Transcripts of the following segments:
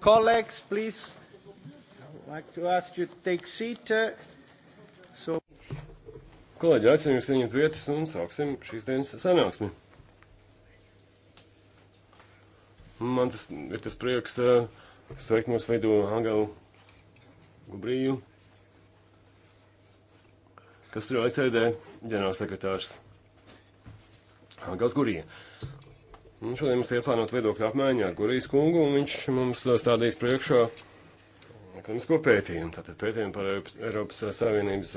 Colleagues, please. I'd like to ask you to take seat. Uh, so... Kolēģi, aicinu jūs ieņemt vietas un sāksim šīs dienas sanāksmi. Man tas ir tas prieks uh, sveikt mūsu veidu Angelu Gubriju, kas ir OECD ģenerālsekretārs Angels Gurija. Un nu, šodien mums ir plānot viedokļu apmaiņā ar Gurijas kungu, un viņš mums stādīs priekšā ekonomisko pētījumu, tātad pētījumu par Eiropas, Eiropas Savienības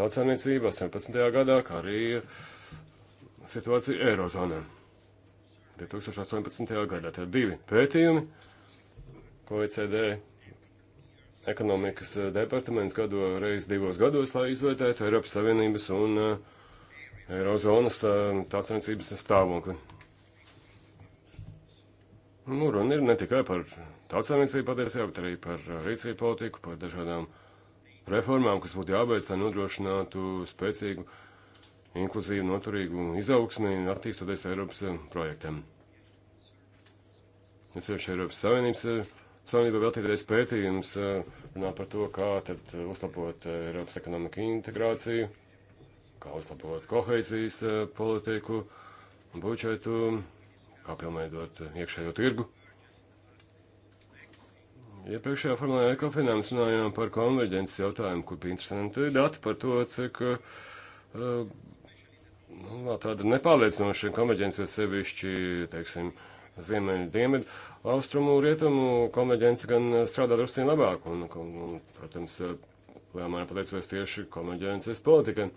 tautsāniecību 18. gadā, kā arī situāciju Eirozonā 2018. gadā. Tie divi pētījumi, ko ECD ekonomikas departaments gado reiz divos gados, lai izvērtētu Eiropas Savienības un eh, Eirozonas eh, tautsāniecības stāvokli. Nu, runa ir ne tikai par tautsāmniecību patiesībā, bet arī par rīcību politiku, par dažādām reformām, kas būtu jābeidz, lai nodrošinātu spēcīgu, inkluzīvu, noturīgu izaugsmi, attīstoties Eiropas eh, projektam. Es jau šeit Eiropas Savienības eh, Savienībā veltītais pētījums eh, runā par to, kā tad uzlabot Eiropas ekonomiku integrāciju, kā uzlabot kohēzijas politiku, budžetu, kā pilnveidot iekšējo tirgu. Iepriekšējā ja formā ekofinans runājām par konverģences jautājumu, kur bija interesanti dati par to, cik uh, nu, tāda nepārliecinoša konverģence, jo sevišķi, teiksim, ziemeļu dienvidu, austrumu rietumu konverģence gan strādā drusku labāk, un, un, protams, lielā mērā pateicoties tieši konverģences politikai.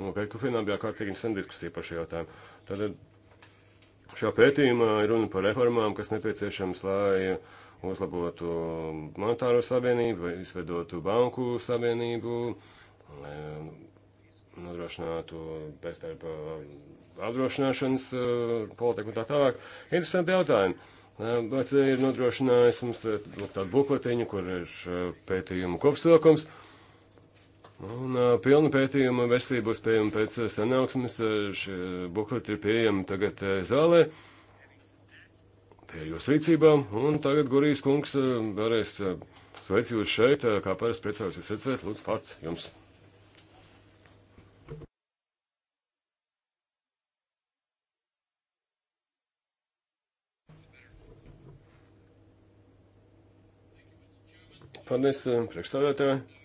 Un Kaiku Finā bija kārtīgi interesanta diskusija par šo jautājumu. Tātad Šajā pētījumā ir runa par reformām, kas nepieciešams, lai uzlabotu monetāro savienību, izveidotu banku savienību, lai um, nodrošinātu bezdarba apdrošināšanas uh, politiku un tā tālāk. Interesanti jautājumi. Um, OECD ir nodrošinājis mums tādu bukletiņu, kur ir uh, pētījumu kopsavilkums. Un pilnu pētījumu versija būs pieejama pēc sanāksmes. Šie bukleti ir pieejami tagad zālē. Tie ir jūsu rīcībā. Un tagad Gorijas kungs varēs sveicu jūs šeit. Kā parasti priecājos jūs redzēt. Lūdzu, vārds jums. Paldies, priekšstādātāji.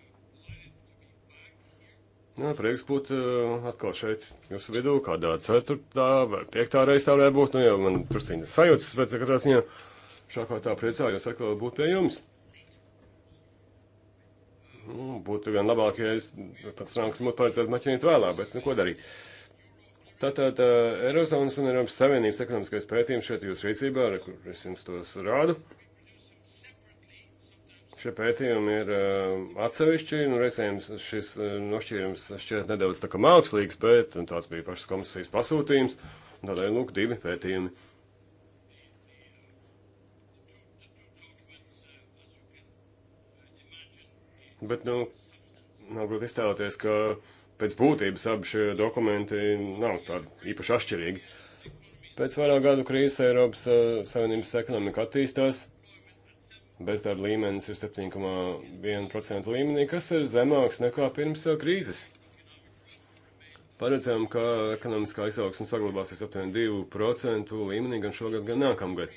Jā, prieks būt atkal šeit jūsu vidū, kādā ceturtā vai piektā reizē varētu būt, nu jau man tur stīņas sajūtas, bet katrā ziņā šā kā tā priecājos atkal būt pie jums. Nu, būtu gan labāk, ja es pats rankas mūtu paredzētu maķinīt vēlāk, bet nu ko darīt. Tātad Eirozonas un Eiropas Savienības ekonomiskais pētījums šeit jūsu rīcībā, ar kur es jums tos rādu. Uh, Šie pētījumi ir eh, atsevišķi, un nu, reizēm šis eh, nošķīrums šķiet nedaudz tā kā mākslīgs, bet tāds bija pašas komisijas pasūtījums, un tādēļ, lūk, divi pētījumi. Bet, nu, nav grūti iztēloties, ka pēc būtības abi šie dokumenti nav tādi īpaši atšķirīgi. Pēc vairāk gadu krīzes Eiropas eh, Savienības ekonomika attīstās, bezdarba līmenis ir 7,1% līmenī, kas ir zemāks nekā pirms eh, krīzes. Paredzējām, ka ekonomiskā izaugsme saglabāsies aptuveni 2% līmenī gan šogad, gan nākamgad.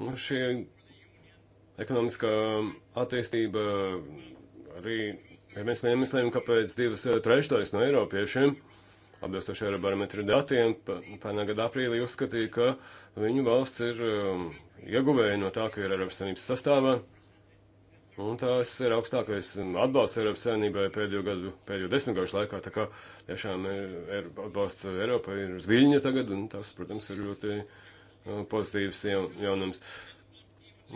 Nu, šī ekonomiskā attīstība arī ir viens no iemesliem, kāpēc divas eh, trešdaļas no eiropiešiem, apbilstoši Eirobarometra datiem, pērnā gada aprīlī uzskatīja, ka viņu valsts ir um, ieguvēji no tā, ka ir Eiropas Savienības sastāvā. Un tās ir augstākais atbalsts Eiropas Savienībai pēdējo gadu, pēdējo desmitgažu laikā. Tā kā tiešām ir, ir atbalsts Eiropai ir uz viļņa tagad, un tas, protams, ir ļoti uh, pozitīvs jaunums.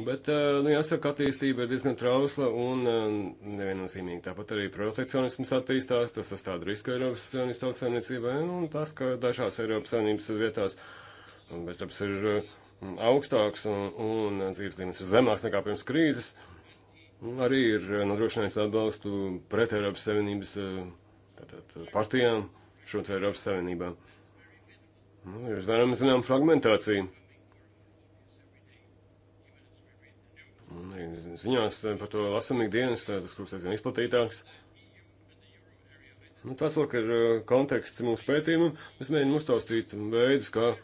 Bet, uh, nu, jāsaka, attīstība ir diezgan trausla un uh, neviennozīmīga. Tāpat arī protekcionisms attīstās, tas sastāv risku Eiropas Savienības tautsēmniecībai, un tas, ka dažās Eiropas Savienības vietās bezdarbs ir augstāks un, un dzīves līmenis ir zemāks nekā pirms krīzes, arī ir nodrošinājis atbalstu pret Eiropas Savienības eh, tātad, partijām šot Eiropas Savienībā. Nu, ir varam zinām fragmentāciju. Un, ziņās eh, par to lasamīgi dienas, tas kļūst aizvien izplatītāks. Nu, tas, lūk, ir eh, konteksts mūsu pētījumam. Mēs mēģinām uztaustīt veidus, kā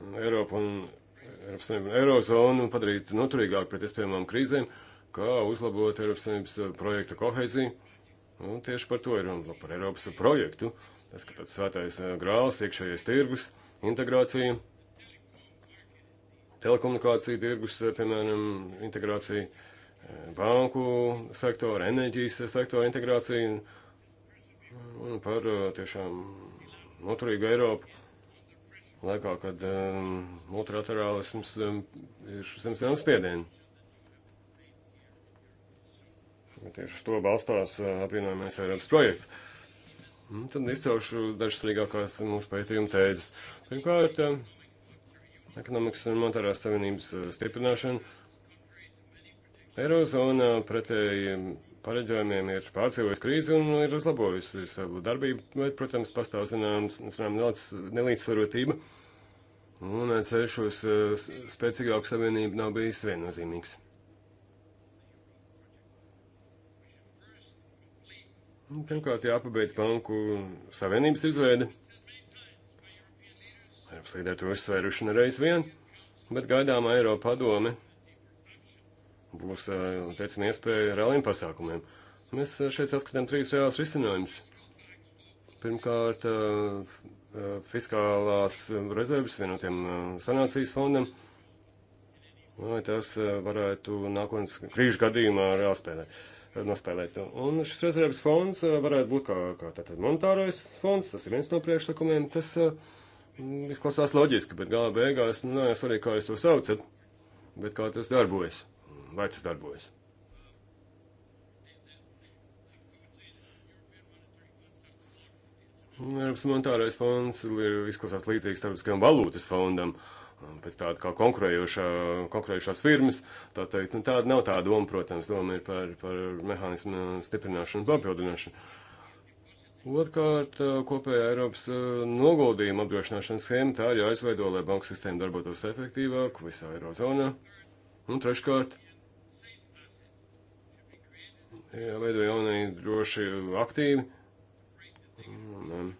Eiropu un Eiropas Savienību un Eirozonu un padarīt noturīgāku pret iespējamām krīzēm, kā uzlabot Eiropas Savienības eh, projekta kohēziju. Un tieši par to ir runa par Eiropas projektu. Tas, ka tāds svētais eh, grāls, iekšējais tirgus, integrācija, telekomunikācija tirgus, eh, piemēram, integrācija banku sektora, enerģijas sektora integrācija un par tiešām noturīgu Eiropu laikā, kad um, multilaterālisms um, ir zem zem spiedienu. Tieši uz to balstās uh, apvienojamais Eiropas projekts. Un nu, tad izcelšu dažas svarīgākās mūsu pētījuma tēzes. Pirmkārt, um, ekonomikas un monetārās savienības uh, stiprināšana. Eirozona pretēji pareģojumiem ir pārdzīvojis krīzi un ir uzlabojusi savu darbību, bet, protams, pastāv zināms, zināms nelīdzsvarotība, un eh, ceļš uz eh, spēcīgāku savienību nav bijis viennozīmīgs. Pirmkārt, jāpabeidz banku savienības izveide. Eiropas līderi to uzsvēruši nereiz vien, bet gaidāmā Eiropa padome būs, teicam, iespēja reāliem pasākumiem. Mēs šeit saskatām trīs reālus risinājumus. Pirmkārt, fiskālās rezerves vienotiem sanācijas fondam, lai tas varētu nākotnes krīžu gadījumā reāli spēlēt. Nospēlēt. Un šis rezerves fonds varētu būt kā, kā tātad monetārais fonds, tas ir viens no priekšlikumiem, tas izklausās loģiski, bet gala beigās, nu, nav svarīgi, kā jūs to saucat, bet kā tas darbojas vai tas darbojas. Eiropas monetārais fonds ir izklausās līdzīgs starptautiskajam valūtas fondam, pēc tāda kā konkurējošā, konkurējošās firmas. Tā teikt, nu, tāda nav tā doma, protams, doma ir par, par mehānismu stiprināšanu un papildināšanu. Otkārt, kopējā Eiropas eh, noguldījuma apdrošināšanas schēma tā ir jāizveido, lai banku sistēma darbotos efektīvāk visā Eirozonā. Un treškārt, jāveido jaunai droši aktīvi. Un,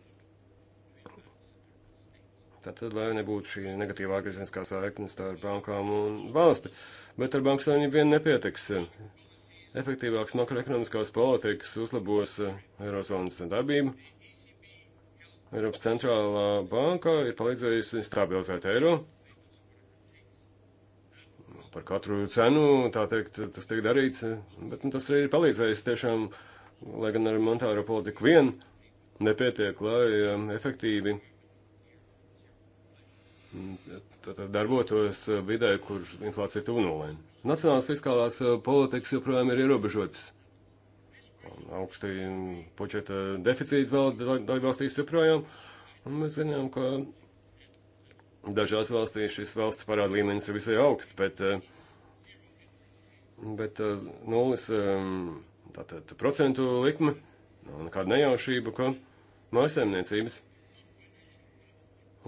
tātad, um, lai nebūtu šī negatīvā agresiskā saikne starp bankām un valsti. Bet ar banku savienību vien nepietiks. Efektīvāks makroekonomiskās politikas uzlabos uh, Eirozonas darbību. Eiropas centrālā banka ir palīdzējusi stabilizēt eiro par katru cenu, tā teikt, tas tiek darīts, bet nu, tas arī ir palīdzējis tiešām, lai gan ar monetāro politiku vien nepietiek, lai um, efektīvi mm, tātad, darbotos uh, vidē, kur inflācija tuvu nulēm. Nacionālās fiskālās uh, politikas joprojām ir ierobežotas. Augstī mm, budžeta deficīti vēl dalībvalstīs joprojām. Un mēs zinām, ka Dažās valstīs šis valsts parāda līmenis ir visai augsts, bet, eh, bet eh, nulles eh, tātad, procentu likme nav nekāda nejaušība, ka mājasēmniecības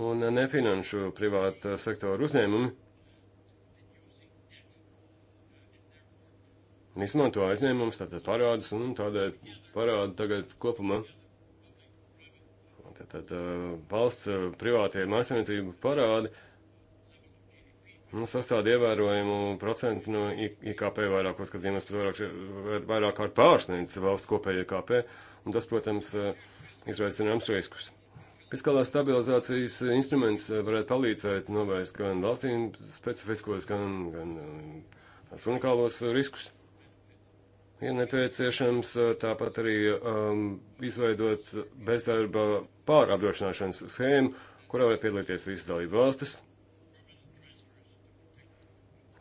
un nefinanšu privāta sektora uzņēmumi izmanto aizņēmumus, tātad parādus, un tādēļ parādu tagad kopumā Tātad uh, valsts uh, privātie mājasemniecību parādi nu, sastāv ievērojumu procentu no IKP vairākos gadījumos, pat vairāk, vairāk kārt pārsniedz valsts kopēju IKP, un tas, protams, uh, izraisa zināms riskus. Fiskālās stabilizācijas instruments varētu palīdzēt novērst gan valstīm specifiskos, gan, gan um, tās unikālos riskus. Ir nepieciešams e, tāpat arī um, izveidot bezdarba pārapdrošināšanas schēmu, kurā var piedalīties visas dalību valstis,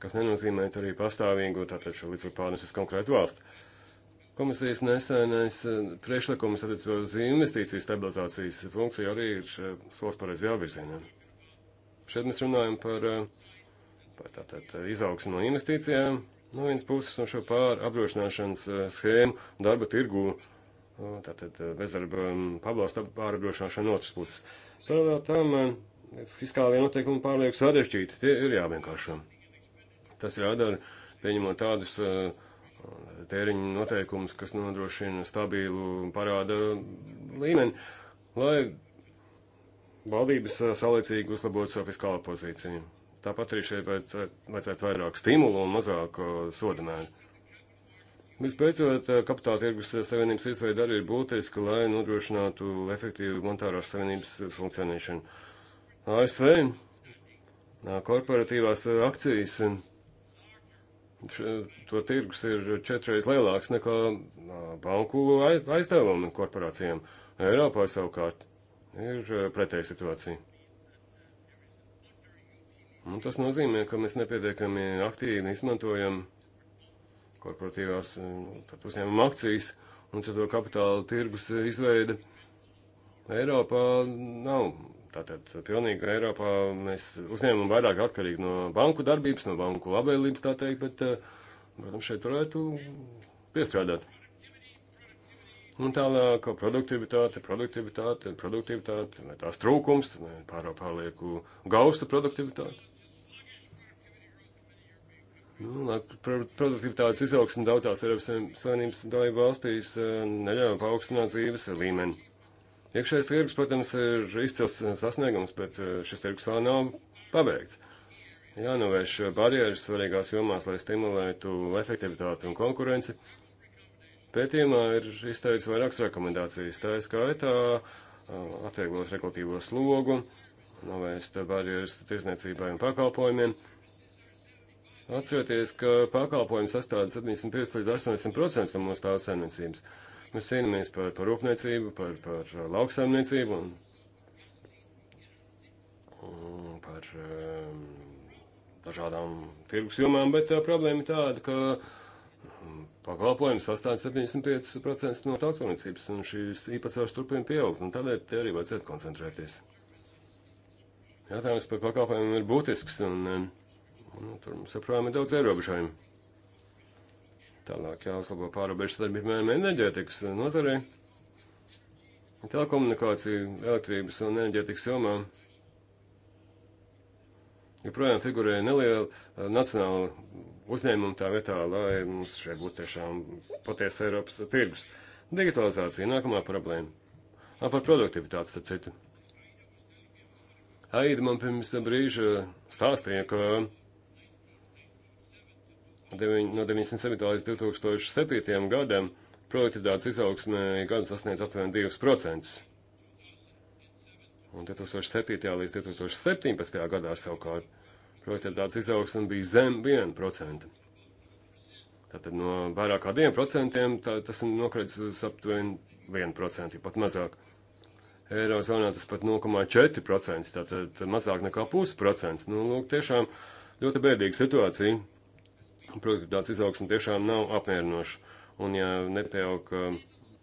kas nenozīmē arī pastāvīgu tātad šo līdzekļu pārnes uz konkrētu valstu. Komisijas nesenais e, priekšlikums attiecībā uz investīciju stabilizācijas funkciju arī ir e, solis pareizajā virzienā. Šeit mēs runājam par, par tātad izaugsmu no investīcijām, No vienas puses no šo pārapdrošināšanas eh, schēmu darba tirgu, eh, tātad eh, bezdarba mm, pabalsta pārapdrošināšana no otras puses. Paralēli tam fiskālajie noteikumi pārlieku sarežģīti, tie ir jāvienkāršo. Tas jādara, pieņemot tādus tēriņu noteikumus, kas nodrošina stabilu parāda līmeni, lai valdības saulēcīgi uzlabotu savu fiskālo pozīciju. Tāpat arī šeit vajadzētu vairāk stimulu un mazāk uh, soda mēru. Vispēcot, uh, kapitāla tirgus uh, savienības izveida arī ir būtiska, lai nodrošinātu efektīvu monetārās savienības funkcionēšanu. ASV korporatīvās akcijas, to tirgus ir četreiz lielāks nekā banku aizdevumi korporācijām. Eiropā savukārt ir pretēja situācija. Un tas nozīmē, ka mēs nepietiekami aktīvi izmantojam korporatīvās eh, uzņēmuma akcijas un ceturto kapitāla tirgus eh, izveida. Eiropā nav. Tātad pilnīgi Eiropā mēs uzņēmumi vairāk atkarīgi no banku darbības, no banku labvēlības, tā teikt, bet, protams, eh, šeit varētu piestrādāt. Un tālāk, produktivitāte, produktivitāte, produktivitāte, tās trūkums, pārāk palieku gausta produktivitāte. Nu, produktivitātes izaugsme daudzās Eiropas Savienības dalību valstīs e, neļauj paaugstināt dzīves līmeni. Iekšējais tirgus, protams, ir izcils sasniegums, bet e, šis tirgus vēl nav pabeigts. Jānovērš barjeras svarīgās jomās, lai stimulētu efektivitāti un konkurenci. Pētījumā ir izteikts vairākas rekomendācijas. Tā ir skaitā e, atvieglot regulatīvo slogu, novērst barjeras tirsniecībai un pakalpojumiem Atcerieties, ka pakalpojums sastāv 75 līdz 80% no mūsu tautas saimniecības. Mēs cīnāmies par, par rūpniecību, par, par lauksaimniecību un, un par um, dažādām tirgus jomām, bet tā uh, problēma ir tāda, ka pakalpojums sastāv 75% no tautsaunicības, un šīs īpatsvars turpina pieaugt, un tādēļ te arī vajadzētu koncentrēties. Jautājums par pakalpojumiem ir būtisks, un um, Un tur mums joprojām ir daudz ierobežojumu. Tālāk jāuzlabo pārobežu sadarbību enerģētikas nozarei, telekomunikāciju, elektrības un enerģētikas jomā. Joprojām figurē neliela eh, nacionāla uzņēmuma tā vietā, lai mums šeit būtu tiešām patiesa Eiropas tirgus. Digitalizācija nākamā problēma. A, par produktivitāti, starp citu. Aida man pirms brīža stāstīja, ka no 97. līdz 2007. gadam produktivitātes izaugsme gadu sasniedz aptuveni 2%. Un 2007. līdz 2017. gadā savukārt produktivitātes izaugsme bija zem 1%. Tātad no vairāk kā 2% tā, tas ir nokritis uz aptuveni 1%, pat mazāk. Eirozonā tas pat 0,4%, tātad mazāk nekā pusprocents. Nu, lūk, tiešām ļoti bēdīga situācija produktivitātes izaugsme tiešām nav apmierinoša. Un ja nepieaug uh,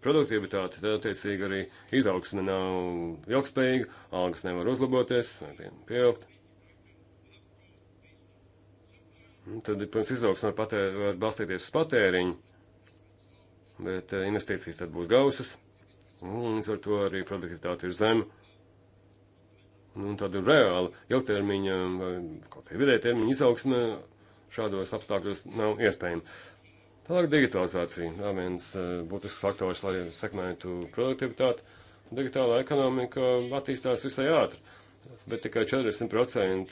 produktivitāte, tad attiecīgi arī izaugsme nav ilgspējīga, algas nevar uzlaboties, pieaugt. Tad, protams, izaugsme var, patēr, var balstīties uz patēriņu, bet uh, investīcijas tad būs gausas, un līdz ar to arī produktivitāte ir zema. Nu, un tāda reāla ilgtermiņa vai kaut kāda vidē termiņa izaugsme šādos apstākļos nav iespējama. Tālāk digitalizācija. Vēl viens eh, būtisks faktors, lai sekmētu produktivitāti. Digitālā ekonomika attīstās visai ātri, bet tikai 40%,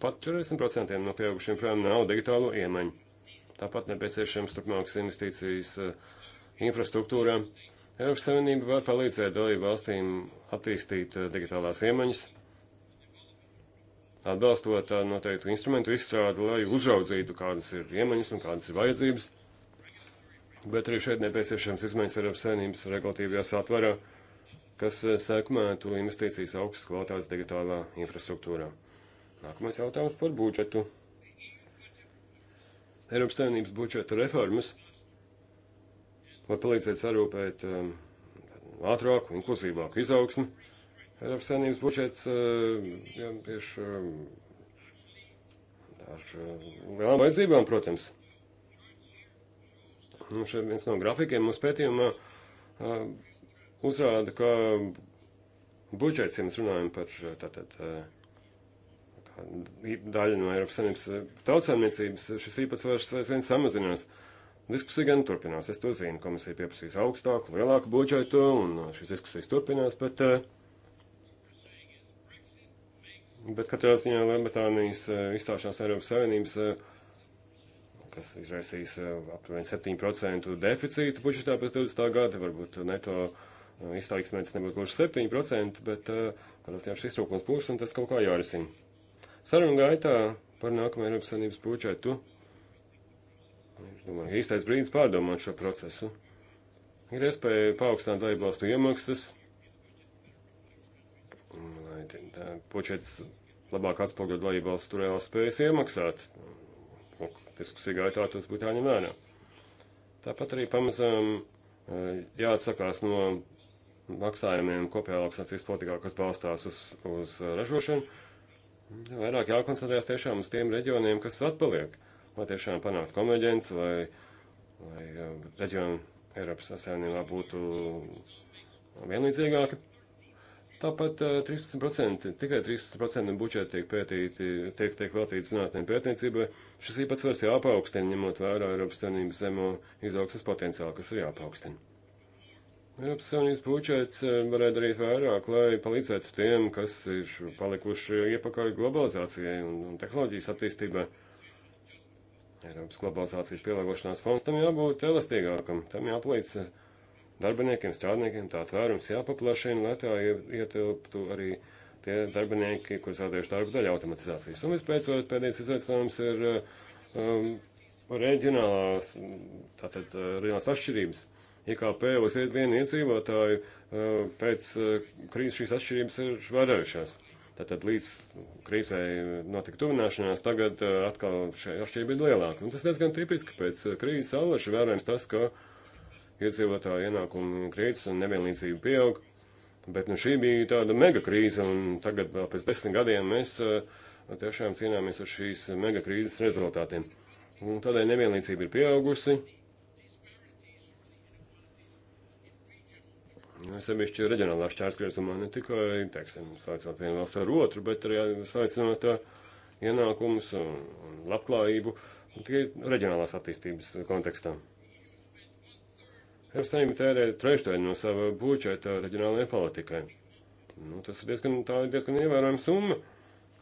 pat 40% no pieaugušiem projām nav digitālo iemaņu. Tāpat nepieciešams turpmākas investīcijas eh, infrastruktūrā. Eiropas Savienība var palīdzēt dalību valstīm attīstīt eh, digitālās iemaņas atbalstot noteiktu instrumentu izstrādi, lai uzraudzītu, kādas ir iemaņas un kādas ir vajadzības. Bet arī šeit nepieciešams izmaiņas Eiropas saimnības regulatīvajā satvarā, kas eh, sekmētu investīcijas augstas kvalitātes digitālā infrastruktūrā. Nākamais jautājums par budžetu. Eiropas Savienības budžeta reformas, lai palīdzētu sarūpēt um, ātrāku, inklusīvāku izaugsmu. Eiropas Savienības budžets vien e, iš e, ar e, lielām vajadzībām, protams. Un nu, šeit viens no grafikiem mūsu pētījumā uzrāda, ka budžets, ja mēs runājam par tātad daļu no Eiropas Savienības tautsēmniecības, šis īpatsvars aizvien samazinās. Diskusija gan turpinās, es to zinu, komisija pieprasīs augstāku, lielāku budžetu, un šīs diskusijas turpinās, bet uh, Bet katrā ziņā Lielbritānijas eh, izstāšanās Eiropas Savienības, eh, kas izraisīs eh, aptuveni 7% deficītu budžetā pēc 20. gada, varbūt neto izstājas mērķis nebūtu gluži 7%, bet katrā ziņā šis trūkums būs un tas kaut kā jārisina. Sarunu gaitā par nākamo Eiropas Savienības budžetu. Es domāju, ka īstais brīdis pārdomāt šo procesu. Ir iespēja paaugstināt daļbalstu iemaksas budžets labāk atspoguļo dalību valsts turējās spējas iemaksāt. Lūk, diskusija gaitā tas būtu jāņem vērā. Tāpat arī pamazām e, jāatsakās no maksājumiem kopējā lauksācijas politikā, kas balstās uz, uz ražošanu. Vairāk jākoncentrējas tiešām uz tiem reģioniem, kas atpaliek, lai tiešām panāktu konverģents, lai, lai e, reģionu Eiropas Savienībā būtu vienlīdzīgāki. Tāpat 13%, tikai 13% budžeta tiek pētīti, tiek, tiek veltīti zinātnē pētniecībai. Šis īpatsvars jāpaukstina, ņemot vērā Eiropas Savienības zemo izaugsmas potenciālu, kas ir jāpaukstina. Eiropas Savienības budžets varētu darīt vairāk, lai palīdzētu tiem, kas ir palikuši iepakaļ globalizācijai un, un tehnoloģijas attīstībai. Eiropas globalizācijas pielāgošanās fonds tam jābūt elastīgākam, tam jāpalīdz darbiniekiem, strādniekiem tā tvērums jāpaplašina, lai tā ietilptu arī tie darbinieki, kur zaudējuši darbu daļu automatizācijas. Un vispēcot pēdējais izaicinājums ir um, reģionālās, tātad uh, reģionālās atšķirības. IKP uz vienu iedzīvotāju uh, pēc uh, krīzes šīs atšķirības ir vērējušās. Tātad līdz krīzē notika tuvināšanās, tagad uh, atkal šī atšķirība ir lielāka. Un tas diezgan tipiski pēc uh, krīzes allaša vērojams tas, ka iedzīvotāju ienākumu krītas un nevienlīdzība pieaug. Bet nu, šī bija tāda mega krīze, un tagad, vēl pēc desmit gadiem, mēs eh, tiešām cīnāmies ar šīs mega krīzes rezultātiem. Un tādēļ nevienlīdzība ir pieaugusi. Sevišķi reģionālā šķērsgriezumā ne tikai, teiksim, saicot vienu valstu ar otru, bet arī saicinot eh, ienākumus un labklājību, tikai reģionālās attīstības kontekstā. Eiropas Savienība tērē trešdaļu no sava budžeta reģionālajai politikai. Nu, tas ir diezgan, ir diezgan ievērojama summa.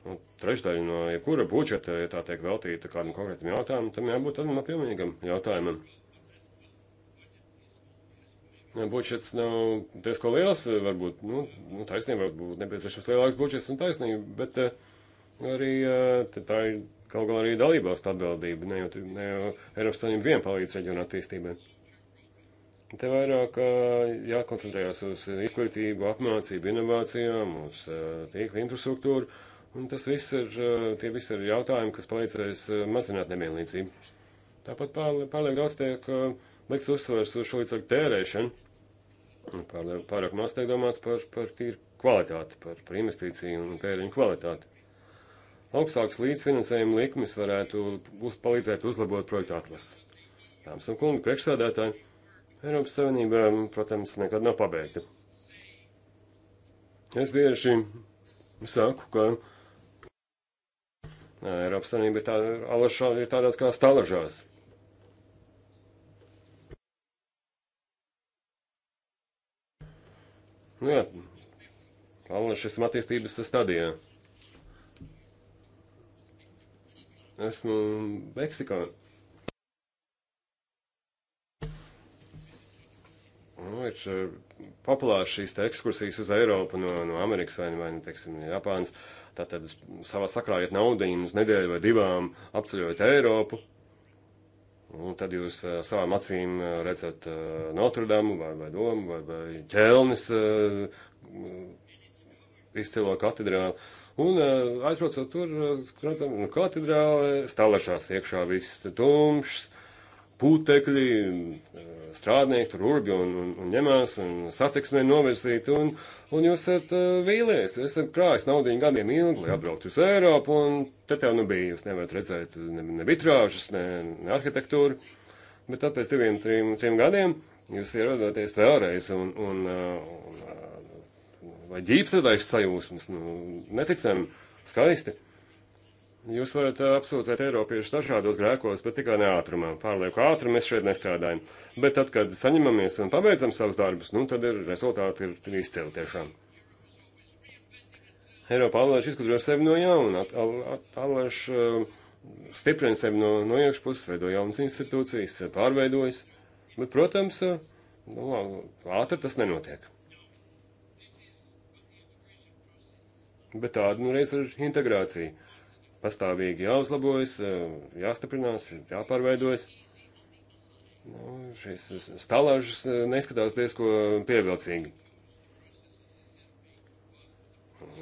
Un nu, trešdaļa no jebkura budžeta, ja tā tiek veltīta kādam konkrētam jautājumam, tam jābūt tādam apjomīgam jautājumam. Ja budžets nav diezko liels, varbūt, nu, nu taisnība, varbūt nepieciešams lielāks budžets un taisnība, bet uh, arī uh, tā ir kaut galā arī dalībvalstu atbildība, ne jau, ne jau Eiropas Savienība vien palīdz reģionu attīstībai. Te vairāk jākoncentrējas uz izglītību, apmācību, inovācijām, uz tīkla infrastruktūru, un tas viss ir, tie visi ir jautājumi, kas palīdzēs mazināt nevienlīdzību. Tāpat pārliek daudz tiek liks uzsvers uz šo līdzekļu tērēšanu, pārliek, pārāk maz tiek domāts par, par tīru kvalitāti, par, par investīciju un tēriņu kvalitāti. Augstāks līdzfinansējuma likmes varētu uz, palīdzēt uzlabot projektu atlases. Tāms un kungi, priekšsādātāji! Eiropas Savienība, protams, nekad nav pabeigta. Es bieži saku, ka e, Eiropas Savienība ir, tā, alašā, ir tādās kā stalažās. Nu, jā, alašisma attīstības stadijā. Esmu Meksikā. Nu, nu, ir uh, populārs šīs te ekskursijas uz Eiropu no, nu, no nu, Amerikas vai, vai nu, teiksim, Japānas. Tātad savā sakrājiet naudu uz nedēļu vai divām, apceļojot Eiropu. Un tad jūs uh, savām acīm uh, redzat uh, Notradamu vai, vai Domu vai, vai ķelnis uh, izcilo katedrāli. Un uh, aizbraucot tur, uh, redzam, nu, katedrāle, stalašās iekšā viss tumšs, putekļi, eh, strādnieki tur urbi un, un, un ņemās un satiksmē novirzīt, un, un jūs esat eh, vīlies, esat krājis naudīgi gadiem ilgi, lai atbrauktu uz Eiropu, un te tev nu bija, jūs nevarat redzēt ne, ne vitrāžas, ne, ne arhitektūru, bet tad pēc diviem, trim, trim gadiem jūs ierodoties vēlreiz, un, un, eh, un vai ģīpsēdājas sajūsmas, nu, neticami, skaisti. Jūs varat eh, apsūdzēt Eiropiešus dažādos grēkos, bet tikai ne ātrumā. Pārlieku ātrumu mēs šeit nestrādājam. Bet tad, kad saņemamies un pabeidzam savus darbus, nu tad ir rezultāti ir izcili tiešām. Eiropa allaiž izgudro sevi no jauna, allaiž eh, stiprina sevi no, no iekšpuses, veido jaunas institūcijas, pārveidojas. Bet, protams, eh, nu, ātri tas nenotiek. Bet tāda nu reiz ir integrācija pastāvīgi jāuzlabojas, e, jāstiprinās, jāpārveidojas. Nu, šīs stalāžas e, neskatās diezko pievilcīgi.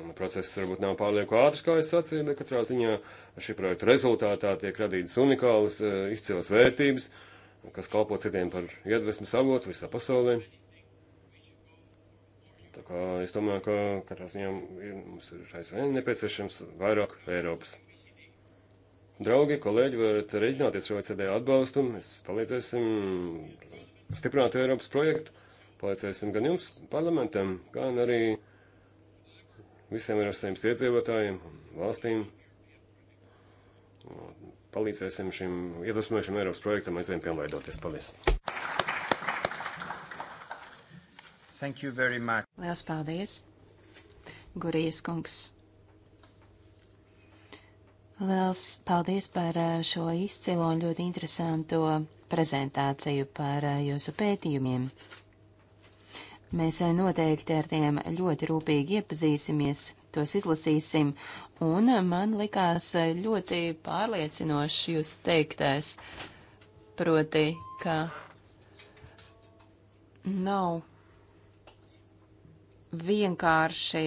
Nu, process varbūt nav pārlieku ātrs, kā es sacīju, bet katrā ziņā šī projekta rezultātā tiek radītas unikālas, e, izcēlas vērtības, kas kalpo citiem par iedvesmu savotu visā pasaulē. Tā kā es domāju, ka katrā ziņā ir, mums ir aizvien nepieciešams vairāk Eiropas. Draugi, kolēģi, varat reiķināties ar OECD atbalstu. Mēs palīdzēsim stiprināt Eiropas projektu, palīdzēsim gan jums, parlamentam, gan arī visiem ar saviem iedzīvotājiem, valstīm. Palīdzēsim šim iedvesmojušam Eiropas projektam aizvien pilnveidoties. Paldies! Thank you very much. Lielas paldies! Gurijas kungs! Liels paldies par eh, šo izcilo un ļoti interesanto prezentāciju par eh, jūsu pētījumiem. Mēs eh, noteikti ar tiem ļoti rūpīgi iepazīsimies, tos izlasīsim, un man likās ļoti pārliecinoši jūsu teiktais, proti, ka nav vienkārši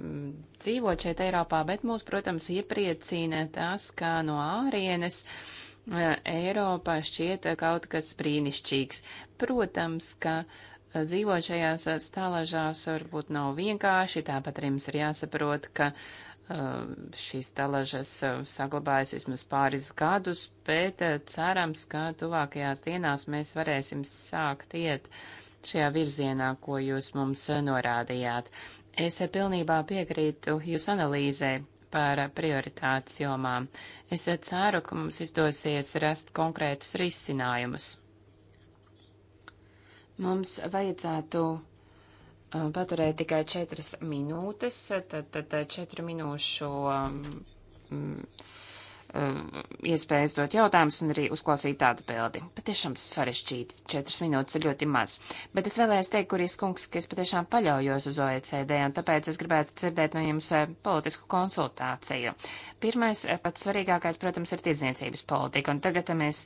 mm, dzīvot šeit Eiropā, bet mūs, protams, iepriecina tas, ka no ārienes e, Eiropā šķiet kaut kas brīnišķīgs. Protams, ka e, dzīvot šajās stalažās varbūt nav vienkārši, tāpat arī mums ir jāsaprot, ka e, šīs stalažas saglabājas vismaz pāris gadus, bet cerams, ka tuvākajās dienās mēs varēsim sākt iet uh, šajā virzienā, ko jūs mums norādījāt. Es pilnībā piekrītu jūsu analīzē par prioritātes jomām. Es ceru, ka mums izdosies rast konkrētus risinājumus. Mums vajadzētu uh, paturēt tikai četras minūtes, tad, tad četru minūšu um, Um, iespēju uzdot jautājumus un arī uzklausīt atbildi. Patiešām sarežģīti, četras minūtes ir ļoti maz. Bet es vēlējos teikt, kurijas kungs, ka es patiešām paļaujos uz OECD, un tāpēc es gribētu dzirdēt no jums eh, politisku konsultāciju. Pirmais, eh, pats svarīgākais, protams, ir tirdzniecības politika, un tagad eh, mēs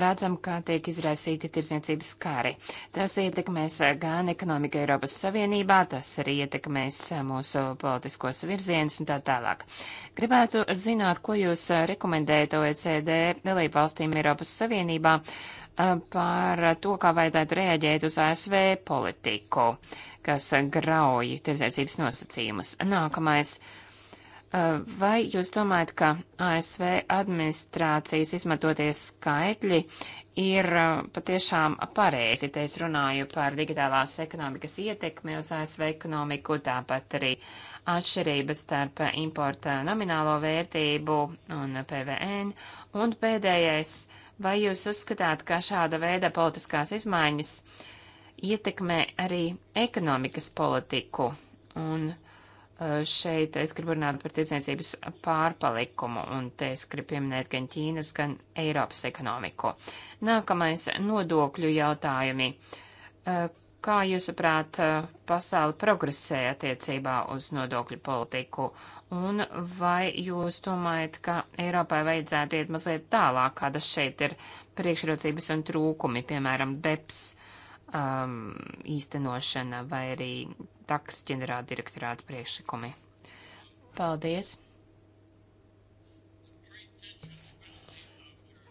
redzam, kā tiek izraisīti tirdzniecības kari. Tas ietekmēs gan ekonomiku Eiropas Savienībā, tas arī ietekmēs mūsu politiskos virzienus un tā tālāk. Gribētu zināt, ko jūs rekomendējat rekomendēt OECD dalību valstīm Eiropas Savienībā eh, par to, kā vajadzētu rēģēt uz ASV politiku, kas grauj tirdzniecības nosacījumus. Nākamais. Uh, Vai jūs domājat, ka ASV administrācijas izmantoties skaitļi ir patiešām pareizi? Te es runāju par digitālās ekonomikas ietekmi uz ASV ekonomiku, tāpat arī atšķirības starp importa nominālo vērtību un PVN. Un pēdējais, vai jūs uzskatāt, ka šāda veida politiskās izmaiņas ietekmē arī ekonomikas politiku? Un, uh, šeit es gribu runāt par tirdzniecības pārpalikumu, un te es gribu pieminēt gan Ķīnas, gan Eiropas ekonomiku. Nākamais - nodokļu jautājumi. Kā jūsuprāt, pasauli progresē attiecībā uz nodokļu politiku, un vai jūs domājat, ka Eiropai vajadzētu iet mazliet tālāk, kādas šeit ir priekšrocības un trūkumi, piemēram, BEPS? Uh, um, īstenošana vai arī taks ģenerāla direktorāta priekšlikumi. Paldies!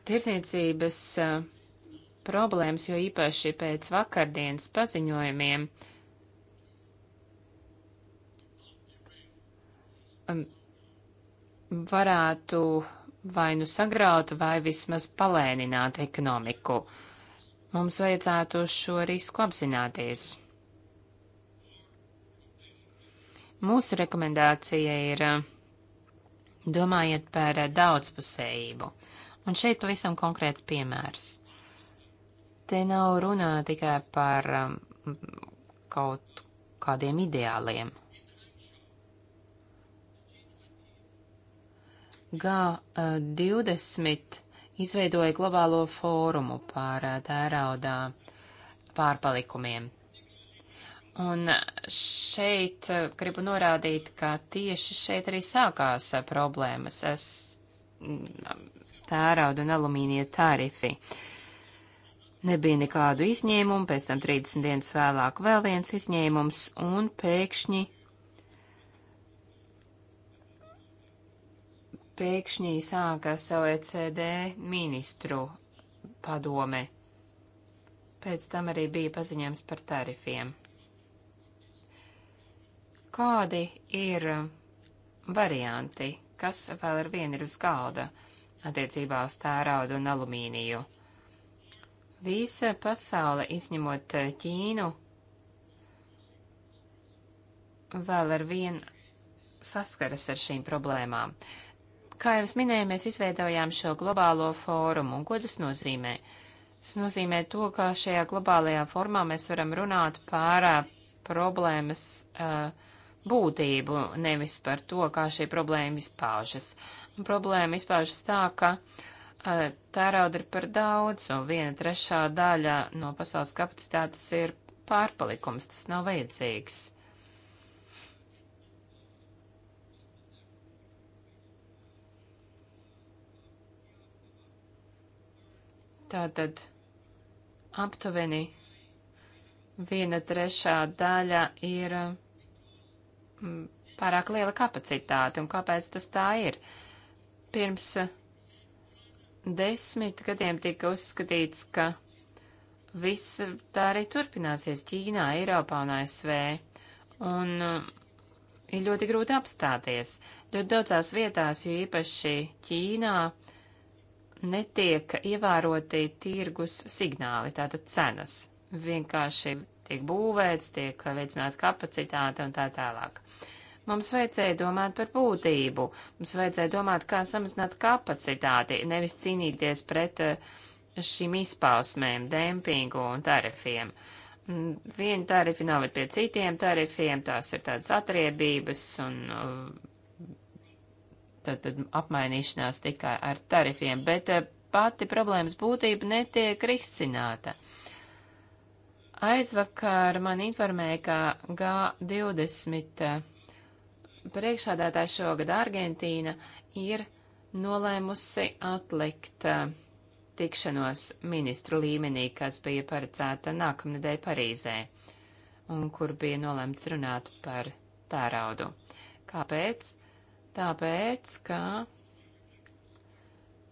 Tirzniecības uh, problēmas, jo īpaši pēc vakardienas paziņojumiem. Um, varētu vai nu sagraut, vai vismaz palēnināt ekonomiku. Uh, Mums vajadzētu šo risku apzināties. Mūsu rekomendācija ir domājiet par daudzpusējību. Un šeit pavisam konkrēts piemērs. Te nav runā tikai par um, kaut kādiem ideāliem. G20 izveidoja globālo fórumu par tērauda pārpalikumiem. Un šeit gribu norādīt, ka tieši šeit arī sākās problēmas. Es tērauda un alumīnija tarifi. Nebija nekādu izņēmumu, pēc tam 30 dienas vēlāk vēl viens izņēmums, un pēkšņi pēkšņi sākas OECD ministru padome. Pēc tam arī bija paziņojums par tarifiem. Kādi ir varianti, kas vēl ar vienu ir uz galda attiecībā uz tēraudu un alumīniju? Visa pasaule, izņemot Ķīnu, vēl ar vienu saskaras ar šīm problēmām. Uh, Kā jau es minēju, mēs izveidojām šo globālo fórumu, un ko tas nozīmē? Tas nozīmē to, ka šajā globālajā formā mēs varam runāt par problēmas uh, būtību, nevis par to, kā šī problēma izpaužas. Un problēma izpaužas tā, ka uh, tērauda ir par daudz, un viena trešā daļa no pasaules kapacitātes ir pārpalikums, tas nav vajadzīgs. Tātad aptuveni viena trešā daļa ir mm, pārāk liela kapacitāte, un kāpēc tas tā ir? Pirms desmit gadiem tika uzskatīts, ka viss tā arī turpināsies Ķīnā, Eiropā un ASV, un mm, ir ļoti grūti apstāties. Ļoti daudzās vietās, jo īpaši Ķīnā, uh, netiek ievēroti tirgus signāli, tātad cenas. Vienkārši tiek būvēts, tiek veicināta kapacitāte un tā tālāk. Mums vajadzēja domāt par būtību, mums vajadzēja domāt, kā samazināt kapacitāti, nevis cīnīties pret eh, šīm izpausmēm, dempingu un tarifiem. Mm, vieni tarifi noved pie citiem tarifiem, tās ir tādas atriebības un tad, tad apmainīšanās tikai ar tarifiem, bet eh, pati problēmas būtība netiek risināta. Aizvakar man informēja, ka G20 eh, priekšādātājs šogad Argentīna ir nolēmusi atlikt eh, tikšanos ministru līmenī, kas bija paredzēta nākamnedēļ Parīzē, un kur bija nolēmts runāt par tēraudu. Kāpēc? Tāpēc, ka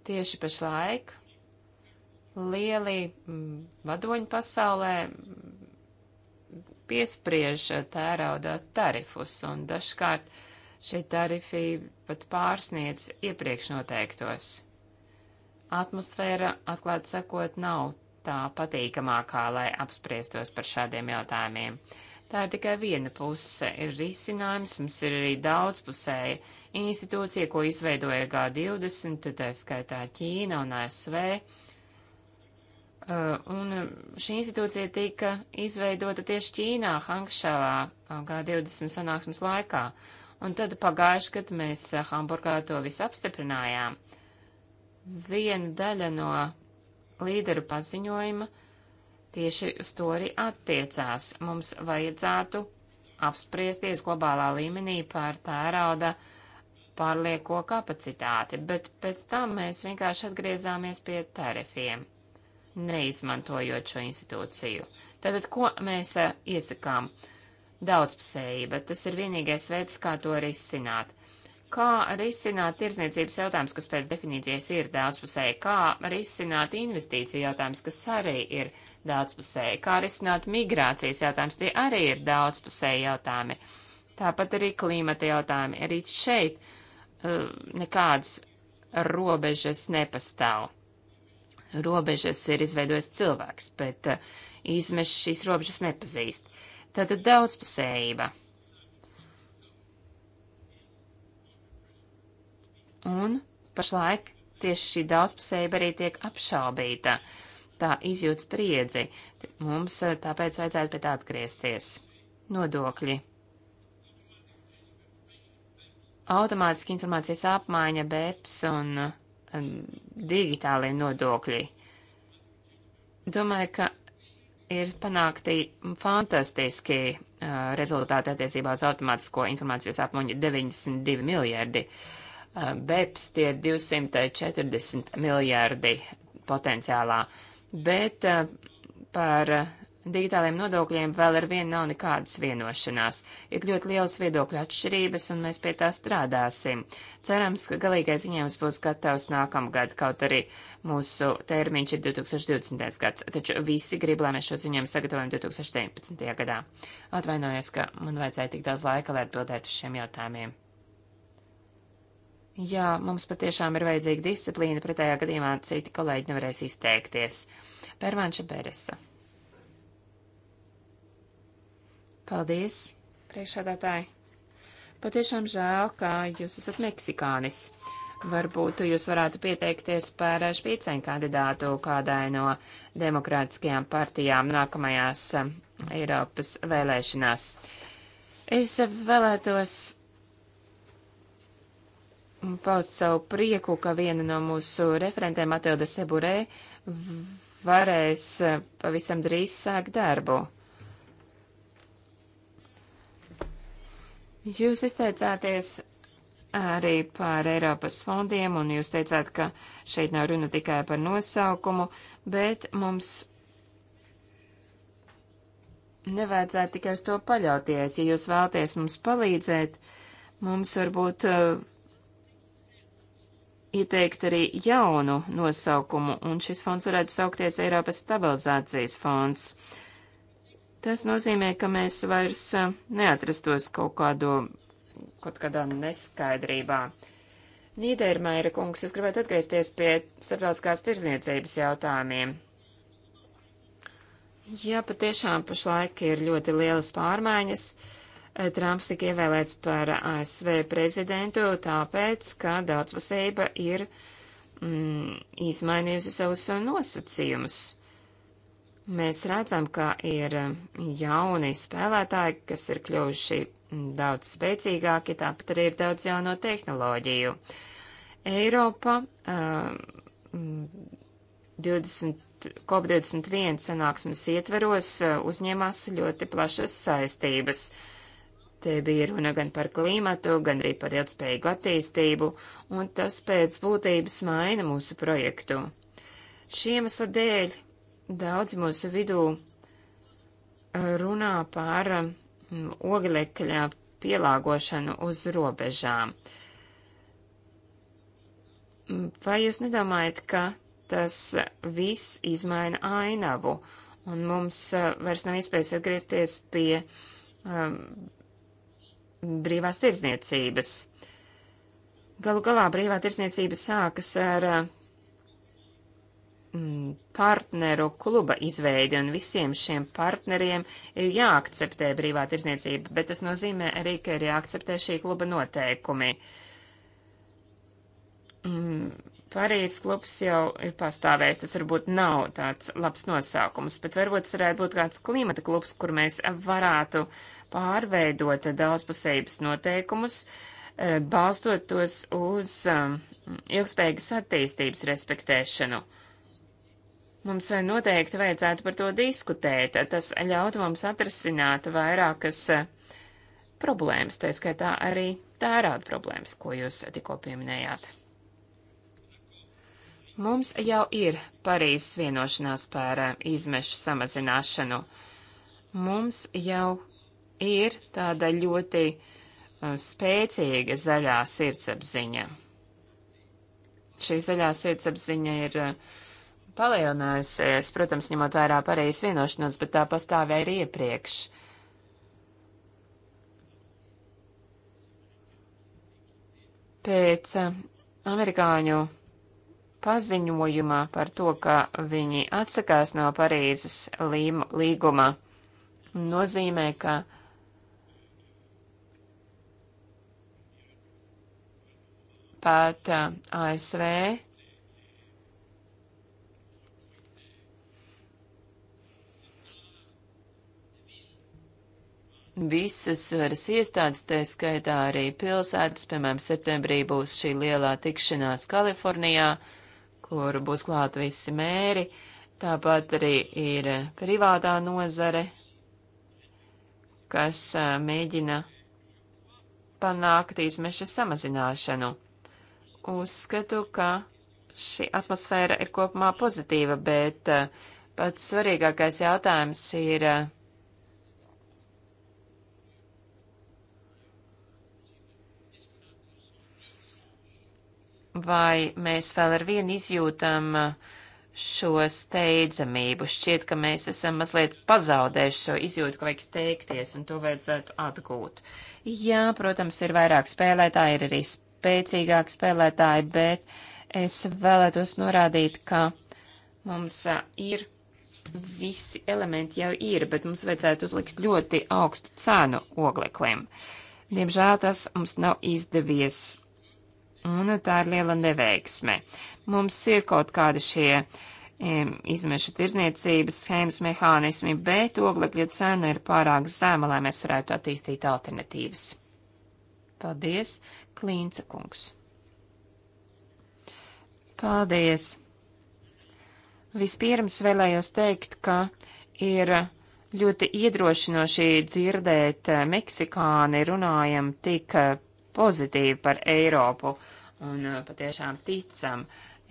tieši pašlaik lieli mm, vadoņi pasaulē piespriež tērauda tarifus, un dažkārt šie tarifi pat pārsniedz iepriekš noteiktos. Atmosfēra, atklāti sakot, nav tā patīkamākā, lai apspriestos par šādiem jautājumiem. Uh, Tā ir tikai viena puse. Ir risinājums, mums ir arī daudzpusēja institūcija, ko izveidoja G20, tā skaitā Ķīna un ASV. Uh, un šī institūcija tika izveidota tieši Ķīnā, Hangšavā, uh, G20 sanāksmes laikā. Un tad pagājuši, kad mēs uh, Hamburgā to visu apstiprinājām. Viena daļa no līderu paziņojuma uh, tieši uz to arī attiecās. Mums vajadzētu apspriesties globālā līmenī par tērauda pārlieko kapacitāti, bet pēc tam mēs vienkārši atgriezāmies pie tarifiem, neizmantojot šo institūciju. Tātad, ko mēs a, eh, iesakām? Daudzpusējība, tas ir vienīgais veids, kā to arī izsināt kā risināt tirzniecības jautājums, kas pēc definīcijas ir daudzpusēji, kā risināt investīciju jautājums, kas arī ir daudzpusēji, kā risināt migrācijas jautājums, tie arī ir daudzpusēji jautājumi. Tāpat arī klimata jautājumi. Arī šeit uh, nekādas robežas nepastāv. Robežas ir izveidojis cilvēks, bet uh, izmešs šīs robežas nepazīst. Tātad daudzpusējība. un pašlaik tieši šī daudzpusējība arī tiek apšaubīta. Tā izjūt spriedzi. Mums eh, tāpēc vajadzētu pie tā atgriezties. Nodokļi. Automātiski informācijas apmaiņa, BEPS un eh, digitālie nodokļi. Domāju, ka ir panākti fantastiski uh, rezultāti attiecībā uz automātisko informācijas apmaiņu 92 miljardi. Uh, BEPS tie 240 miljārdi potenciālā, bet eh, par digitāliem nodokļiem vēl ar vienu nav nekādas vienošanās. Ir ļoti lielas viedokļu atšķirības, un mēs pie tā strādāsim. Cerams, ka galīgais ziņojums būs gatavs nākamgad, kaut arī mūsu termiņš ir 2020. gads, taču visi grib, lai mēs šo ziņojumu sagatavojam 2019. gadā. Atvainojos, ka man vajadzēja tik daudz laika, lai atbildētu uz šiem jautājumiem. Jā, mums patiešām ir vajadzīga disciplīna, pretējā gadījumā citi kolēģi nevarēs izteikties. Pērvanša Beresa. Paldies, priekšādātāji. Patiešām žēl, ka jūs esat meksikānis. Varbūt jūs varētu pieteikties par špīcēm kandidātu kādai no demokrātiskajām partijām nākamajās Eiropas vēlēšanās. Es vēlētos paust savu prieku, ka viena no mūsu referentēm, Matilda Seburē, varēs eh, pavisam drīz sākt darbu. Jūs izteicāties arī par Eiropas fondiem, un jūs teicāt, ka šeit nav runa tikai par nosaukumu, bet mums nevajadzētu tikai uz to paļauties. Ja jūs vēlaties mums palīdzēt, mums varbūt uh, ieteikt arī jaunu nosaukumu, un šis fonds varētu saukties Eiropas stabilizācijas fonds. Tas nozīmē, ka mēs vairs neatrastos kaut, kādo, kaut kādā neskaidrībā. Nīdermaira kungs, es gribētu atgriezties pie starptautiskās tirzniecības jautājumiem. Jā, patiešām pašlaik ir ļoti lielas pārmaiņas. Uh, Trumps tika ievēlēts par ASV prezidentu tāpēc, ka daudzpusība ir mm, izmainījusi savus nosacījumus. Mēs redzam, ka ir jauni spēlētāji, kas ir kļuvuši daudz spēcīgāki, tāpat arī ir daudz jauno tehnoloģiju. Eiropa uh, 20, COP21 sanāksmes ietveros uzņēmās ļoti plašas saistības. Uh, Te eh, bija runa gan par klimatu, gan arī par ilgspējīgu attīstību, un tas pēc būtības maina mūsu projektu. Šī iemesla dēļ daudzi mūsu vidū eh, runā par mm, oglekļa pielāgošanu uz robežām. Mm, vai jūs nedomājat, ka tas viss izmaina ainavu, un mums eh, vairs nav iespējas atgriezties pie um, brīvās tirsniecības. Galu galā brīvā tirsniecība sākas ar mm, partneru kluba izveidi, un visiem šiem partneriem ir jāakceptē brīvā tirzniecība, bet tas nozīmē arī, ka ir jāakceptē šī kluba noteikumi. Mm, Parīzes klubs jau ir pastāvējis, tas varbūt nav tāds labs nosaukums, bet varbūt tas varētu būt kāds klimata klubs, kur mēs varētu pārveidot daudzpusējības noteikumus, e, balstot tos uz um, ilgspējīgas attīstības respektēšanu. Mums e, noteikti vajadzētu par to diskutēt. Tas ļautu mums atrasināt vairākas e, problēmas, tā skaitā arī tērāta problēmas, ko jūs tikko pieminējāt. Mums jau ir Parīzes vienošanās par eh, izmešu samazināšanu. Mums jau ir tāda ļoti eh, spēcīga zaļā sirdsapziņa. Šī zaļā sirdsapziņa ir eh, palielinājusies, protams, ņemot vērā Parīzes vienošanos, bet tā pastāvēja arī iepriekš. Pēc amerikāņu paziņojumā par to, ka viņi atsakās no Parīzes līguma, nozīmē, ka pat uh, ASV visas varas iestādes, tā skaitā arī pilsētas, piemēram, septembrī būs šī lielā tikšanās Kalifornijā, uh, kur būs klāt visi mēri, tāpat arī ir privātā nozare, kas mēģina panākt izmešu samazināšanu. Uzskatu, ka šī atmosfēra ir kopumā pozitīva, bet pats svarīgākais jautājums ir vai mēs vēl ar vienu izjūtam uh, šo steidzamību. Šķiet, ka mēs esam mazliet pazaudējuši šo izjūtu, ka vajag steigties, un to vajadzētu atgūt. Jā, protams, ir vairāk spēlētāji, ir arī spēcīgāki spēlētāji, bet es vēlētos norādīt, ka mums uh, ir visi elementi jau ir, bet mums vajadzētu uzlikt ļoti augstu cenu oglekliem. Diemžēl tas mums nav izdevies un tā ir liela neveiksme. Mums ir kaut kādi šie izmešu tirzniecības schēmas mehānismi, bet oglekļa cena ir pārāk zema, lai mēs varētu attīstīt alternatīvas. Paldies, Klīnca kungs! Paldies! Vispirms vēlējos teikt, ka ir ļoti iedrošinoši dzirdēt eh, meksikāni runājam tik eh, pozitīvi par Eiropu un uh, patiešām ticam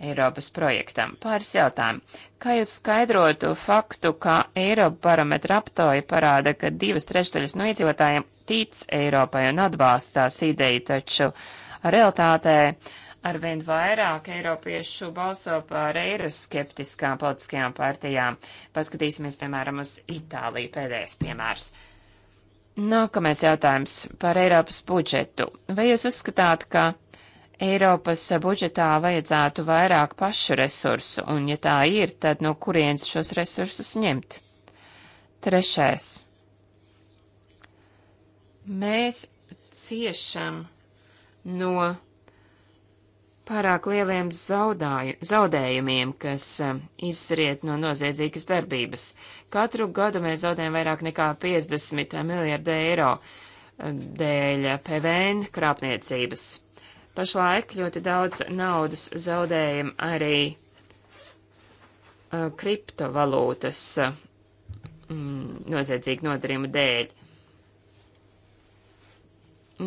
Eiropas projektam. Pāris jautājumu. Kā jūs skaidrotu faktu, ka Eiropa barometra aptoja parāda, ka divas trešdaļas no iedzīvotājiem tic Eiropai un atbalsta tās ideju, taču realitātē arvien vairāk eiropiešu balso par eiroskeptiskām politiskajām partijām. Paskatīsimies, piemēram, uz Itāliju pēdējais piemērs. Nākamais jautājums par Eiropas budžetu. Vai jūs uzskatāt, ka Eiropas budžetā vajadzētu vairāk pašu resursu, un ja tā ir, tad no kurienes šos resursus ņemt? Trešais. Mēs ciešam no pārāk lieliem zaudāju, zaudējumiem, kas eh, izriet no noziedzīgas darbības. Katru gadu mēs zaudējam vairāk nekā 50 miljardu eiro eh, dēļ PVN krāpniecības. Pašlaik ļoti daudz naudas zaudējam arī eh, kriptovalūtas mm, noziedzīgu nodarījumu dēļ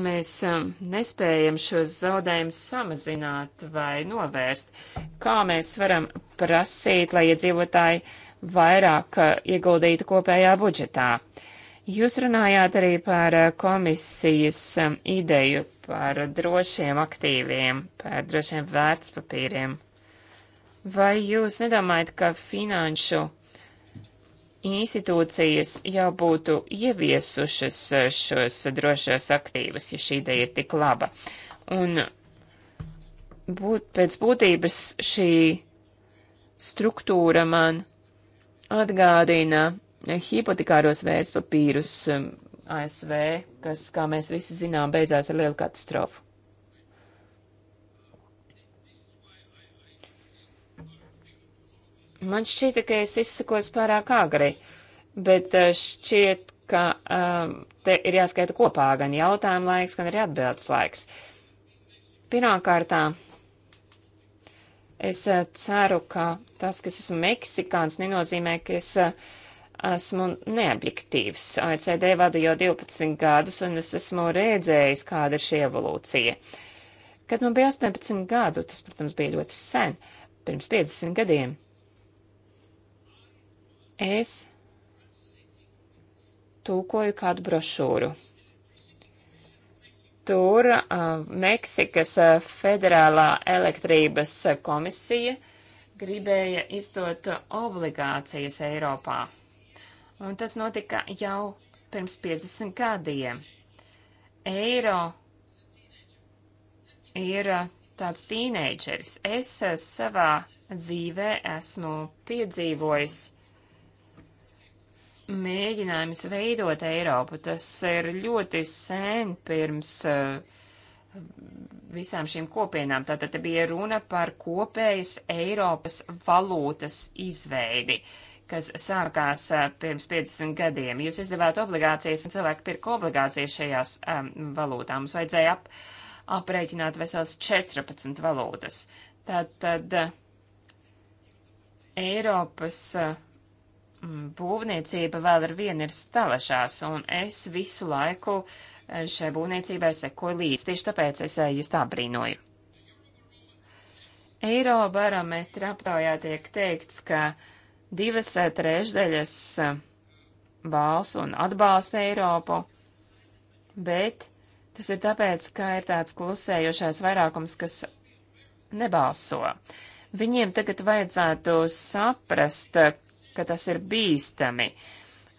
mēs um, nespējam šos zaudējumus samazināt vai novērst. Kā mēs varam prasīt, lai iedzīvotāji vairāk uh, ieguldītu kopējā budžetā? Jūs runājāt arī par uh, komisijas um, ideju par drošiem aktīviem, par drošiem vērtspapīriem. Vai jūs nedomājat, ka finanšu institūcijas jau būtu ieviesušas šos drošos aktīvus, ja šī ideja ir tik laba. Un būt, pēc būtības šī struktūra man atgādina hipotekāros vērtspapīrus um, ASV, kas, kā mēs visi zinām, beidzās ar lielu katastrofu. Man šķita, ka es izsakos pārāk agri, bet eh, šķiet, ka um, te ir jāskaita kopā gan jautājuma laiks, gan arī atbildes laiks. Pirmkārtā, es eh, ceru, ka tas, kas esmu meksikāns, nenozīmē, ka es eh, esmu neobjektīvs. OECD vadu jau 12 gadus, un es esmu redzējis, kāda ir šī evolūcija. Kad man bija 18 gadu, tas, protams, bija ļoti sen, pirms 50 gadiem es tulkoju kādu brošūru. Tur uh, Meksikas uh, federālā elektrības komisija gribēja izdot obligācijas Eiropā. Un tas notika jau pirms 50 gadiem. Eiro ir uh, tāds tīneidžeris. Es uh, savā dzīvē esmu piedzīvojis mēģinājums veidot Eiropu. Tas ir ļoti sen pirms eh, visām šīm kopienām. Tātad te bija runa par kopējas Eiropas valūtas izveidi, kas sākās eh, pirms 50 gadiem. Jūs izdevāt obligācijas un cilvēki pirka obligācijas šajās um, valūtām. Mums vajadzēja ap, aprēķināt vesels 14 valūtas. Tātad Eiropas uh, būvniecība vēl ar vienu ir stalašās, un es visu laiku eh, šai būvniecībai sekoju līdzi, tieši tāpēc es eh, jūs tā brīnoju. Eirobarometra aptaujā tiek teikts, ka divas eh, trešdaļas balsu un atbalsta Eiropu, bet tas ir tāpēc, ka ir tāds klusējošais vairākums, kas nebalso. Viņiem tagad vajadzētu saprast, ka tas ir bīstami.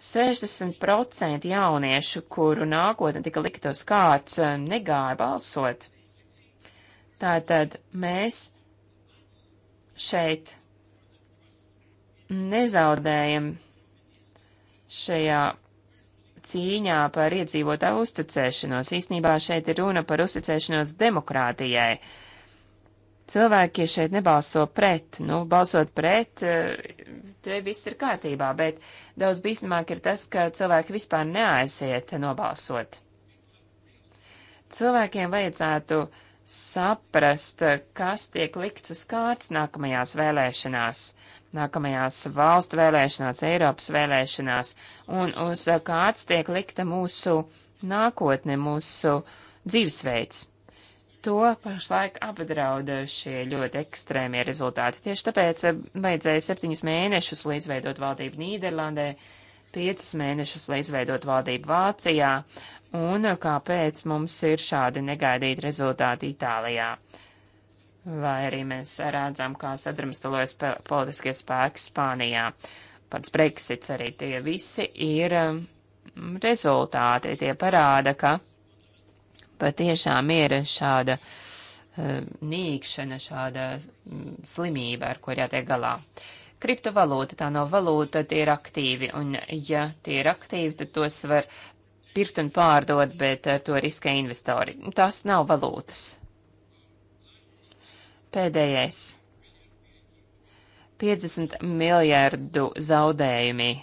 60% jauniešu, kuru nākotne tika liktos kārts, eh, negāja balsot. Tātad mēs šeit nezaudējam šajā cīņā par iedzīvotāju uzticēšanos. Īsnībā šeit ir runa par uzticēšanos demokrātijai. Uh, cilvēki šeit nebalso pret. Nu, balsot pret, eh, te viss ir kārtībā, bet daudz bīstamāk ir tas, ka cilvēki vispār neaiziet nobalsot. Cilvēkiem vajadzētu saprast, kas tiek likts uz kārts nākamajās vēlēšanās, nākamajās valstu vēlēšanās, Eiropas vēlēšanās, un uz kārts tiek likta mūsu nākotne, mūsu dzīvesveids to pašlaik apdraud šie ļoti ekstrēmie rezultāti. Tieši tāpēc eh, vajadzēja septiņus mēnešus, lai izveidot valdību Nīderlandē, piecus mēnešus, lai izveidot valdību Vācijā, un kāpēc mums ir šādi negaidīti rezultāti Itālijā. Vai arī mēs redzam, kā sadrumstalojas politiskie spēki Spānijā. Pats Brexits arī tie visi ir mm, rezultāti, tie parāda, ka patiešām ir šāda e, nīkšana, šāda mm, slimība, ar ko ir jātiek galā. Kriptovalūta, tā nav valūta, tie ir aktīvi, un ja tie ir aktīvi, tad tos var pirkt un pārdot, bet ar e, to riskē investori. Tās nav valūtas. Pēdējais. 50 miljardu zaudējumi e,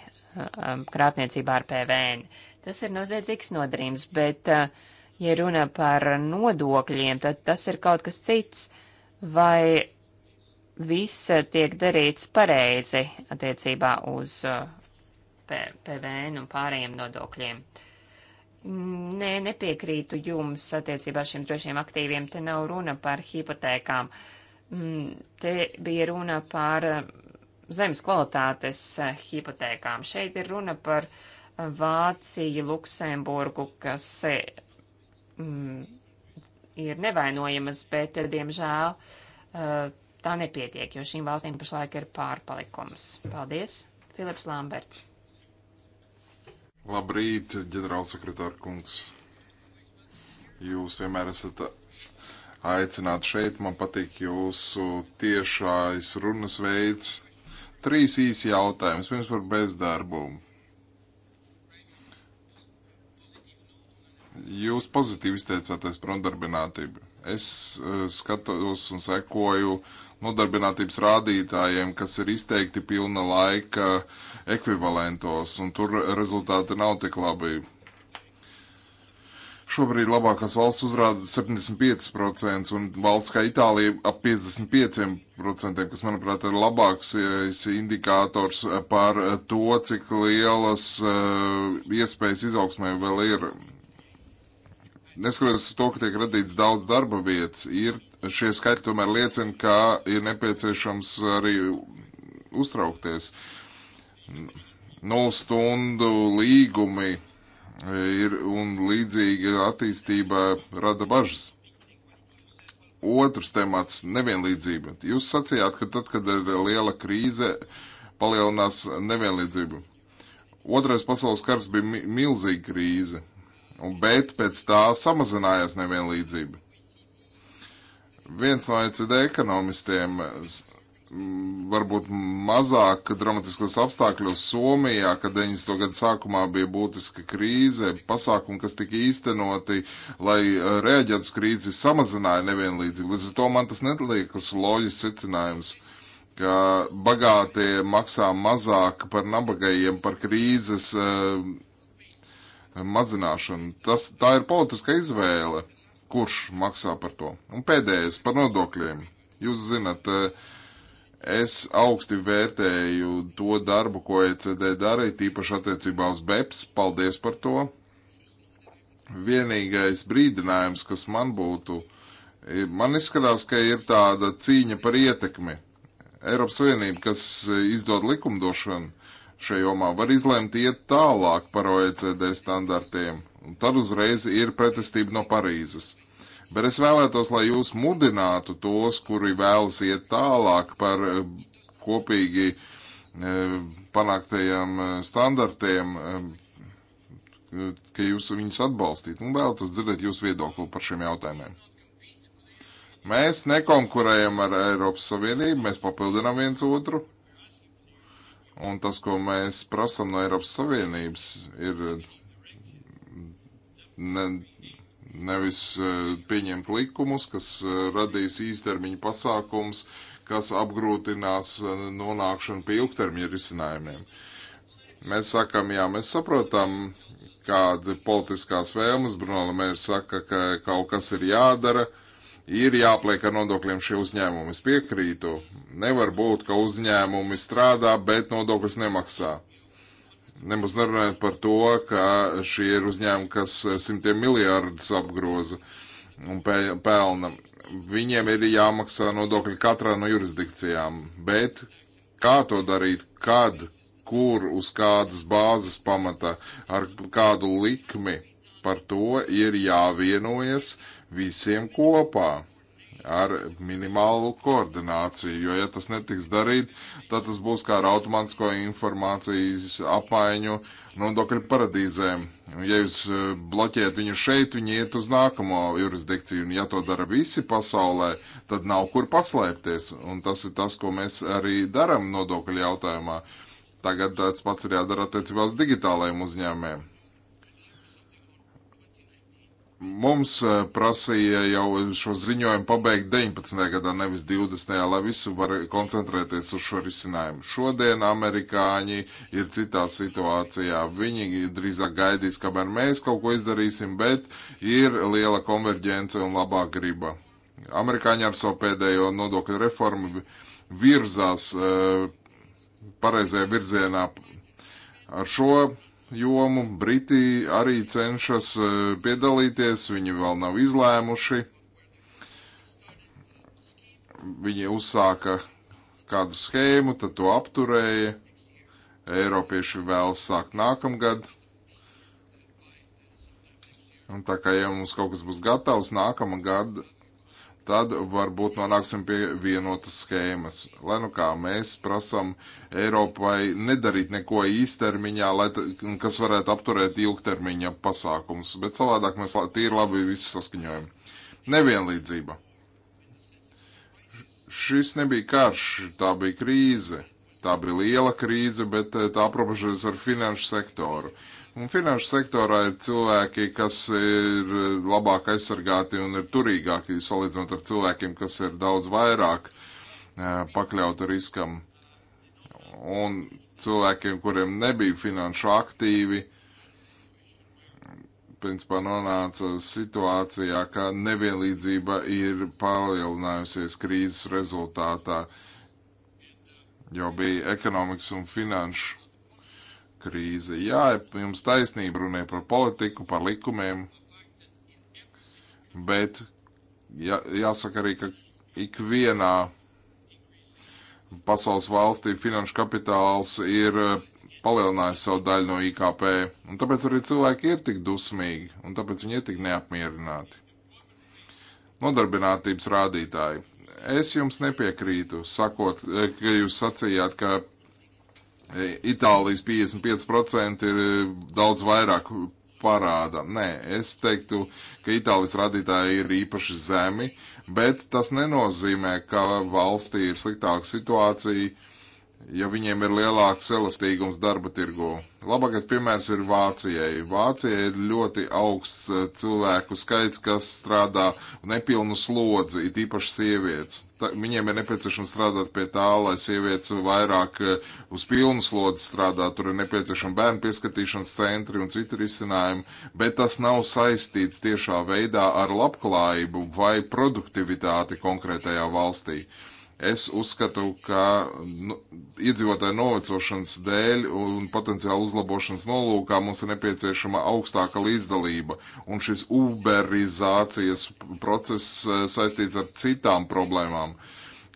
krāpniecībā ar PVN. Tas ir noziedzīgs nodarījums, bet uh, Ja runa par nodokļiem, tad tas ir kaut kas cits, vai viss tiek darīts pareizi attiecībā uz uh, PVN un pārējiem nodokļiem. Mm, nē, nepiekrītu jums attiecībā šiem drošiem aktīviem. Te nav runa par hipotēkām. Mm, te bija runa par uh, zemes kvalitātes uh, hipotēkām. Šeit ir runa par Vāciju, Luksemburgu, kas mm, ir nevainojamas, bet, diemžēl, eh, tā nepietiek, jo šīm valstīm pašlaik ir pārpalikums. Paldies, Filips Lamberts. Labrīt, ģenerālsekretār kungs. Jūs vienmēr esat aicināti šeit. Man patīk jūsu tiešais runas veids. Trīs īsi jautājums. Viens par bezdarbumu Jūs pozitīvi izteicāties par nodarbinātību. Es uh, skatos un sekoju nodarbinātības rādītājiem, kas ir izteikti pilna laika ekvivalentos, un tur rezultāti nav tik labi. Šobrīd labākās valsts uzrāda 75%, un valsts kā Itālija ap 55%, kas, manuprāt, ir labāks eh, indikators par to, cik lielas eh, iespējas izaugsmē vēl ir. Neskatoties to, ka tiek radīts daudz darba vietas, ir šie skaitļi tomēr liecina, ka ir nepieciešams arī uztraukties. Null stundu līgumi ir un līdzīga attīstība rada bažas. Otrs temats - nevienlīdzība. Jūs sacījāt, ka tad, kad ir liela krīze, palielinās nevienlīdzība. Otrais pasaules kars bija milzīga krīze bet pēc tā samazinājās nevienlīdzība. Viens no ECD ekonomistiem varbūt mazāk dramatiskos apstākļos Somijā, kad 90. gadu sākumā bija būtiska krīze, pasākumi, kas tika īstenoti, lai e, rēģētu uz krīzi, samazināja nevienlīdzību. Līdz ar to man tas netliekas loģisks secinājums, ka bagātie maksā mazāk par nabagajiem, par krīzes uh, mazināšanu. Tas, tā ir politiska izvēle, kurš maksā par to. Un pēdējais par nodokļiem. Jūs zinat, eh, es augsti vērtēju to darbu, ko ECD darīja, tīpaši attiecībā uz BEPS. Paldies par to. Vienīgais brīdinājums, kas man būtu, man izskatās, ka ir tāda cīņa par ietekmi. Eiropas Savienība, kas izdod likumdošanu, šajomā var izlemt iet tālāk par OECD standartiem. Un tad uzreiz ir pretestība no Parīzes. Bet es vēlētos, lai jūs mudinātu tos, kuri vēlas iet tālāk par eh, kopīgi eh, panāktajiem eh, standartiem, ka jūs viņus atbalstītu un vēlatos dzirdēt jūsu viedokli par šiem jautājumiem. Mēs nekonkurējam ar Eiropas Savienību, mēs papildinām viens otru. Un tas, ko mēs prasam no Eiropas Savienības, ir ne, nevis e, pieņemt likumus, kas e, radīs īstermiņa pasākums, kas apgrūtinās e, nonākšanu pie ilgtermiņa risinājumiem. Mēs sakam, jā, mēs saprotam, kāda ir politiskās vēlmes. Bruno Lemērs saka, ka kaut kas ir jādara. Uh, ir jāpliek ar nodokļiem šie uzņēmumi. Es piekrītu, nevar būt, ka uzņēmumi strādā, bet nodokļus nemaksā. Nemaz nerunājot par to, ka šie ir uzņēmumi, kas simtiem miljārdus apgroza un pelna. Viņiem ir jāmaksā nodokļi katrā no jurisdikcijām, bet kā to darīt, kad, kur, uz kādas bāzes pamata, ar kādu likmi, par to ir jāvienojas, uh, visiem kopā ar minimālu koordināciju, jo ja tas netiks darīt, tad tas būs kā ar automātisko informācijas apmaiņu nodokļu paradīzēm. Ja jūs e, bloķējat viņu šeit, viņi iet uz nākamo jurisdikciju, un ja to dara visi pasaulē, tad nav kur paslēpties, un tas ir tas, ko mēs arī daram nodokļu jautājumā. Tagad tāds pats ir jādara attiecībās digitālajiem uzņēmējiem mums e, prasīja jau šo ziņojumu pabeigt 19. gadā, nevis 20. lai visu var koncentrēties uz šo risinājumu. Šodien amerikāņi ir citā situācijā. Viņi drīzāk gaidīs, kamēr mēs kaut ko izdarīsim, bet ir liela konverģence un labā griba. Amerikāņi ar savu pēdējo nodokļu reformu virzās e, pareizajā virzienā. Ar šo jomu. Briti arī cenšas e, piedalīties, viņi vēl nav izlēmuši. Viņi uzsāka kādu schēmu, tad to apturēja. Eiropieši vēl sākt nākamgad. Un tā kā jau mums kaut kas būs gatavs nākamā gada, tad varbūt nonāksim pie vienotas schēmas. Lai nu kā mēs prasam Eiropai nedarīt neko īstermiņā, lai, kas varētu apturēt ilgtermiņa pasākums, bet savādāk mēs tīri labi visu saskaņojam. Nevienlīdzība. Šis nebija karš, tā bija krīze. Tā bija liela krīze, bet eh, tā aprobežojas ar finanšu sektoru. Uh, Un finanšu sektorā ir cilvēki, kas ir labāk aizsargāti un ir turīgāki, salīdzinot ar cilvēkiem, kas ir daudz vairāk eh, pakļauti riskam. Un cilvēkiem, kuriem nebija finanšu aktīvi, principā nonāca situācijā, ka nevienlīdzība ir palielinājusies krīzes rezultātā, jo bija ekonomikas un finanšu krīze. Jā, jums taisnība runē par politiku, par likumiem, bet jā, jāsaka arī, ka ikvienā pasaules valstī finanšu kapitāls ir eh, palielinājis savu daļu no IKP, un tāpēc arī cilvēki ir tik dusmīgi, un tāpēc viņi ir tik neapmierināti. Nodarbinātības rādītāji. Es jums nepiekrītu, sakot, eh, ka jūs sacījāt, ka E, Itālijas 55% ir e, daudz vairāk parāda. Nē, es teiktu, ka Itālijas radītāji ir īpaši zemi, bet tas nenozīmē, ka valstī ir sliktāka situācija ja viņiem ir lielāks elastīgums darba tirgu. Labākais piemērs ir Vācijai. Vācijai ir ļoti augsts eh, cilvēku skaits, kas strādā nepilnu slodzi, it īpaši sievietes. Ta, viņiem ir nepieciešams strādāt pie tā, lai sievietes vairāk eh, uz pilnu slodzi strādā. Tur ir nepieciešama bērnu pieskatīšanas centri un citi risinājumi, bet tas nav saistīts tiešā veidā ar labklājību vai produktivitāti konkrētajā valstī. Uh, Es uzskatu, ka nu, iedzīvotāju novecošanas dēļ un potenciāla uzlabošanas nolūkā mums ir nepieciešama augstāka līdzdalība. Un šis uberizācijas process eh, saistīts ar citām problēmām.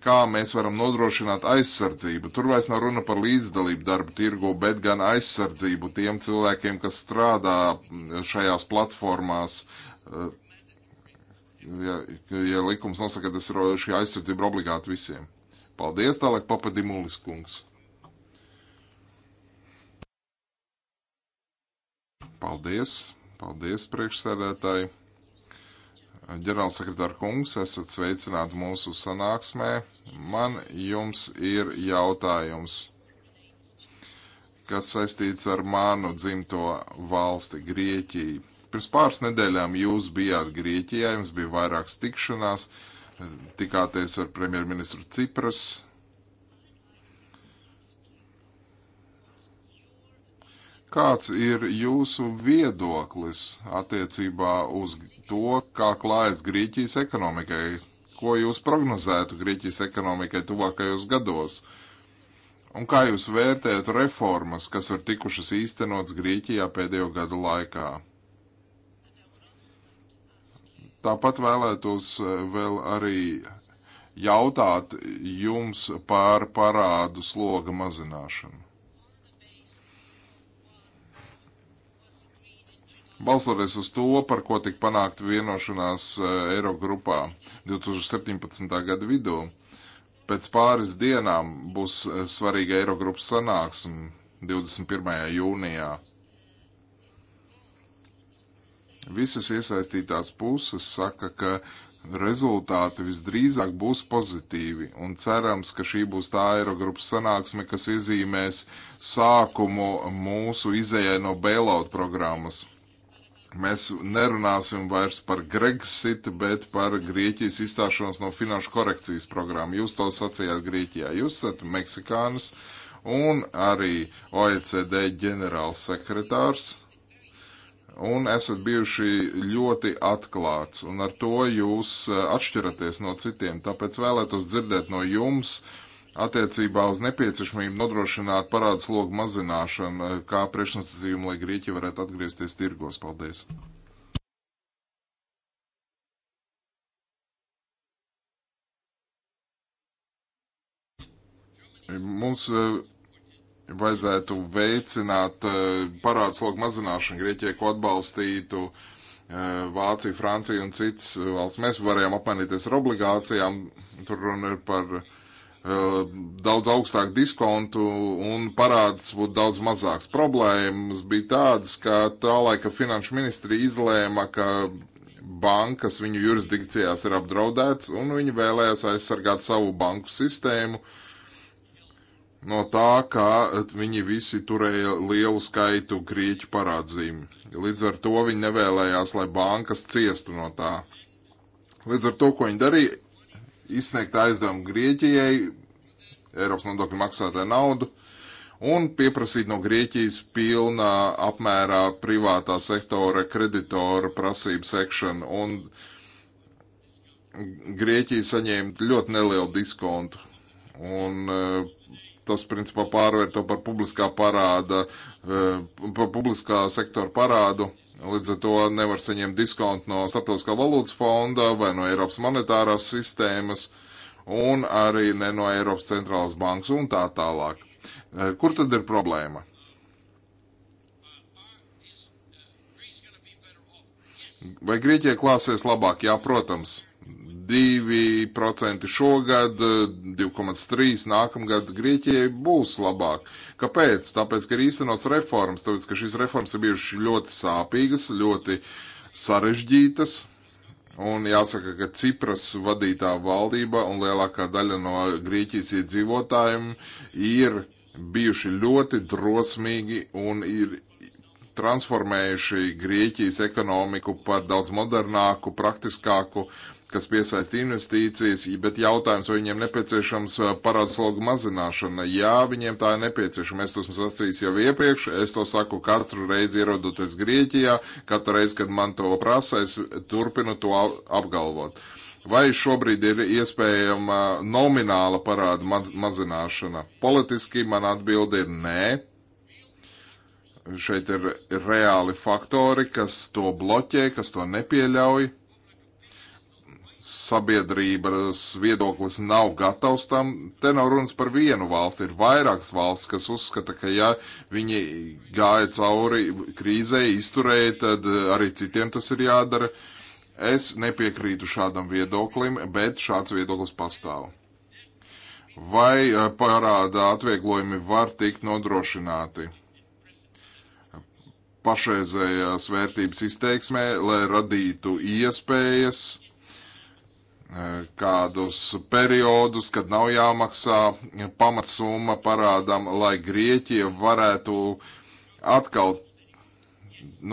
Kā mēs varam nodrošināt aizsardzību? Tur vairs nav runa par līdzdalību darba tirgu, bet gan aizsardzību tiem cilvēkiem, kas strādā šajās platformās, eh, ja, ja likums nosaka, ka tas ir šī aizsardzība obligāti visiem. Paldies, tālāk papadimulis kungs. Paldies, paldies priekšsēdētāji. Ģenerālsekretāra kungs, esat sveicināti mūsu sanāksmē. Man jums ir jautājums, kas saistīts ar manu dzimto valsti Grieķiju Pirms pāris nedēļām jūs bijāt Grieķijā, jums bija vairākas tikšanās, tikāties ar premjerministru Cipras. Kāds ir jūsu viedoklis attiecībā uz to, kā klājas Grieķijas ekonomikai? Ko jūs prognozētu Grieķijas ekonomikai tuvākajos gados? Un kā jūs vērtējat reformas, kas ir tikušas īstenots Grieķijā pēdējo gadu laikā? Tāpat vēlētos eh, vēl arī jautāt jums par parādu sloga mazināšanu. Balstoties uz to, par ko tika panākta vienošanās eh, Eirogrupā 2017. gada vidū, pēc pāris dienām būs eh, svarīga Eirogrupas sanāksme 21. jūnijā. Visas iesaistītās puses saka, ka rezultāti visdrīzāk būs pozitīvi un cerams, ka šī būs tā aerogrupas sanāksme, kas iezīmēs sākumu mūsu izējai no bailout programmas. Mēs nerunāsim vairs par Grexit, bet par Grieķijas izstāšanos no finanšu korekcijas programmu. Jūs to sacījāt Grieķijā. Jūs esat Meksikānis un arī OECD ģenerāls sekretārs un esat bijuši ļoti atklāts, un ar to jūs e, atšķiraties no citiem. Tāpēc vēlētos dzirdēt no jums attiecībā uz nepieciešamību nodrošināt parādu slogu mazināšanu, e, kā priekšnosacījumu, lai Grieķi varētu atgriezties tirgos. Paldies! Mums e, vajadzētu veicināt eh, parādu slogu mazināšanu Grieķijai, ko atbalstītu eh, Vācija, Francija un citas eh, valsts. Mēs varējām apmainīties ar obligācijām, tur runa ir par daudz augstāku diskontu un parāds būtu daudz mazāks. Problēmas bija tādas, ka tā laika finanšu ministri izlēma, ka bankas viņu jurisdikcijās ir apdraudēts un viņi vēlējās aizsargāt savu banku sistēmu uh, no tā, ka viņi visi turēja lielu skaitu grieķu parādzīm. Līdz ar to viņi nevēlējās, lai bankas ciestu no tā. Līdz ar to, ko viņi darīja, izsniegt aizdevumu Grieķijai, Eiropas nodokļu maksātāju naudu, un pieprasīt no Grieķijas pilnā apmērā privātā sektora kreditoru prasību sekšanu, un Grieķija saņēma ļoti nelielu diskontu. Un eh, tas principā pārvērto par publiskā parāda, e, par publiskā sektora parādu. Līdz ar to nevar saņemt diskontu no Startautiskā valūtas fonda vai no Eiropas monetārās sistēmas un arī ne no Eiropas centrālās bankas un tā tālāk. E, kur tad ir problēma? Vai Grieķija klāsies labāk? Jā, protams. 2% šogad, 2,3% nākamgad Grieķijai būs labāk. Kāpēc? Tāpēc, ka ir īstenots reformas, tāpēc, ka šīs reformas ir bijušas ļoti sāpīgas, ļoti sarežģītas. Un jāsaka, ka Cipras vadītā valdība un lielākā daļa no Grieķijas iedzīvotājiem ir bijuši ļoti drosmīgi un ir transformējuši Grieķijas ekonomiku par daudz modernāku, praktiskāku kas piesaista investīcijas, bet jautājums, vai viņiem nepieciešams parādslauga mazināšana. Jā, viņiem tā ir nepieciešama. Es to esmu sacījis jau iepriekš, es to saku katru reizi ierodoties Grieķijā, katru reizi, kad man to prasa, es turpinu to apgalvot. Vai šobrīd ir iespējama nomināla parāda maz mazināšana? Politiski man atbildi ir nē. Šeit ir reāli faktori, kas to bloķē, kas to nepieļauj sabiedrības viedoklis nav gatavs tam. Te nav runas par vienu valsti, ir vairākas valsts, kas uzskata, ka ja viņi gāja cauri krīzē, izturēja, tad eh, arī citiem tas ir jādara. Es nepiekrītu šādam viedoklim, bet šāds viedoklis pastāv. Vai eh, parāda atvieglojumi var tikt nodrošināti? pašreizējās vērtības izteiksmē, lai radītu iespējas kādus periodus, kad nav jāmaksā pamatsumma parādam, lai Grieķija varētu atkal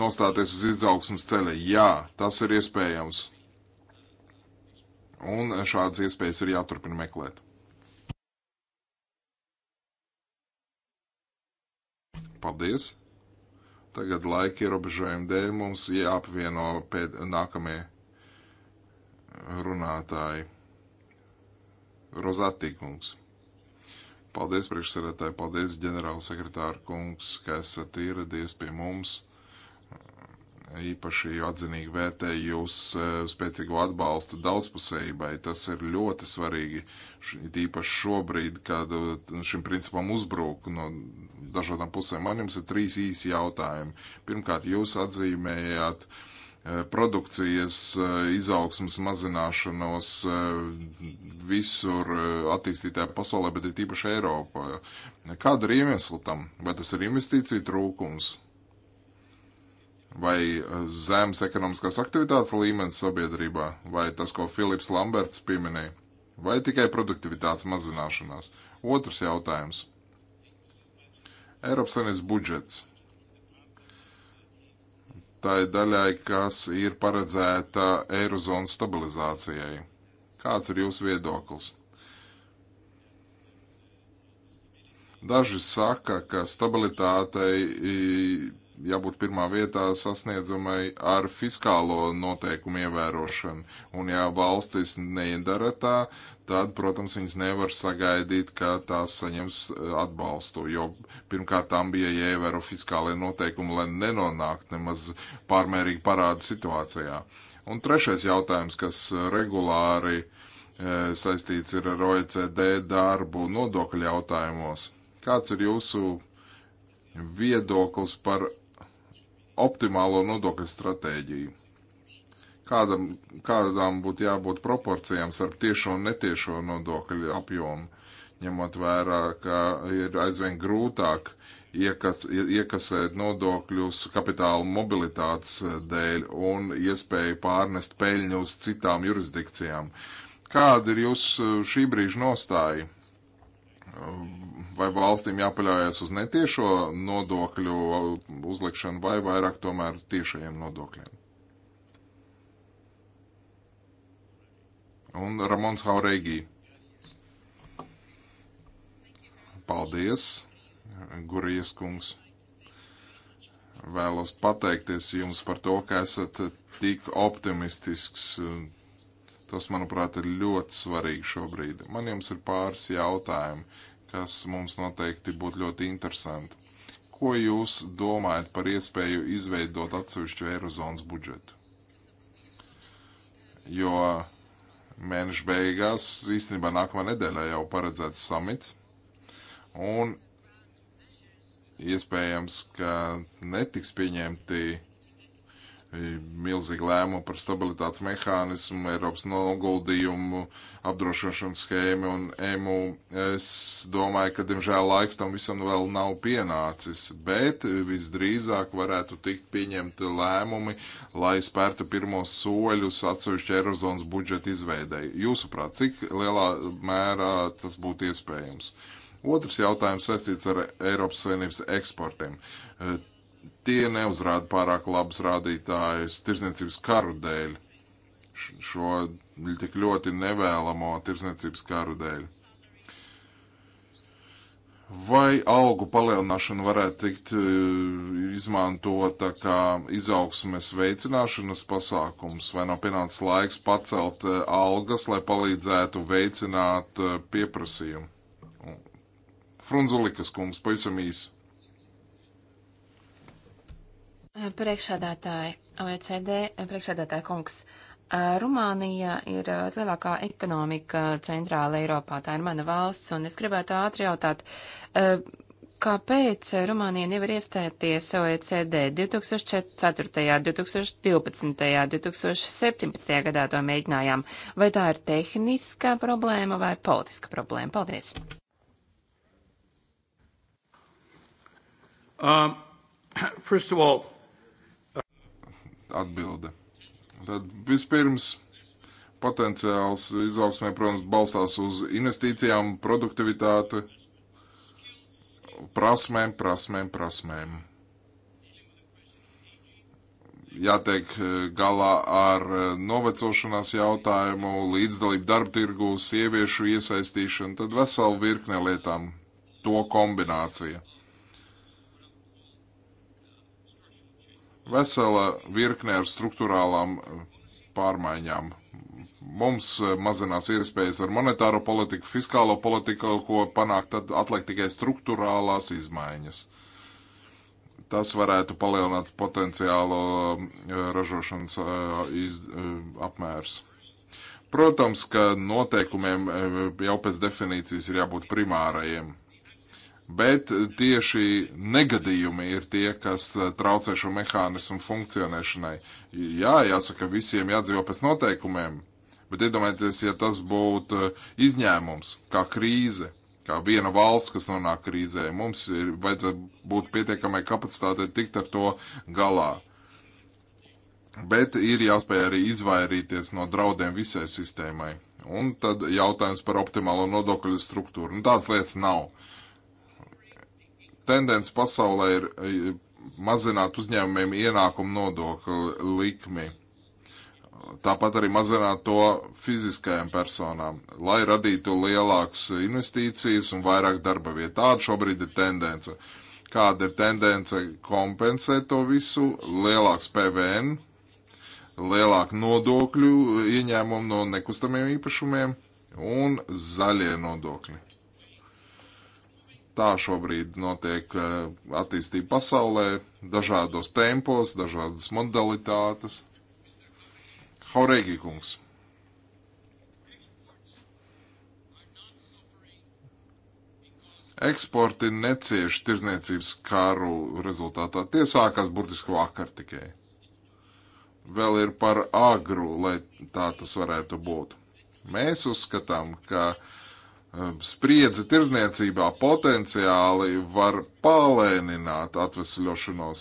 nostāties uz izaugsmas ceļa. Jā, tas ir iespējams. Un šādas iespējas ir jāturpina meklēt. Paldies! Tagad laika ierobežojuma dēļ mums jāapvieno pēd, nākamie runātāji. Rozatī kungs. Paldies, priekšsēdētāji, paldies, ģenerāla sekretāra kungs, ka esat ieradies pie mums. Īpaši atzinīgi vērtēju jūs e, spēcīgo atbalstu daudzpusējībai. Tas ir ļoti svarīgi, īpaši šobrīd, kad e, šim principam uzbrūk no dažādām pusēm. Man jums ir trīs īsi jautājumi. Pirmkārt, jūs atzīmējāt uh, Eh, produkcijas eh, izaugsmas mazināšanos eh, visur attīstītā pasaulē, bet ir tīpaši Eiropā. Kāda ir iemesla tam? Vai tas ir investīcija trūkums? vai zemes ekonomiskās aktivitātes līmenis sabiedrībā, vai tas, ko Filips Lamberts pieminēja, vai tikai produktivitātes mazināšanās. Otrs jautājums. Eiropas Savienības budžets tai daļai, kas ir paredzēta Eirozonas stabilizācijai. Kāds ir jūsu viedoklis? Daži saka, ka stabilitātei jābūt pirmā vietā sasniedzamai ar fiskālo noteikumu ievērošanu. Un ja valstis nedara tā, tad, protams, viņas nevar sagaidīt, ka tās saņems eh, atbalstu, jo pirmkārt tam bija jāievēro fiskālajie noteikumi, lai nenonākt nemaz pārmērīgi parāda situācijā. Un trešais jautājums, kas eh, regulāri e, saistīts ir ar OECD darbu nodokļu jautājumos. Kāds ir jūsu viedoklis par optimālo nodokļu stratēģiju. Kādam, kādām būtu jābūt proporcijām starp tiešo un netiešo nodokļu apjomu, ņemot vērā, ka ir aizvien grūtāk iekas, iekasēt nodokļus kapitāla mobilitātes dēļ un iespēju pārnest peļņu uz citām jurisdikcijām. Kāda ir jūsu šī brīža nostāja? vai valstīm jāpaļaujas uz netiešo nodokļu uzlikšanu vai vairāk tomēr tiešajiem nodokļiem. Un Ramons Haurēgī. Paldies, Gurijas kungs. Vēlos pateikties jums par to, ka esat tik optimistisks Tas, manuprāt, ir ļoti svarīgi šobrīd. Man jums ir pāris jautājumi kas mums noteikti būtu ļoti interesanti. Ko jūs domājat par iespēju izveidot atsevišķu Eirozonas budžetu? Jo mēneša beigās, īstenībā nākamā nedēļā jau paredzēts samits, un iespējams, ka netiks pieņemti milzīgi lēmumi par stabilitātes mehānismu, Eiropas noguldījumu, apdrošināšanas schēmu un emu. Es domāju, ka, diemžēl, laiks tam visam vēl nav pienācis, bet visdrīzāk varētu tikt pieņemti lēmumi, lai spērtu pirmos soļus atsevišķi Eirozonas budžeta izveidēji. Jūsuprāt, cik lielā mērā tas būtu iespējams? Otrs jautājums saistīts ar Eiropas Savienības eksportiem tie neuzrāda pārāk labus rādītājus tirsniecības karu dēļ, šo tik ļoti nevēlamo tirsniecības karu dēļ. Vai algu palielināšana varētu tikt e, izmantota kā izaugsmes veicināšanas pasākums, vai nav pienācis laiks pacelt e, algas, lai palīdzētu veicināt e, pieprasījumu? Frunzulikas kungs, pavisam īsi. Priekšādātāji, OECD, priekšādātāja kungs, Rumānija ir lielākā ekonomika centrāla Eiropā, tā ir mana valsts, un es gribētu ātri jautāt, kāpēc Rumānija nevar iestāties OECD 2004., 2012., 2017. gadā to mēģinājām? Vai tā ir tehniska problēma vai politiska problēma? Paldies! Um, first of all, atbilde. Tad vispirms potenciāls izaugsmē, protams, balstās uz investīcijām, produktivitāti, prasmēm, prasmēm, prasmēm. Jātiek eh, galā ar eh, novecošanās jautājumu, līdzdalību darba tirgū, sieviešu iesaistīšanu, tad veselu virkne lietām, to kombinācija. vesela virkne ar struktūrālām eh, pārmaiņām. Mums eh, mazinās iespējas ar monetāro politiku, fiskālo politiku, ko panākt, tad atliek tikai struktūrālās izmaiņas. Tas varētu palielināt potenciālo eh, ražošanas iz, apmērs. Protams, ka noteikumiem jau pēc definīcijas ir jābūt primārajiem Bet tieši negadījumi ir tie, kas eh, traucē šo mehānismu funkcionēšanai. Jā, jāsaka, visiem jādzīvo pēc noteikumiem, bet iedomājieties, ja tas būtu eh, izņēmums, kā krīze, kā viena valsts, kas nonāk krīzē, mums ir vajadzētu būt pietiekamai kapacitātei tikt ar to galā. Bet ir jāspēj arī izvairīties no draudiem visai sistēmai. Un tad jautājums par optimālo nodokļu struktūru. Nu, tās lietas nav tendence pasaulē ir mazināt uzņēmumiem ienākumu nodokļu likmi. Tāpat arī mazināt to fiziskajām personām, lai radītu lielākas investīcijas un vairāk darba vietu. Tāda šobrīd ir tendence. Kāda ir tendence kompensēt to visu? Lielāks PVN, lielāk nodokļu ieņēmumu no nekustamiem īpašumiem un zaļie nodokļi tā šobrīd notiek eh, attīstība pasaulē, dažādos tempos, dažādas modalitātes. Haurēgi kungs. Eksporti necieš tirzniecības kāru rezultātā. Tie sākās burtiski vakar tikai. Vēl ir par agru, lai tā tas varētu būt. Mēs uzskatām, ka uh, Um, spriedzi tirzniecībā potenciāli var palēnināt atvesļošanos.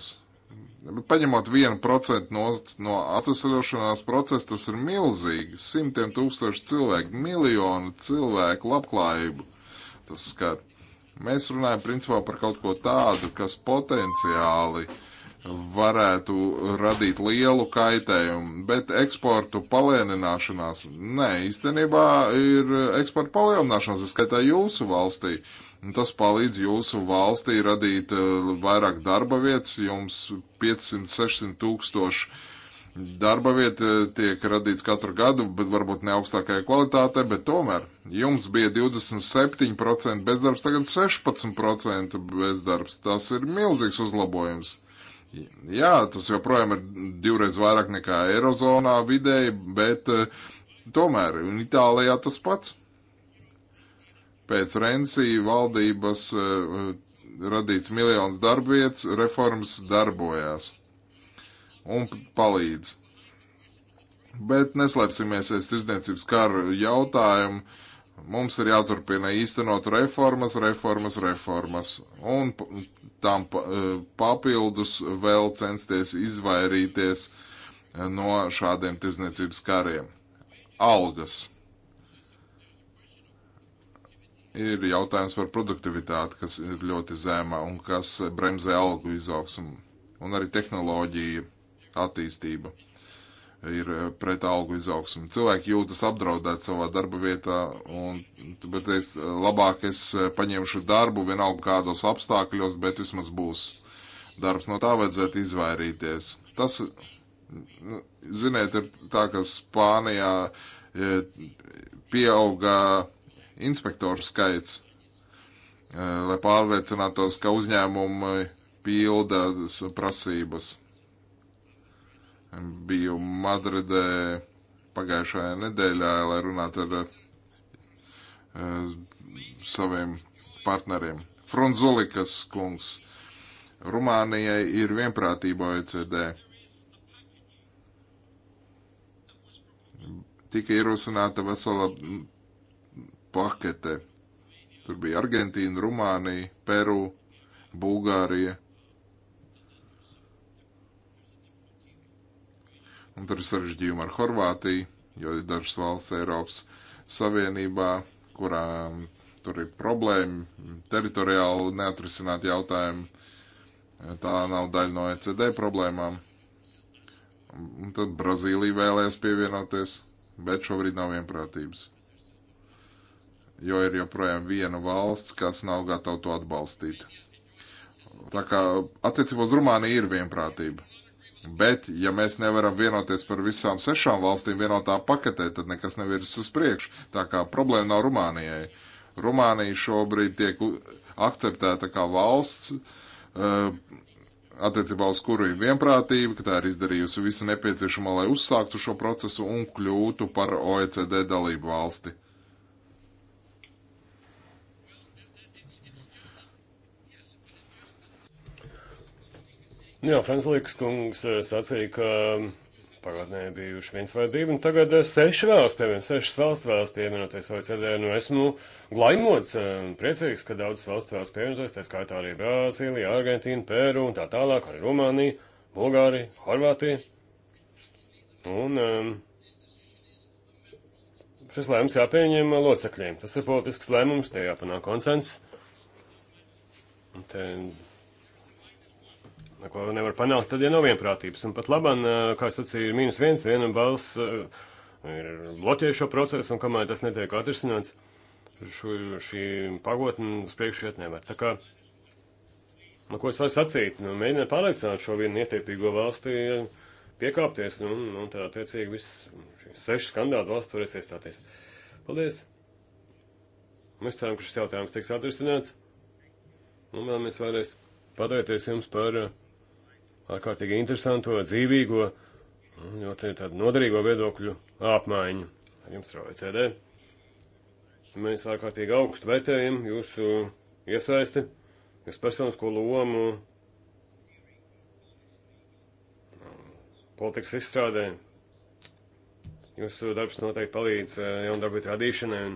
Paņemot 1% no, no atvesļošanās procesa, tas ir milzīgi. Simtiem tūkstoši cilvēku, miljonu cilvēku labklājību tas skar. Mēs runājam principā par kaut ko tādu, kas potenciāli uh, varētu radīt lielu kaitējumu, bet eksportu palēnināšanās, nē, īstenībā ir eksporta palielināšanās, es skaitā jūsu valstī. Tas palīdz jūsu valstī radīt eh, vairāk darba vietas, jums 500-600 tūkstoši darba vieta eh, tiek radīts katru gadu, bet varbūt ne augstākajā kvalitātē, bet tomēr jums bija 27% bezdarbs, tagad 16% bezdarbs. Tas ir milzīgs uzlabojums. Jā, tas joprojām ir divreiz vairāk nekā Eirozonā vidēji, bet eh, tomēr Itālijā tas pats. Pēc Renzi valdības eh, radīts miljons darbvietas, reformas darbojās un palīdz. Bet neslēpsimies aiz tirdzniecības karu jautājumu. Mums ir jāturpina īstenot reformas, reformas, reformas un tam e, papildus vēl censties izvairīties e, no šādiem tirzniecības kariem. Algas ir jautājums par produktivitāti, kas ir ļoti zema un kas bremzē algu izaugsmu, un arī tehnoloģija attīstība ir e, pret algu izaugsmu. Cilvēki jūtas apdraudēti savā darba vietā, un bet es e, labāk es e, paņemšu darbu vienalga kādos apstākļos, bet vismaz būs darbs. No tā vajadzētu izvairīties. Tas, nu, ziniet, ir tā, ka Spānijā pieauga inspektoru skaits, lai pārliecinātos, ka uzņēmumi pilda prasības Biju Madridē pagājušajā nedēļā, lai runātu ar uh, e, saviem partneriem. Fronzulikas kungs. Rumānijai ir vienprātība OECD. Tika ierosināta vesela pakete. Tur bija Argentīna, Rumānija, Peru, Bulgārija, Un tur ir sarežģījumi ar Horvātiju, jo ir dažas valsts Eiropas Savienībā, kurām tur ir problēma, teritoriāli neatrisināt jautājumu. Tā nav daļa no ECD problēmām. Un tad Brazīlija vēlēs pievienoties, bet šobrīd nav vienprātības. Jo ir joprojām viena valsts, kas nav gatava to atbalstīt. Tā kā attiecībā uz Rumāniju ir vienprātība. Bet, ja mēs nevaram vienoties par visām sešām valstīm vienotā paketē, tad nekas nevirs uz priekšu. Tā kā problēma nav Rumānijai. Rumānija šobrīd tiek akceptēta kā valsts, eh, attiecībā uz kuru ir vienprātība, ka tā ir izdarījusi visu nepieciešamo, lai uzsāktu šo procesu un kļūtu par OECD dalību valsti. Nu jā, Franslīks kungs eh, sacīja, ka mm, pagātnē bijuši viens vai divi, un tagad eh, seši vēlas pieminēt, sešas valsts vēlas pieminēties OECD. Nu, esmu glaimots, eh, priecīgs, ka daudzas valsts vēlas pieminēties, tā skaitā arī Brazīlija, Argentīna, Pēru un tā tālāk, arī Rumānija, Bulgārija, Horvātija. Un um, šis lēmums jāpieņem locekļiem. Tas ir politisks lēmums, te jāpanāk konsensus. Te ko nevar panākt, tad ja nav vienprātības. Un pat labam, eh, kā sacīja, ir mīnus viens, viena valsts eh, ir bloķē šo procesu, un kamēr tas netiek atrisināts, šo, šī pagotne uz priekšu iet nevar. Tā kā, nu, ko es varu sacīt, nu, mēģināt pārliecināt šo vienu ietiepīgo valsti piekāpties, nu, un tā attiecīgi viss šīs seši skandāli valsts varēs iestāties. Paldies! Mēs ceram, ka šis jautājums tiks atrisināts, un vēlamies vēlreiz pateikties jums par uh, ārkārtīgi interesanto, dzīvīgo, ļoti tādu noderīgo viedokļu apmaiņu ar jums ar OECD. Mēs ārkārtīgi augstu vērtējam jūsu iesaisti, jūsu personisko lomu politikas izstrādē. Jūsu darbs noteikti palīdz eh, jaunu darbu radīšanai un,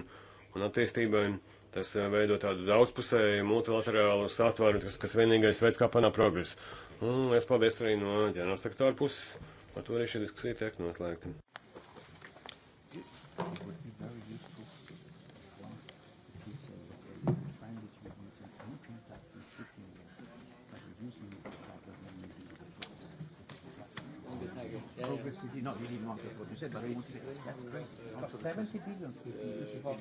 un attīstībai. Un tas eh, veido tādu daudzpusēju, multilaterālu satvaru, kas, kas vienīgais veids, kā panākt progresu. Un es paldies arī no ģenerāla sektora puses. Par to arī šī diskusija tiek noslēgta. yes, you did not, you didn't want to what you said, but you wanted it. That's great. But 70 billion for five,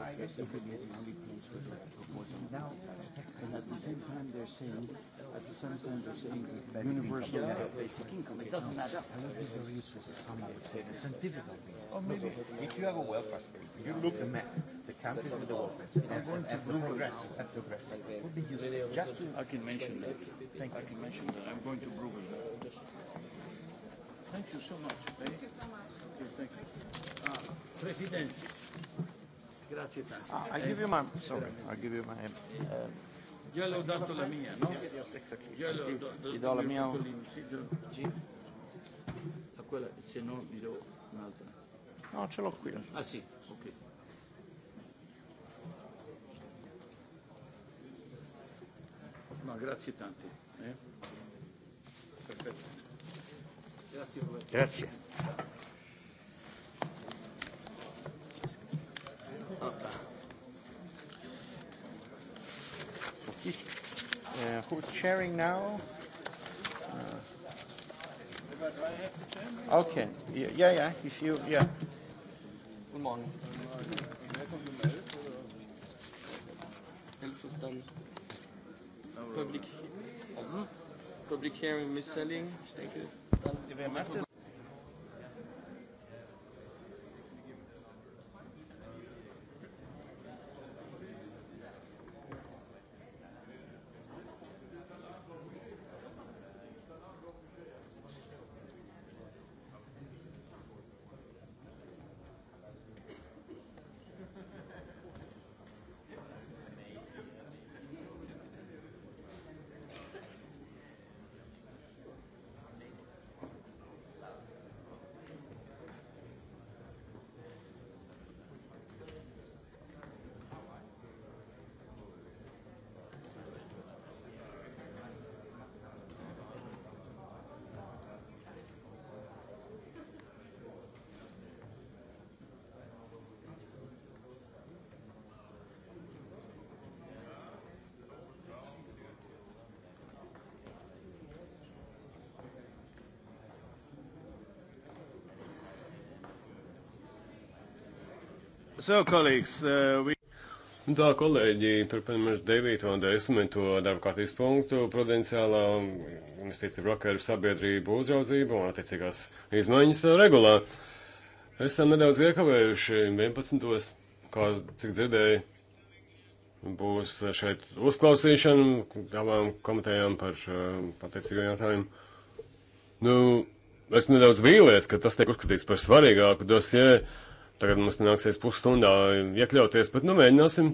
five years. Yes, you the only place for that proposal. Now, and uh, at the same time, they're saying, at the same time, they're saying universal yeah. basic income. It doesn't matter. I would be very useful for someone to say the scientific reasons. Or maybe if you have a welfare state, you look at the map, the countries with the welfare state, and, and, and progress, and progress. It would be useful. Just to, I can mention that. Thank you. I can mention that. I'm going to Bruegel. Thank you so much. Eh? Thank you so much. Okay, thank you. Ah, President. Grazie tanto. Ah, I give you my, sorry, I give you my... Uh, Io le ho dato la mia, no? Yes, exactly. Io le ho dato, ti do la mia... Sì. A quella, se no dirò un'altra. No, ce l'ho qui. Ah sì, ok. Ma grazie tante. Eh? Perfetto. Grazie. Uh, who's sharing now? Uh, okay. Yeah, yeah. If you, yeah. Guten Morgen. Elf ist dann Public. Mhm public hearing mis Selling. Ik denk dat So, colleagues, uh, we... Tā, kolēģi, turpinam ar 9. un 10. darba kārtības punktu - prudenciālā investīcija brokeru sabiedrību uzraudzību un attiecīgās izmaiņas regulā. Esam nedaudz iekavējuši 11. kā cik dzirdēju, būs šeit uzklausīšana abām komitejām par uh, attiecīgo jautājumu. Nu, es nedaudz vīlies, ka tas tiek uzskatīts par svarīgāku dosieru Tagad mums nāksies pusstundā iekļauties, bet nu mēģināsim.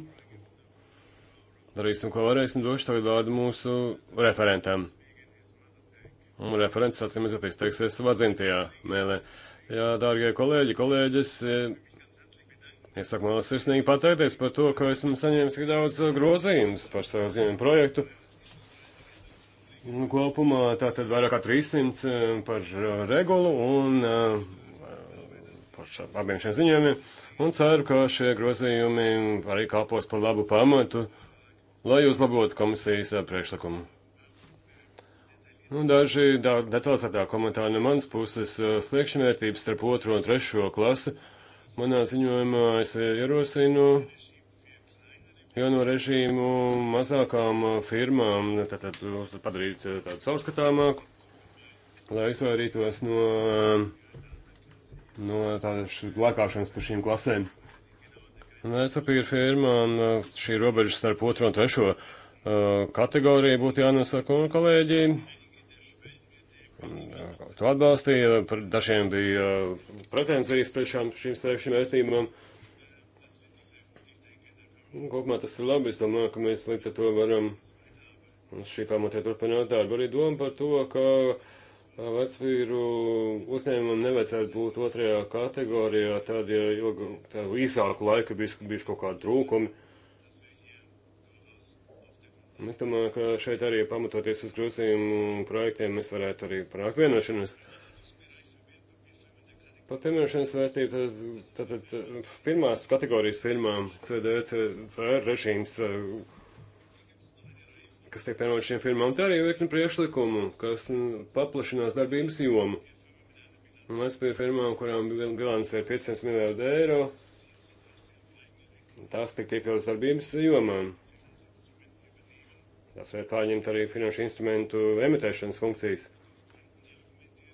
Darīsim, ko varēsim. Došu tagad vārdu mūsu referentēm. Un referents, atcīm redzot, izteiksies savā dzimtajā mēlē. Jā, dārgie kolēģi, kolēģis, eh, es saku, man sirsnīgi pateikties par to, ka esmu saņēmis tik daudz eh, grozījumus par savu ziņojumu projektu. Kopumā tātad vairāk kā 300 eh, par regulu un ar abiem šiem ziņojumiem, un ceru, ka šie grozījumi arī kalpos par labu pamatu, lai uzlabotu komisijas eh, priekšlikumu. Nu, daži detalizētā komentāri no manas puses eh, sliekšņvērtības starp otro un trešo klasi. Manā ziņojumā es ierosinu jau no režīmu mazākām eh, firmām tātad padarīt tādu savskatāmāku, lai izvairītos no no tādas lēkāšanas pa šīm klasēm. Aizsapīra firma un uh, šī robeža starp otro un trešo uh, kategoriju būtu jānosaka, un kolēģi uh, to atbalstīja, dažiem bija uh, pretenzijas pret šām, šīm sevišķiem vērtībām. Kopumā tas ir labi, es domāju, ka mēs līdz ar to varam uz šī pamatē turpināt darbu. Arī doma par to, ka uh, Vecvīru uzņēmumam nevajadzētu būt otrajā kategorijā, tad, ja ilgu, tā īsāku laiku bijuši, bijuši kaut kādi trūkumi. Es domāju, ka šeit arī pamatoties uz grozījumu projektiem, mēs varētu arī panākt vienošanos. Par pieminēšanas vērtību, tad, tad, tad pirmās kategorijas firmām CDC režīms uh, kas tiek piemērot šiem firmām, un tā arī virkni priešlikumu, kas paplašinās darbības jomu. Un es pie firmām, kurām bilants ir 500 miljārdu eiro, tās tik iekļautas darbības jomām. Tas var pārņemt arī finanšu instrumentu emitēšanas funkcijas.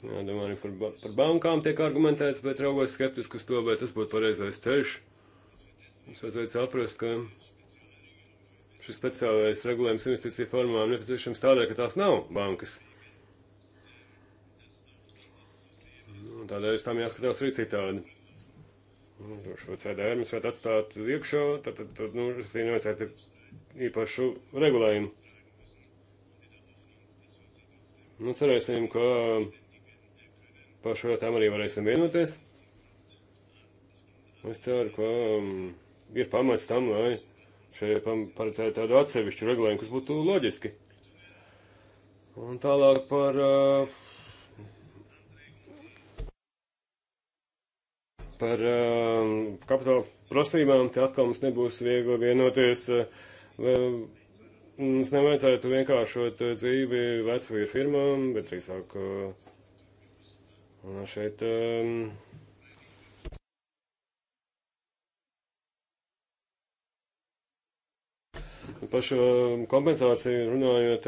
Jā, domāju, par, ba par bankām tiek argumentēts, bet raugos skeptiski uz to, vai tas būtu pareizais ceļš. Mums vajadzētu saprast, ka Šis speciālais regulējums investīciju formām nepieciešams tādēļ, ka tās nav bankas. Nu, un tādēļ uz tām jāskatās arī citādi. Nu, šo CDR mēs varētu atstāt iekšā, tad, tad, tad nu, respektīvi, nevajadzētu īpašu regulējumu. Nu, cerēsim, ka par šo jautājumu arī varēsim vienoties. Es ceru, ka mm, ir pamats tam, lai šeit paredzēt tādu atsevišķu regulējumu, kas būtu loģiski. Un tālāk par. Par um, kapitāla prasībām te atkal mums nebūs viegli vienoties. Uh, mums nevajadzētu vienkāršot dzīvi vecvīru firmām, bet drīzāk uh, šeit. Um, par šo kompensāciju runājot,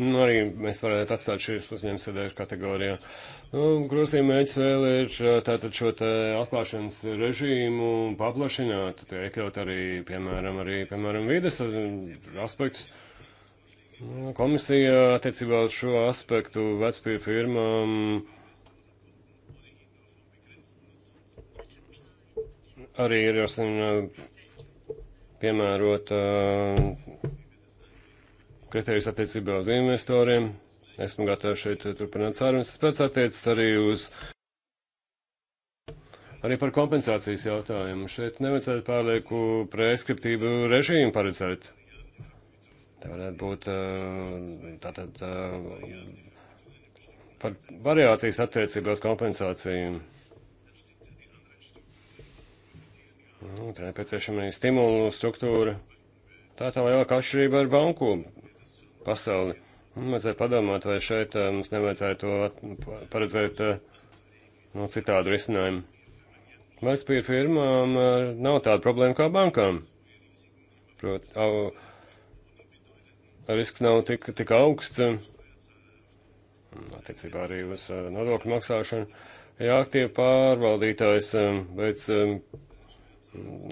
nu, arī mēs varētu atstāt šīs uzņēmums sēdēšu kategorijā. Nu, grozījuma mērķis vēl ir tātad šo te atklāšanas režīmu paplašināt, tie iekļaut arī, piemēram, arī, piemēram, vides aspektus. Nu, komisija attiecībā uz šo aspektu vecpīju firmām. arī ir jāsaka piemērot kriterijus attiecībā uz investoriem. Esmu gatavs šeit turpināt sarunas. Tas pēc attiecas arī uz arī par kompensācijas jautājumu. Šeit nevajadzētu pārlieku preskriptīvu režīmu paredzēt. Te varētu būt tātad par variācijas attiecībā uz kompensāciju. Nu, tā nepieciešama arī stimulu struktūra. Tā tā lielāka atšķirība ar banku pasauli. Nu, vajadzētu padomāt, vai šeit eh, mums nevajadzētu paredzēt eh, nu, citādu risinājumu. Vērtspapīra firmām eh, nav tāda problēma kā bankām. Protams, risks nav tik, tik augsts attiecībā arī uz nodokļu maksāšanu. Ja aktīvi pārvaldītājs veic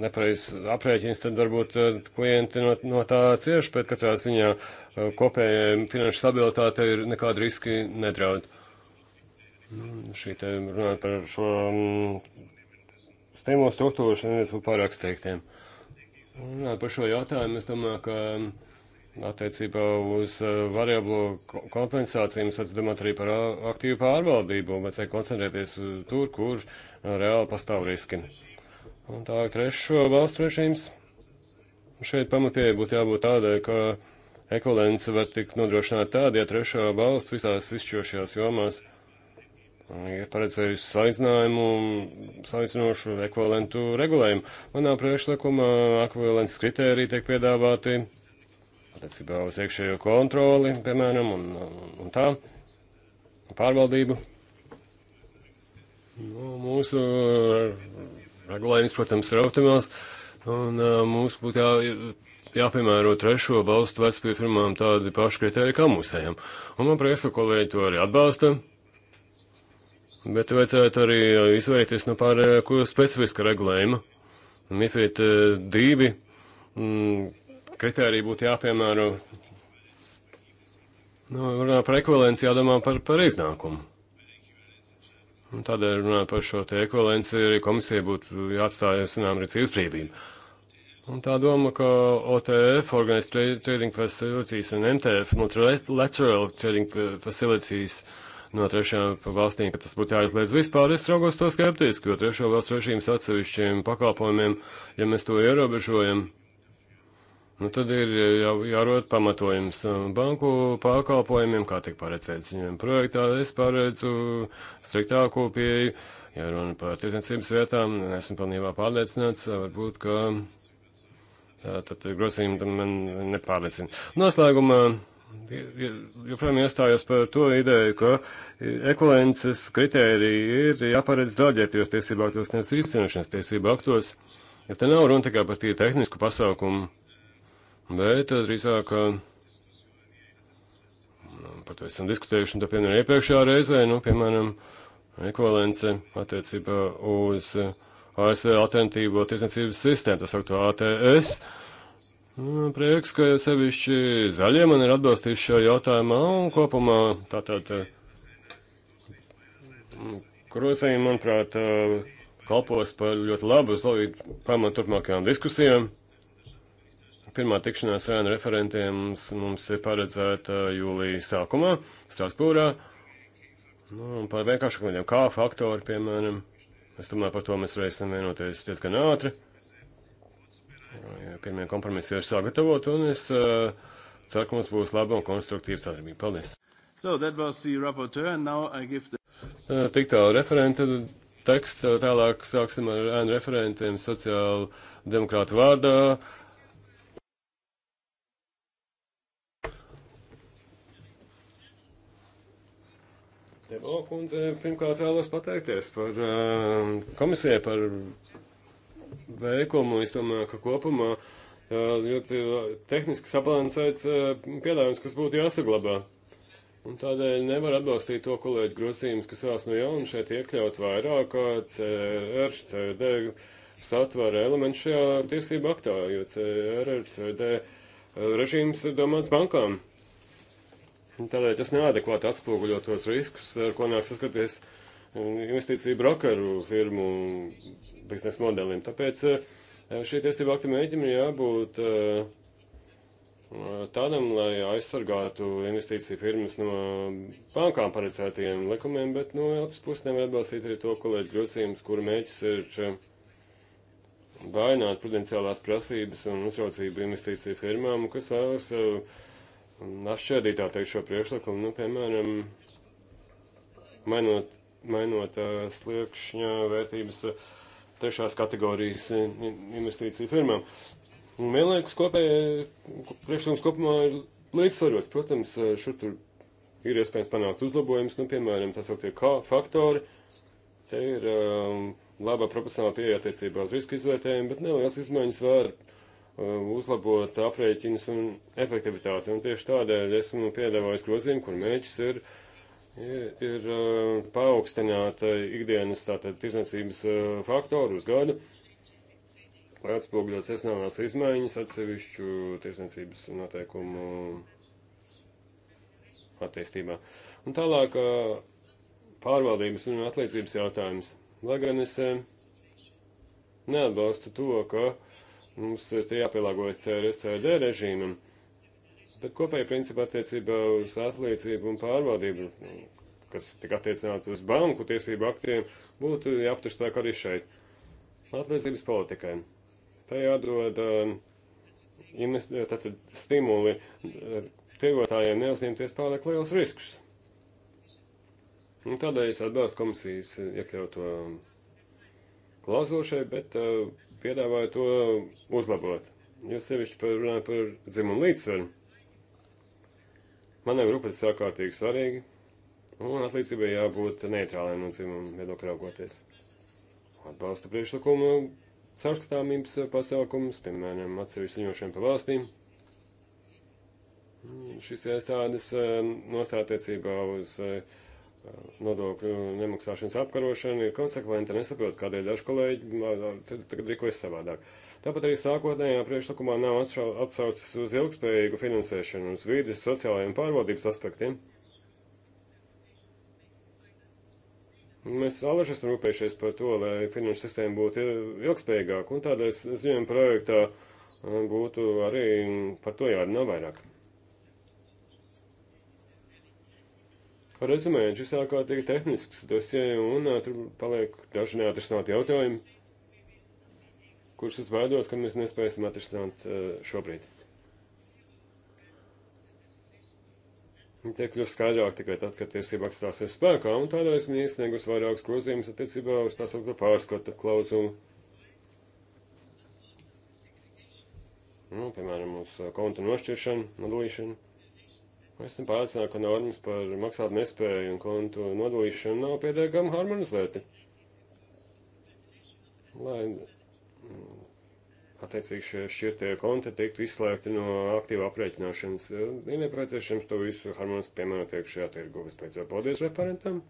nepareizs aprēķins, tad varbūt eh, klienti no, no tā cieš, bet katrā ziņā eh, kopējai finanšu stabilitāte ir nekāda riski nedraud. Nu, šī te runāt par šo mm, stimulu struktūru šodien ir pārāk steiktiem. Runāt par šo jautājumu, es domāju, ka mm, attiecībā uz eh, variablo kompensāciju mums atsidumāt arī par aktīvu pārvaldību, vajadzēja koncentrēties tur, kur reāli pastāv riski. Un tālāk trešo valstu režīms. Šeit pamatpieeja būtu jābūt tādai, ka ekvivalence var tikt nodrošināta tādā, ja trešā valsts visās izšķirošajās jomās ir paredzējusi salīdzinājumu, salīdzinošu ekvivalentu regulējumu. Manā priekšlikumā ekvivalences kritēriji tiek piedāvāti attiecībā uz iekšējo kontroli, piemēram, un, un, un tā pārvaldību. Nu, mūsu regulējums, protams, ir optimāls, un mums būtu jā, jāpiemēro trešo valstu vecpēju firmām tādi paši kriteriji kā mūsējiem. Un man prieks, ka kolēģi to arī atbalsta. Bet vajadzētu arī izvairīties no pārējā, ko specifiska regulējuma. MIFID 2 mm, kritērija būtu jāpiemēro. Nu, runā par ekvivalenci, jādomā par, par iznākumu. Un tādēļ runājot par šo te ekvivalenci, arī komisija būtu jāatstāja zinām rīcības brīvību. Un tā doma, ka OTF, Organized Trading Facilities un MTF, Multilateral Trading Facilities, no trešajām valstīm, ka tas būtu jāizliedz vispār, es raugos to skeptiski, jo trešo valstu režīms atsevišķiem pakalpojumiem, ja mēs to ierobežojam, Nu, tad ir e, jau jārod pamatojums banku pakalpojumiem, kā tik paredzēts viņiem projektā. Es paredzu striktāko pieeju, ja runa par tirdzniecības vietām, esmu pilnībā pārliecināts, varbūt, ka tā, tad grozījumi man nepārliecina. Noslēgumā joprojām iestājos par to ideju, ka ekvivalences kritērija ir jāparedz daļietajos tiesību aktos, nevis īstenošanas tiesību aktos. Ja te nav runa tikai par tīri tehnisku pasaukumu Bet eh, drīzāk eh, nu, par to esam diskutējuši, un tā piemēram iepriekšējā reizē, nu, piemēram, ekvalence attiecībā uz eh, ASV alternatīvo tirsniecības sistēmu, tas ar to ATS. Nu, prieks, ka sevišķi zaļie man ir atbalstījuši šajā jautājumā, un kopumā tātad krosējumi, manuprāt, kalpos par ļoti labu, slavīt pamatu turpmākajām diskusijām. Pirmā tikšanās ar referentiem mums, mums ir paredzēta jūlija sākumā Strasbūrā. Nu, par vienkāršākiem gadiem, kā faktori, piemēram, es domāju, par to mēs varēsim vienoties diezgan ātri. Ja pirmie kompromisi ir sagatavot, un es uh, ceru, ka mums būs laba un konstruktīva sadarbība. Paldies! So that was the rapporteur, and now I give the... Uh, tik tālu referenta teksts, tālāk sāksim ar ēnu referentiem sociāla demokrāta vārdā. Uh, Debo kundze, pirmkārt vēlos pateikties par uh, komisijai par veikumu. Es domāju, ka kopumā uh, ļoti uh, tehniski sabalansēts uh, piedāvājums, kas būtu jāsaglabā. Un tādēļ nevar atbalstīt to kolēģi grozījumus, kas vēlas no jauna šeit iekļaut vairāk uh, CR, CD satvara elementu šajā tiesību aktā, jo CR, CD uh, režīms ir domāts bankām. Nu, Tādēļ tas neadekvāti atspoguļo tos riskus, ar ko nāk saskaties e, investīciju brokeru firmu biznesa modelim. Tāpēc e, šī tiesība akta mēģim ir jābūt e, tādam, lai aizsargātu investīciju firmas no bankām paredzētajiem likumiem, bet no otras puses nevar atbalstīt arī to kolēģi grosījumus, kuru mēģis ir vainot prudenciālās prasības un uzraucību investīciju firmām, kas vēlas uh, Aš šķērdītā teikšu šo priekšlikumu, nu, piemēram, mainot, mainot sliekšņa vērtības trešās kategorijas investīciju firmām. Un vienlaikus kopējai priekšlikums kopumā ir līdzsvarots. Protams, šur tur ir iespējams panākt uzlabojumus, nu, piemēram, tas jau tie kā faktori. Te ir um, labā proporcionāla pieeja attiecībā uz riska izvērtējumu, bet nelielas izmaiņas var Um, uzlabot aprēķinus un efektivitāti. Un tieši tādēļ esmu piedāvājis grozījumu, kur mērķis ir, ir, ir um, paaugstināt uh, ikdienas tātad tirsniecības uh, faktoru uz gadu, lai atspūgļot sesnāvās izmaiņas atsevišķu tirsniecības noteikumu attīstībā. Un tālāk uh, pārvaldības un atlīdzības jautājums. Lai gan es neatbalstu to, ka uh, Mums ir tie jāpielāgojas CRSRD režīmam. Bet kopēji principā attiecībā uz atlīdzību un pārvaldību, kas tik attiecinātu uz banku tiesību aktiem, būtu jāaptur spēku arī šeit. Atlīdzības politikai. Tā jādod um, invest, tātad stimuli um, tirgotājiem neuzņemties pārāk lielus riskus. Un tādēļ es atbalstu komisijas iekļauto um, klauzošai, bet uh, piedāvāju to uzlabot. Jo sevišķi par, runāju par dzimumu līdzsvaru. Maniem rūpēs ārkārtīgi svarīgi, un atlīdzībai jābūt neitrālēm no dzimuma viedokļa raugoties. Atbalstu priekšlikumu caurskatāmības pasākumus, piemēram, atsevišķi ziņošiem par valstīm. Šis iestādes eh, nostātiecībā uz uh, nodokļu nemaksāšanas apkarošana ir konsekventa. Nesaprotu, kādēļ daži kolēģi tagad rīkojas savādāk. Tāpat arī sākotnējā priekšlikumā nav atsaucis uz ilgspējīgu finansēšanu, uz vīdes, sociālajiem pārvaldības aspektiem. Mēs alaži esam rūpējušies par to, lai finanšu sistēma būtu ilgspējīgāka, un tādēļ ziņojuma projektā būtu arī par to jārunā vairāk. Rezumējot, šis ārkārtīgi tehnisks dosie, un tur paliek daži neatrisināti jautājumi, kurus es baidos, ka mēs nespēsim atrisināt šobrīd. Tiek kļūst skaidrāk tikai tad, kad tiesība atstāsies spēkā, un tādēļ esmu iesniegus vairākus grozījumus attiecībā uz tā saucamo pārskata klauzulu. Nu, piemēram, uz konta nošķiršanu, nodalīšanu. Esmu pārliecināts, ka normas par maksāt nespēju un kontu nodalīšanu nav pietiekami harmonizēti. Lai mm, attiecīgi šie šķirtie konti tiktu izslēgti no aktīva aprēķināšanas, ir nepieciešams to visu harmonizēt, piemērot iekšējā tirgu. Vispēc vēl paldies referentam.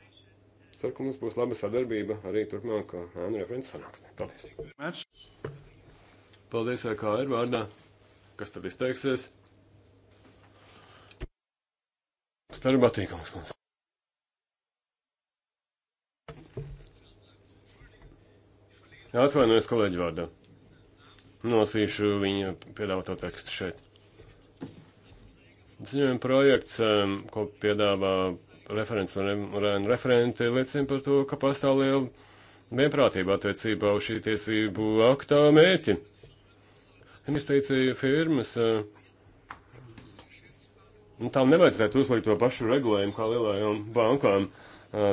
Ceru, ka mums būs laba sadarbība arī turpmāk ēnu referents sanāksmē. Paldies! Paldies, kā ir vārdā. Kas tad izteiksies? Starba patīkams. Tai Atvainojos kolēģi vārdā. Nosīšu viņa piedāvāto tekstu šeit. Ziņojuma projekts, ko piedāvā referents un referenti, liecina par to, ka pastāv liela vienprātība attiecībā uz šī tiesību aktā mērķi. Ja mēs teicīju firmas, uh, Un nu, tām nevajadzētu uzlikt to pašu regulējumu kā lielajām bankām,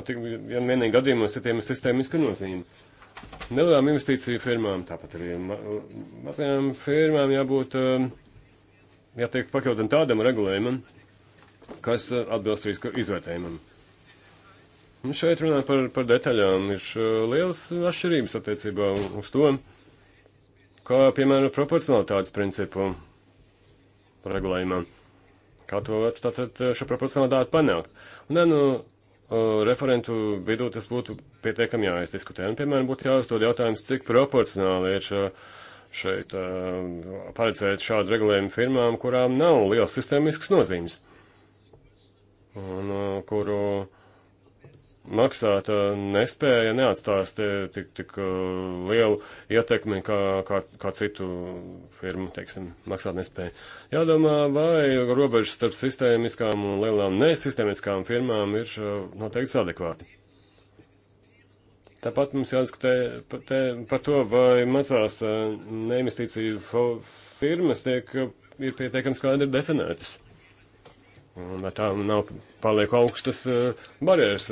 tik vien vienīgi gadījumos, ja tiem ir sistēmiska nozīme. Nelielām investīciju firmām, tāpat arī ma mazajām firmām jābūt, jātiek pakļautam tādam regulējumam, kas atbilst risku izvērtējumam. Un šeit runāt par, par detaļām ir liels atšķirības attiecībā uz to, kā piemēram proporcionalitātes principu regulējumam. Kā to tātad eh, šo proporcionalitāti panākt? Un, ne, nu, referentu vidū tas būtu pietiekami jāizdiskutē. Un, piemēram, būtu jāuzdod jautājums, cik proporcionāli ir eh, šeit eh, paredzēt šādu regulējumu firmām, kurām nav liels sistēmisks nozīmes. Un kuru maksāt eh, nespēja neatstās te, tik, tik eh, lielu ietekmi kā, kā, kā citu firmu, teiksim, maksāt nespēja. Jādomā, vai robežas starp sistēmiskām un lielām nesistēmiskām firmām ir eh, noteikti adekvāti. Tāpat mums jādiskutē par to, vai mazās neinvestīciju firmas tiek, ir pietiekami skaidri definētas. Un tā nav palieku augstas barjeras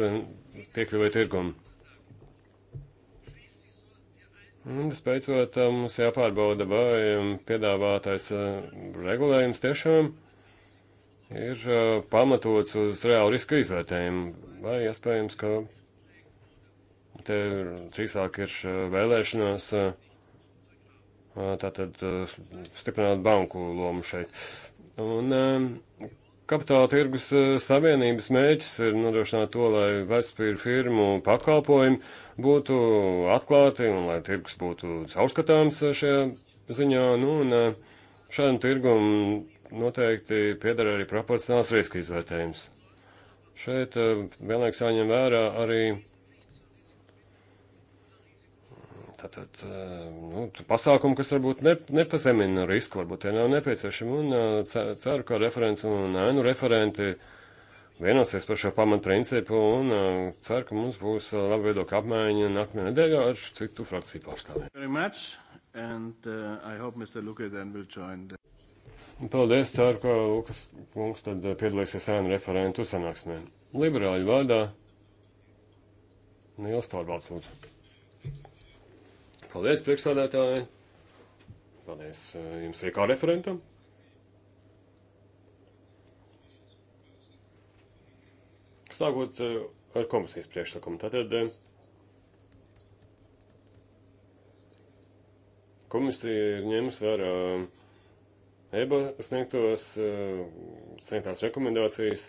piekļuvai tirgumu. Vispēcot, eh, mums jāpārbauda, vai mm, piedāvātais eh, regulējums tiešām ir eh, pamatots uz reālu riska izvērtējumu, vai iespējams, ka te trīsāk ir vēlēšanās tātad stiprināt banku lomu šeit. Un Kapitāla tirgus eh, savienības mēģis ir nodrošināt to, lai vecpīru firmu pakalpojumi būtu atklāti un lai tirgus būtu caurskatāms eh, šajā ziņā. Nu, un eh, šādam tirgum noteikti piedara arī proporcionāls riska izvērtējums. Šeit vienlaiks jāņem vērā arī Tātad eh, nu, pasākumu, kas varbūt ne, nepazemina risku, varbūt tie nav nepieciešami. Un eh, ceru, ka referents un ēnu referenti vienosies par šo pamatprincipu un eh, ceru, ka mums būs laba viedokļa apmaiņa nākamajā nedēļā ar citu frakciju pārstāvjiem. Uh, Paldies, ceru, ka Lukas kungs tad piedalīsies ēnu referentu sanāksmē. Liberāļu vārdā Nils Torvalds lūdzu. Paldies, priekšsādātāji. Paldies eh, jums arī kā referentam. Sākot eh, ar komisijas priekšlikumu, tātad eh, komisija ir ņēmusi vērā EBA sniegtos, sniegtās rekomendācijas.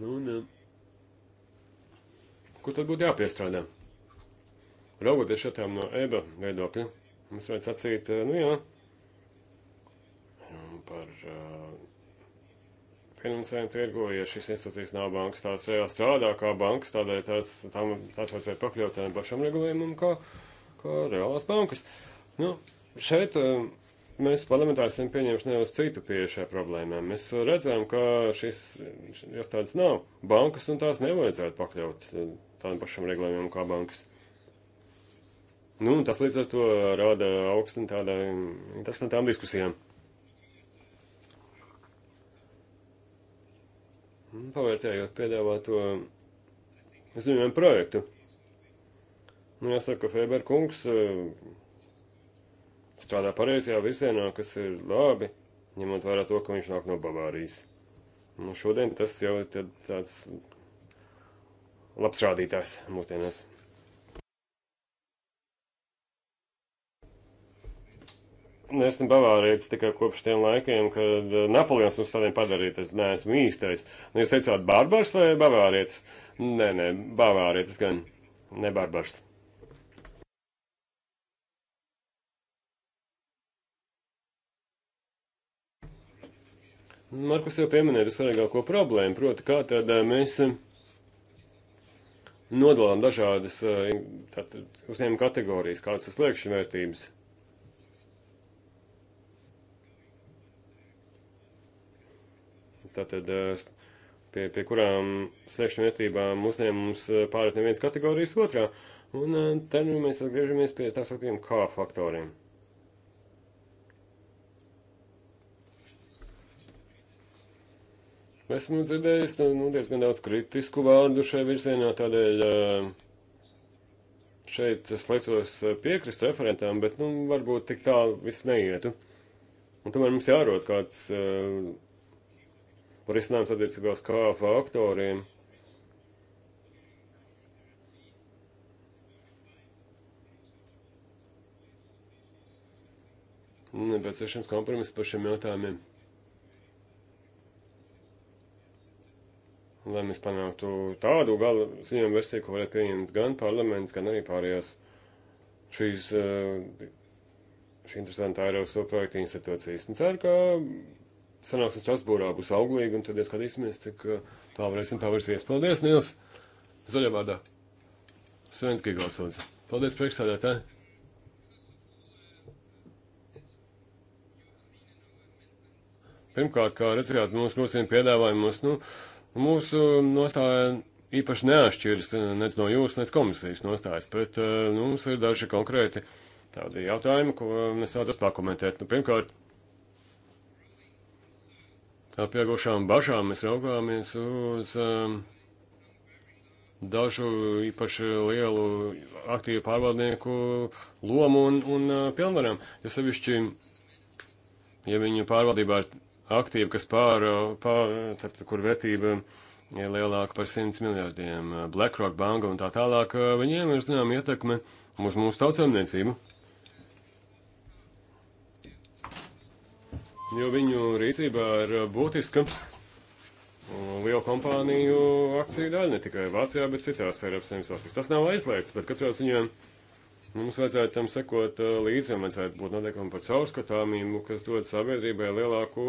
Nu, ne. Kur tad būtu jāpiestrādā? Raugoties šatām no eba viedokļa, mums vajadzētu sacīt, nu jā, par uh, finansējumu tirgu, ja šīs institūcijas nav bankas, tās reāli strādā kā bankas, tādēļ tās, tām, tās vajadzēja pakļaut tādam pašam regulējumam kā, kā reālās bankas. Nu, šeit uh, mēs parlamentāri esam pieņemši ne uz citu pieeju šai problēmai. Mēs redzam, ka šīs iestādes nav bankas un tās nevajadzētu pakļaut tādam pašam regulējumam kā bankas. Nu, tas līdz ar to rada augstni tādām interesantām diskusijām. Pavērtējot piedāvāto ziņojumu projektu. Nu, jāsaka, Fēber kungs eh, strādā pareizajā virzienā, kas ir labi, ņemot vērā to, ka viņš nāk no Bavārijas. Nu, šodien tas jau ir tāds labs rādītājs mūsdienās. Neesmu nu, bavārietis tikai kopš tiem laikiem, kad eh, Napoleons mums tādiem padarīja. Es neesmu īstais. Nu, jūs teicāt, barbars vai bavārietis? Nē, nē, bavārietis gan ne barbars. Markus jau pieminēja svarīgāko problēmu, proti, kā tad eh, mēs. Uh, nodalām dažādas eh, uzņēmuma kategorijas, kādas ir sliekšņa vērtības. Tātad, eh, pie, pie kurām sliekšņa vērtībām uzņēmums eh, pāriet no vienas kategorijas otrā, un tad mēs atgriežamies pie tā sauktiem K faktoriem. Esmu dzirdējis nu, nu, diezgan daudz kritisku vārdu šajā virzienā, tādēļ šeit es lecos piekrist referentām, bet nu, varbūt tik tālu viss neietu. Un tomēr mums jārod kāds uh, risinājums attiecībā uz kā faktoriem. Nepieciešams kompromiss par šiem jautājumiem. lai mēs panāktu tādu gala ziņojumu versiju, ko varētu pieņemt gan parlaments, gan arī pārējās šīs eh, šī interesantā Eiropas projekta institūcijas. Un ceru, ka sanāksim Strasbūrā būs auglīgi, un tad ieskatīsimies, cik eh, tā varēsim pavirsties. Paldies, Nils! Zaļā vārdā! Svens Gigals lūdzu! Paldies, priekšstādātāji! Pirmkārt, kā redzējāt, mūsu grūzīm piedāvājumus, nu, uh, Mūsu nostāja īpaši neatšķiras nec no jūsu, nec komisijas nostājas, bet eh, nu, mums ir daži konkrēti tādi jautājumi, ko es vēlos pakomentēt. Nu, pirmkārt, tā pieaugušām bažām mēs raugāmies uz um, dažu īpaši lielu aktīvu pārvaldnieku lomu un, un uh, pilnvarām. Jo sevišķi, ja viņu pārvaldībā ir aktīvu, kas pār, pār tad, kur vērtība ir lielāka par 100 miljardiem, BlackRock banka un tā tālāk, viņiem ir, zinām, ietekme uz mūsu tautsēmniecību. Jo viņu rīcībā ir būtiska liela kompāniju akciju daļa, ne tikai Vācijā, bet citās Eiropas Savienības valstīs. Tas nav aizliegts, bet katrā ziņā. Viņam... Nu, mums vajadzētu tam sekot uh, līdzi, un vajadzētu būt noteikumi par caurskatāmību, kas dod sabiedrībai lielāku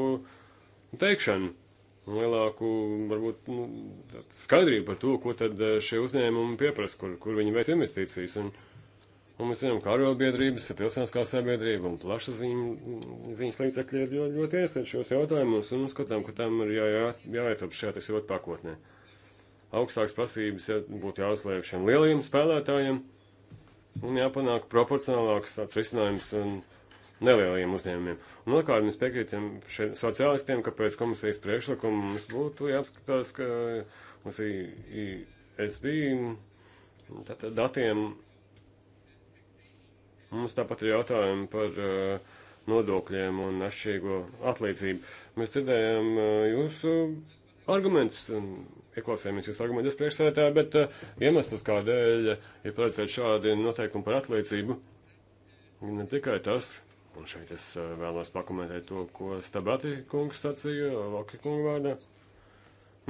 teikšanu, lielāku, varbūt, nu, skaidrību par to, ko tad uh, šie uzņēmumi pieprasa, kur, kur viņi veic investīcijas. Un, un mēs zinām, ka arotbiedrības, pilsoniskā sabiedrība un plašsaziņas mm, līdzekļi ir ļoti, ļoti iesaistīti šos jautājumus, un uzskatām, ka tam ir jā, jā, jāietilp šajā tas ļoti pakotnē. Augstākas prasības jā, būtu jāuzliek šiem lielajiem spēlētājiem un jāpanāk proporcionālāks tāds risinājums un nelielajiem uzņēmumiem. Un otrkārt, mēs piekrītam šiem sociālistiem, ka pēc komisijas priekšlikuma mums būtu jāapskatās, ka mums ir ISB datiem. Mums tāpat ir jautājumi par uh, nodokļiem un našķīgo atlīdzību. Mēs dzirdējām uh, jūsu argumentus, un ieklausījāmies jūsu argumentus priekšsēdētā, bet eh, iemesls, kādēļ eh, ir paredzēta šādi noteikumi par atlīdzību, ne tikai tas, un šeit es eh, vēlos pakomentēt to, ko Stabati kungs sacīja, Loki kungu vārdā,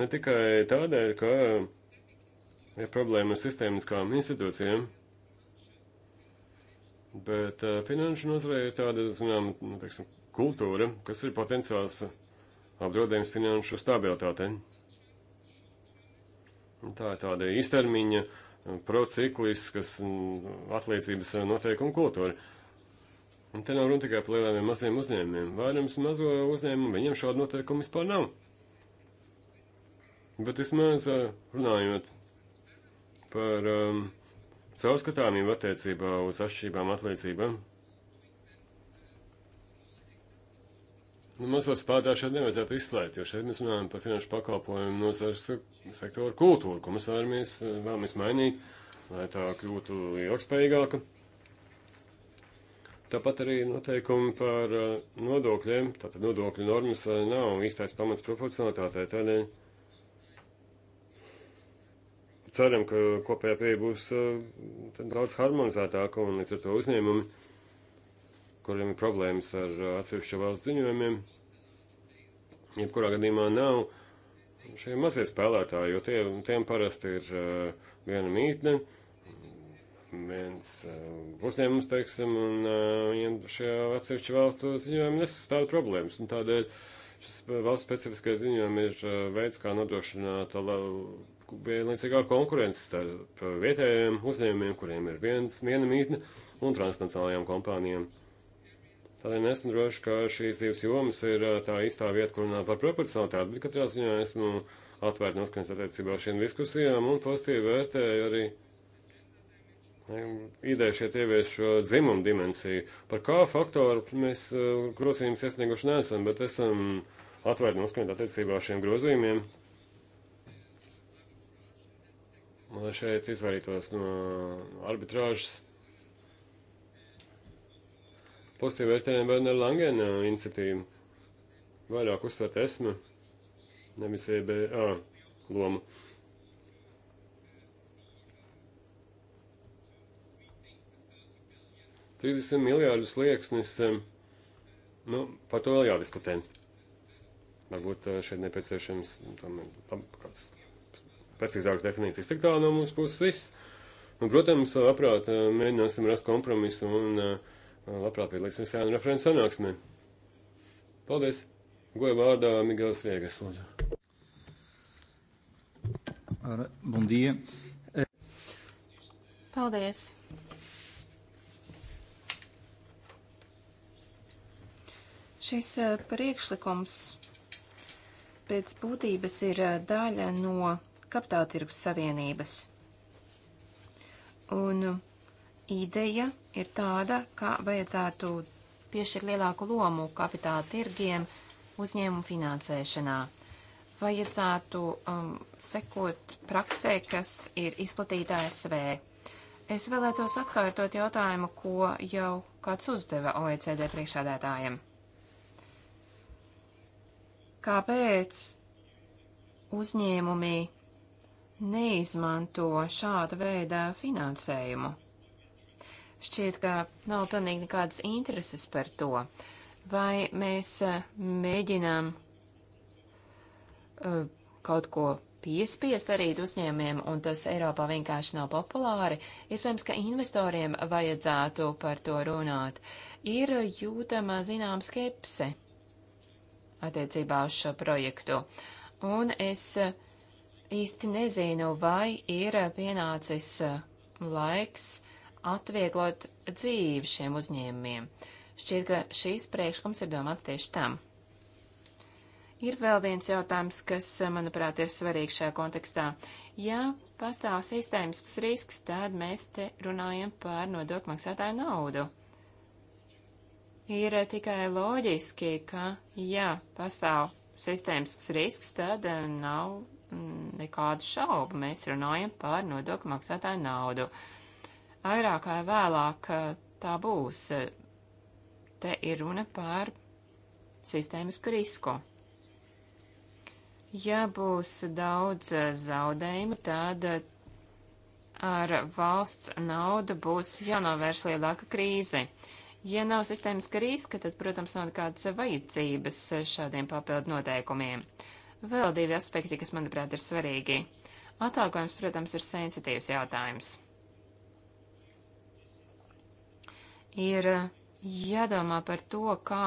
ne tikai tādēļ, ka ir problēma ar sistēmiskām institūcijām, bet finanšu nozarei ir tāda, zinām, nu, teiksim, kultūra, kas ir potenciāls apdraudējums finanšu stabilitātei. Tā ir tāda īstermiņa, eh, procikliskas mm, atlīdzības eh, noteikuma kultūra. Un te nav runa tikai par lieliem un maziem uzņēmumiem. Vairums mazo uzņēmumu viņiem šādu noteikumu vispār nav. Bet vismaz eh, runājot par um, caurskatāmību attiecībā uz atšķirībām atlīdzībām. Nu, mums vēl spēlētāji šeit nevajadzētu izslēgt, jo šeit mēs runājam par finanšu pakalpojumu nozares sektoru kultūru, ko mēs vēlamies, eh, vēlamies mainīt, lai tā kļūtu ilgspējīgāka. Tāpat arī noteikumi par eh, nodokļiem, tātad nodokļu normas eh, nav īstais pamats proporcionalitātei, tādēļ ceram, ka kopējā pieeja būs daudz harmonizētāka un līdz ar to uzņēmumi kuriem ir problēmas ar atsevišķu valsts ziņojumiem. Jebkurā gadījumā nav šie mazie spēlētāji, jo tie, tiem parasti ir uh, viena mītne, viens uh, uzņēmums, teiksim, un uh, viņiem šie atsevišķu valstu ziņojumi nesastāv problēmas. Un tādēļ šis valsts specifiskais ziņojumi ir uh, veids, kā nodrošināt vienlīdzīgā konkurence starp vietējiem uzņēmumiem, kuriem ir viens, viena mītne, un transnacionālajām kompānijām. Tādēļ nesnodrošu, ka šīs divas jomas ir tā īstā vieta, kur runāt par proporcionalitāti, bet katrā ziņā esmu atvērta noskaņas attiecībā šiem diskusijām un pozitīvi vērtēju arī ideja šeit ievieš šo dzimumu dimensiju. Par kā faktoru mēs grozījumus iesnieguši neesam, bet esam atvērti noskaņot attiecībā šiem grozījumiem. Lai šeit izvairītos no arbitrāžas. Pozitīvi vērtējam Werner Langena iniciatīvu. Vairāk uzsvērt esmu, nevis EBA lomu. Trīsdesmit miljārdus liekas, um, nu, par to vēl jādiskutē. Varbūt uh, šeit nepieciešams nu, tam, tam kāds precīzākas definīcijas. Tik tā no mūsu puses viss. Un, nu, protams, labprāt, uh, mēģināsim rast kompromisu un uh, labprāt piedalīsimies sēnu referents sanāksmē. Paldies! Goja vārdā Migels Viegas, lūdzu. Ar, bon dia. E- Paldies! Šis e, priekšlikums pēc būtības ir e, daļa no kapitāla tirgus savienības. Un ideja ir tāda, ka vajadzētu piešķirt lielāku lomu kapitāla tirgiem uzņēmumu finansēšanā. Vajadzētu um, sekot praksē, kas ir izplatīta ASV. Es vēlētos atkārtot jautājumu, ko jau kāds uzdeva OECD priekšādētājiem. Kāpēc uzņēmumi neizmanto šāda veida finansējumu? Šķiet, ka nav pilnīgi nekādas intereses par to. Vai mēs eh, mēģinām eh, kaut ko piespiest darīt uzņēmiem, un tas Eiropā vienkārši nav populāri, iespējams, ka investoriem vajadzētu par to runāt. Ir jūtama zinām skepse attiecībā uz šo projektu, un es eh, īsti nezinu, vai ir pienācis laiks atvieglot dzīvi šiem uzņēmumiem. Šķiet, ka šīs priekšlikums ir domāts tieši tam. Ir vēl viens jautājums, kas, manuprāt, ir svarīgs šajā kontekstā. Ja pastāv sistēmisks risks, tad mēs te runājam par nodokļu maksātāju naudu. Ir tikai loģiski, ka, ja pastāv sistēmisks risks, tad eh, nav mm, nekādu šaubu. Mēs runājam par nodokļu maksātāju naudu. Uh, agrāk vai vēlāk tā būs. Te ir runa par sistēmisku risku. Ja būs daudz zaudējumu, tad ar valsts naudu būs jānovērš lielāka krīze. Ja nav sistēmiska riska, tad, protams, nav nekādas vajadzības šādiem papildu noteikumiem. Vēl divi aspekti, kas, manuprāt, ir svarīgi. Atalgojums, protams, ir sensitīvs jautājums. Ir e, jādomā par to, kā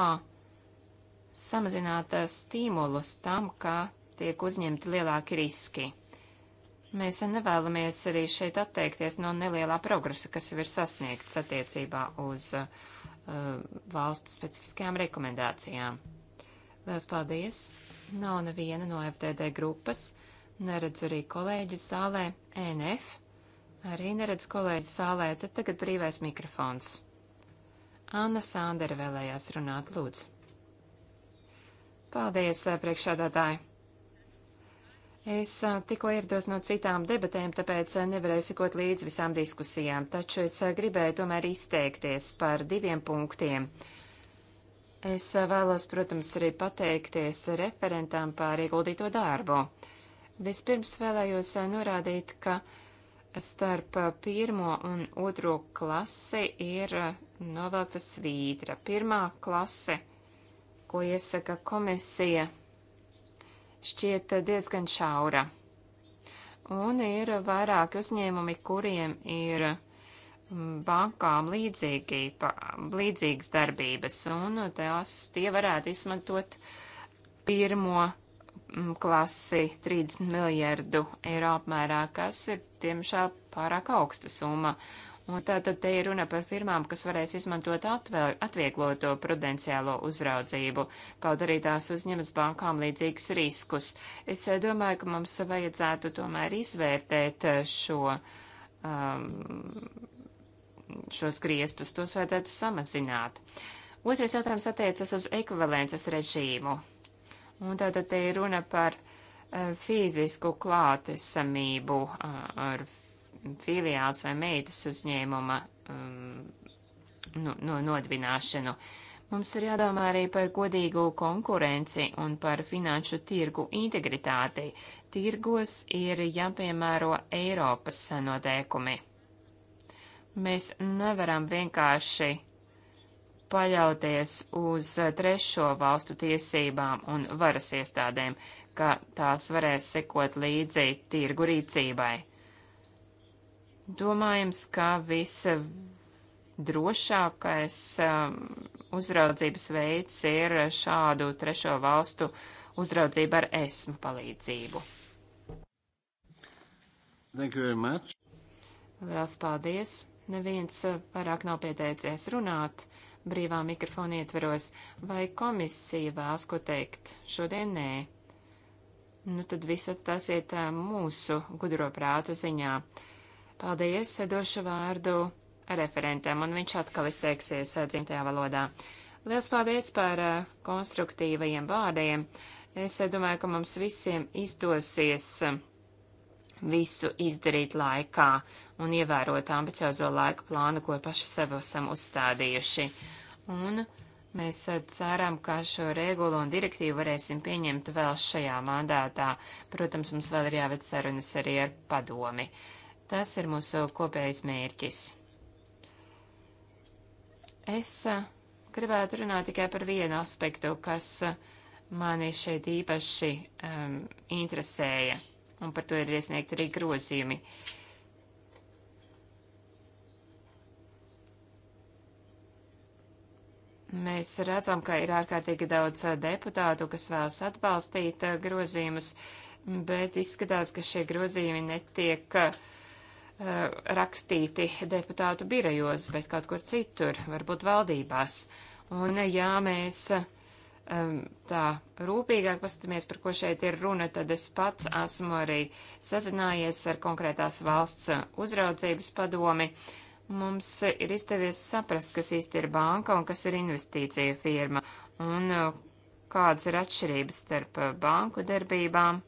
samazināt e, stimulus tam, ka tiek uzņemti lielāki riski. Mēs nevēlamies arī šeit atteikties no nelielā progresa, kas jau ir sasniegts attiecībā uz uh, valstu specifiskajām rekomendācijām. Lielas paldies! Nav neviena no FDD grupas, neredzu arī kolēģi zālē, NF, arī neredzu kolēģi zālē, tad tagad brīvais mikrofons. Anna Sandera vēlējās runāt, lūdzu. Paldies, priekšādātāji! Es tikko ierados no citām debatēm, tāpēc nevarēju sekot līdz visām diskusijām, taču es gribēju tomēr izteikties par diviem punktiem. Es vēlos, protams, arī pateikties referentam par ieguldīto darbu. Vispirms vēlējos norādīt, ka starp pirmo un otro klasi ir novelta svītra, pirmā klase, ko iesaka komisija, šķiet diezgan šaura. Un ir vairāki uzņēmumi, kuriem ir mm, bankām līdzīgi, pa, līdzīgas darbības, un tās tie varētu izmantot pirmo mm, klasi 30 miljardu eiro apmērā, kas ir, diemžēl, pārāk augsta summa. Uh, Un tātad te ir runa par firmām, kas varēs izmantot atviegloto prudenciālo uzraudzību, kaut arī tās uzņemas bankām līdzīgus riskus. Es eh, domāju, ka mums vajadzētu tomēr izvērtēt eh, šo, um, šos griestus, tos vajadzētu samazināt. Otrais jautājums attiecas uz ekvivalences režīmu. Un tātad te ir runa par uh, fizisku klātesamību uh, ar filiāls vai meitas uzņēmuma um, no, nu, no nu, nodvināšanu. Mums ir jādomā arī par godīgu konkurenci un par finanšu tirgu integritāti. Tirgos ir jāpiemēro Eiropas noteikumi. Mēs nevaram vienkārši paļauties uz trešo valstu tiesībām un varas iestādēm, ka tās varēs sekot līdzi tirgu rīcībai. Domājams, ka visa drošākais um, uzraudzības veids ir šādu trešo valstu uzraudzība ar esmu palīdzību. Thank you very much. Liels paldies. Neviens vairāk uh, nav pieteicies runāt brīvā mikrofona ietveros. Vai komisija vēlas ko teikt? Šodien nē. Nu tad visu atstāsiet uh, mūsu gudro prātu ziņā. Paldies, došu vārdu referentam, un viņš atkal izteiksies eh, dzimtajā valodā. Liels paldies par eh, konstruktīvajiem vārdiem. Es eh, domāju, ka mums visiem izdosies visu izdarīt laikā un ievērot ambiciozo laika plānu, ko paši sev esam uzstādījuši. Un mēs ceram, ka šo regulu un direktīvu varēsim pieņemt vēl šajā mandātā. Protams, mums vēl ir jāved sarunas arī ar padomi. Uh, Tas ir mūsu kopējais mērķis. Es gribētu runāt tikai par vienu aspektu, kas mani šeit īpaši um, interesēja, un par to ir iesniegti arī grozījumi. Mēs redzam, ka ir ārkārtīgi daudz deputātu, kas vēlas atbalstīt grozījumus, bet izskatās, ka šie grozījumi netiek uh, Eh, rakstīti deputātu birajos, bet kaut kur citur, varbūt valdībās. Un ja mēs tā rūpīgāk paskatāmies, par ko šeit ir runa, tad es pats esmu arī sazinājies ar konkrētās valsts uzraudzības padomi. Mums ir izdevies saprast, kas īsti ir banka un kas ir investīcija firma un eh, kādas ir atšķirības starp eh, banku darbībām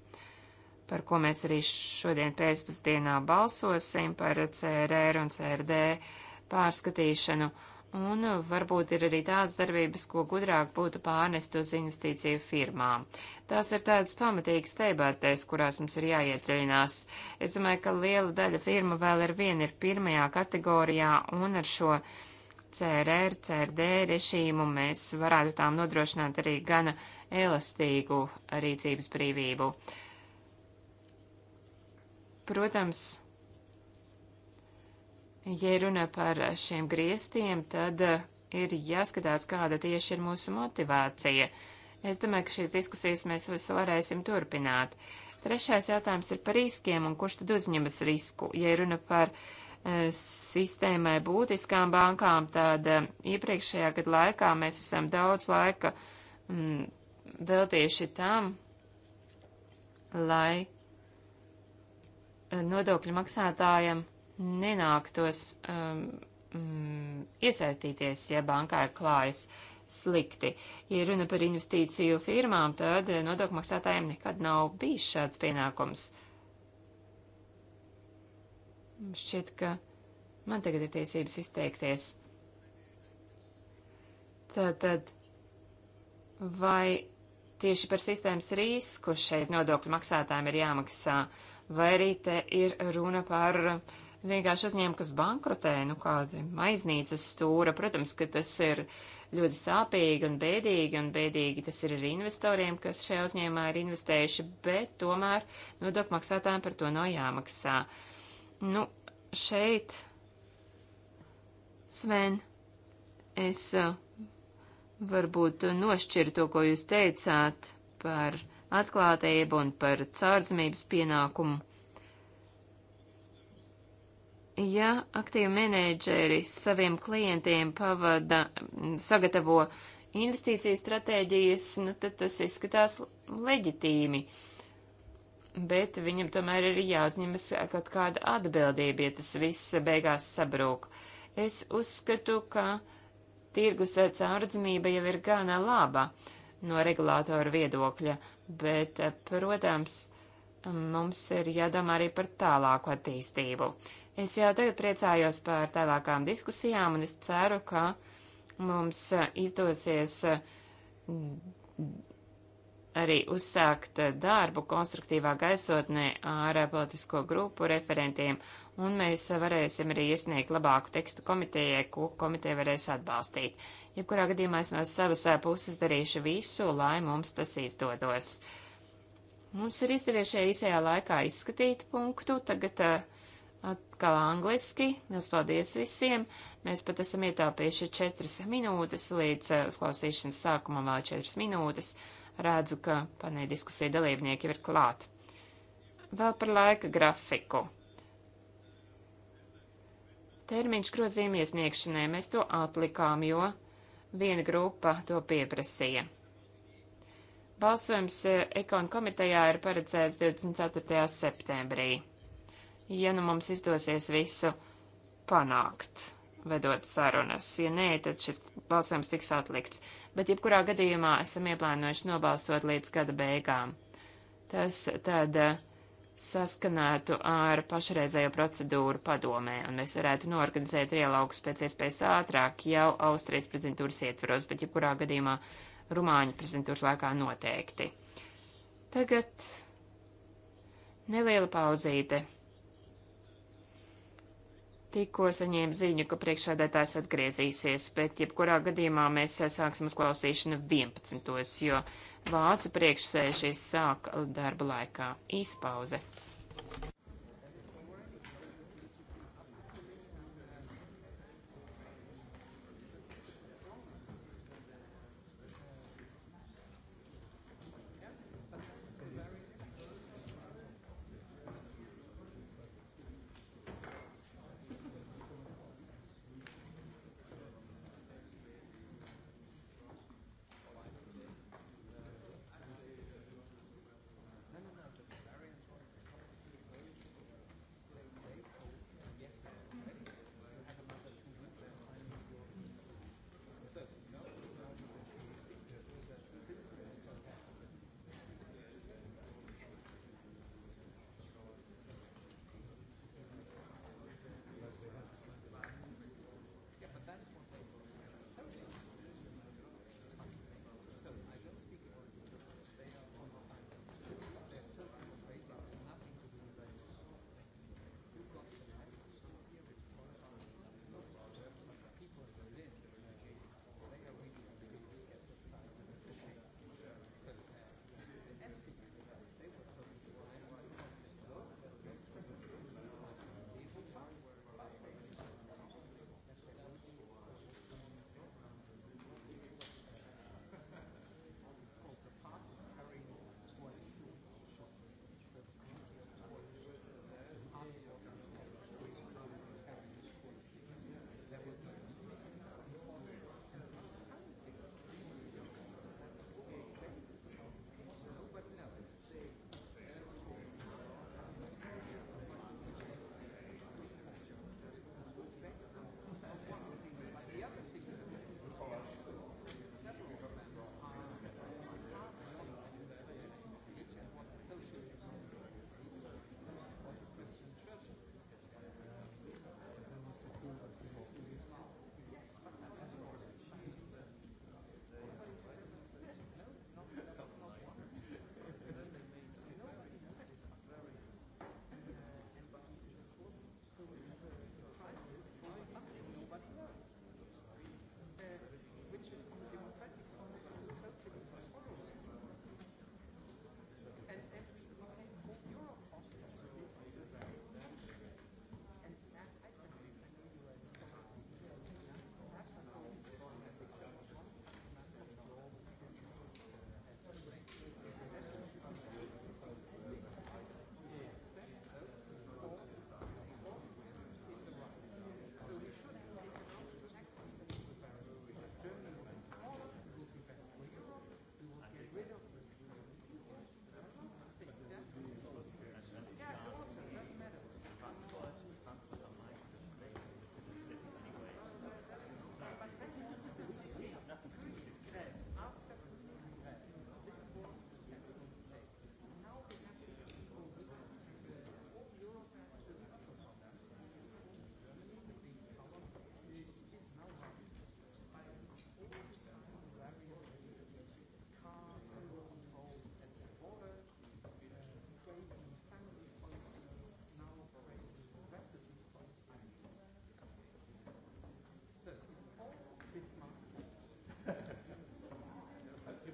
par ko mēs arī šodien pēcpusdienā balsosim par CRR un CRD pārskatīšanu. Un varbūt ir arī tādas darbības, ko gudrāk būtu pārnest uz investīciju firmām. Tās ir tādas pamatīgas debatēs, kurās mums ir jāiedziļinās. Es domāju, ka liela daļa firma vēl ar vienu ir pirmajā kategorijā un ar šo CRR, CRD režīmu mēs varētu tām nodrošināt arī gana elastīgu rīcības brīvību. Uh, Protams, ja runa par šiem griestiem, tad ir jāskatās, kāda tieši ir mūsu motivācija. Es domāju, ka šīs diskusijas mēs varēsim turpināt. Trešais jautājums ir par riskiem un kurš tad uzņemas risku. Ja runa par e, sistēmai būtiskām bankām, tad e, iepriekšējā gada laikā mēs esam daudz laika mm, veltījuši tam, lai nodokļu maksātājiem nenāktos um, um, iesaistīties, ja bankā ir klājas slikti. Ja runa par investīciju firmām, tad nodokļu maksātājiem nekad nav bijis šāds pienākums. Šķiet, ka man tagad ir tiesības izteikties. Tātad, vai tieši par sistēmas risku šeit nodokļu maksātājiem ir jāmaksā? Uh, vai arī te ir runa par vienkārši uzņēmumu, kas bankrotē, nu kāda maiznīcas stūra. Protams, ka tas ir ļoti sāpīgi un bēdīgi, un bēdīgi tas ir arī investoriem, kas šajā uzņēmumā ir investējuši, bet tomēr nodokļu maksātājiem par to nav jāmaksā. Nu, šeit, Sven, es uh, varbūt nošķiru to, ko jūs teicāt par atklātību un par caurdzamības pienākumu. Ja aktīvi menedžeri saviem klientiem pavada, sagatavo investīciju stratēģijas, nu tad tas izskatās leģitīmi. Bet viņam tomēr ir jāuzņemas kaut kāda atbildība, ja tas viss beigās sabrūk. Es uzskatu, ka tirgus caurdzamība jau ir gana laba. Uh, no regulātora viedokļa, bet, eh, protams, mums ir jādomā arī par tālāku attīstību. Es jau tagad priecājos par tālākām diskusijām, un es ceru, ka mums eh, izdosies eh, arī uzsākt eh, darbu konstruktīvā gaisotnē ar eh, politisko grupu referentiem, un mēs eh, varēsim arī iesniegt labāku tekstu komitejai, ko komiteja varēs atbalstīt. Jebkurā gadījumā es no savas puses darīšu visu, lai mums tas izdodos. Mums ir izdevies šajā īsajā laikā izskatīt punktu, tagad uh, atkal angliski. Mēs paldies visiem. Mēs pat esam ietaupījuši 4 minūtes līdz uzklausīšanas sākumam vēl 4 minūtes. Redzu, ka panē diskusija dalībnieki ir klāt. Vēl par laika grafiku. Termiņš grozījuma iesniegšanai mēs to atlikām, jo viena grupa to pieprasīja. Balsojums eh, ekonu komitejā ir paredzēts 24. septembrī, ja nu mums izdosies visu panākt vedot sarunas. Ja nē, tad šis balsojums tiks atlikts. Bet jebkurā gadījumā esam ieplānojuši nobalsot līdz gada beigām. Tas tad eh, saskanētu ar pašreizējo procedūru padomē, un mēs varētu norganizēt trialogus pēc iespējas ātrāk jau Austrijas prezidentūras ietvaros, bet jebkurā gadījumā Rumāņu prezidentūras laikā noteikti. Tagad neliela pauzīte. Tikko saņēmu ziņu, ka priekšsēdētājs atgriezīsies, bet jebkurā gadījumā mēs sāksim uzklausīšanu 11. jo vācu priekšsēžīs sāk darba laikā. Īspauze.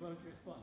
Norwich response.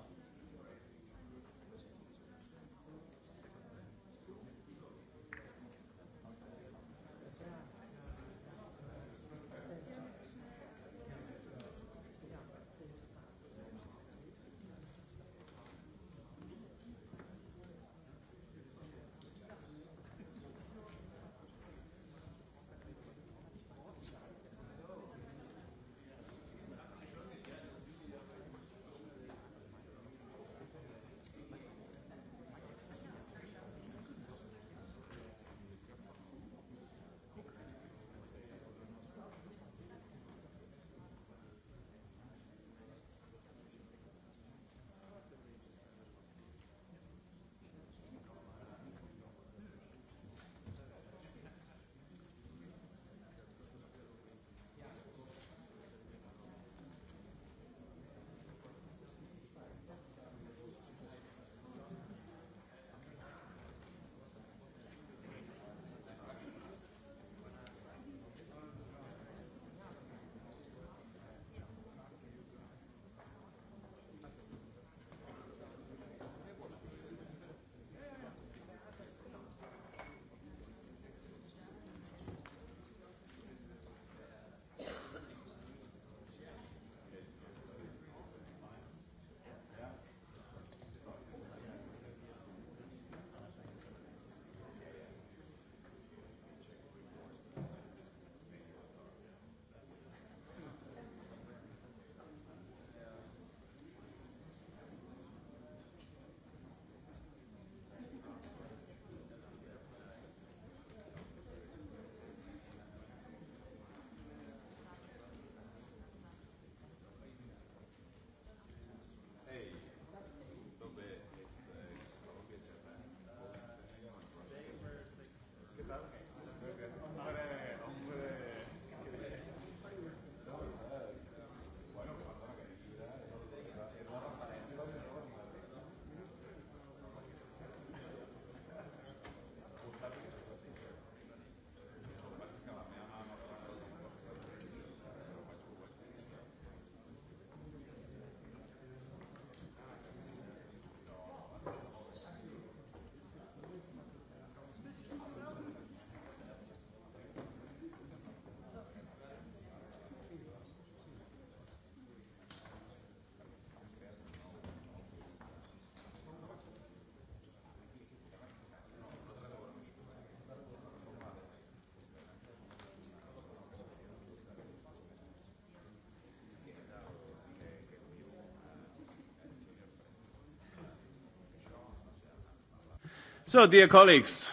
So, dear colleagues,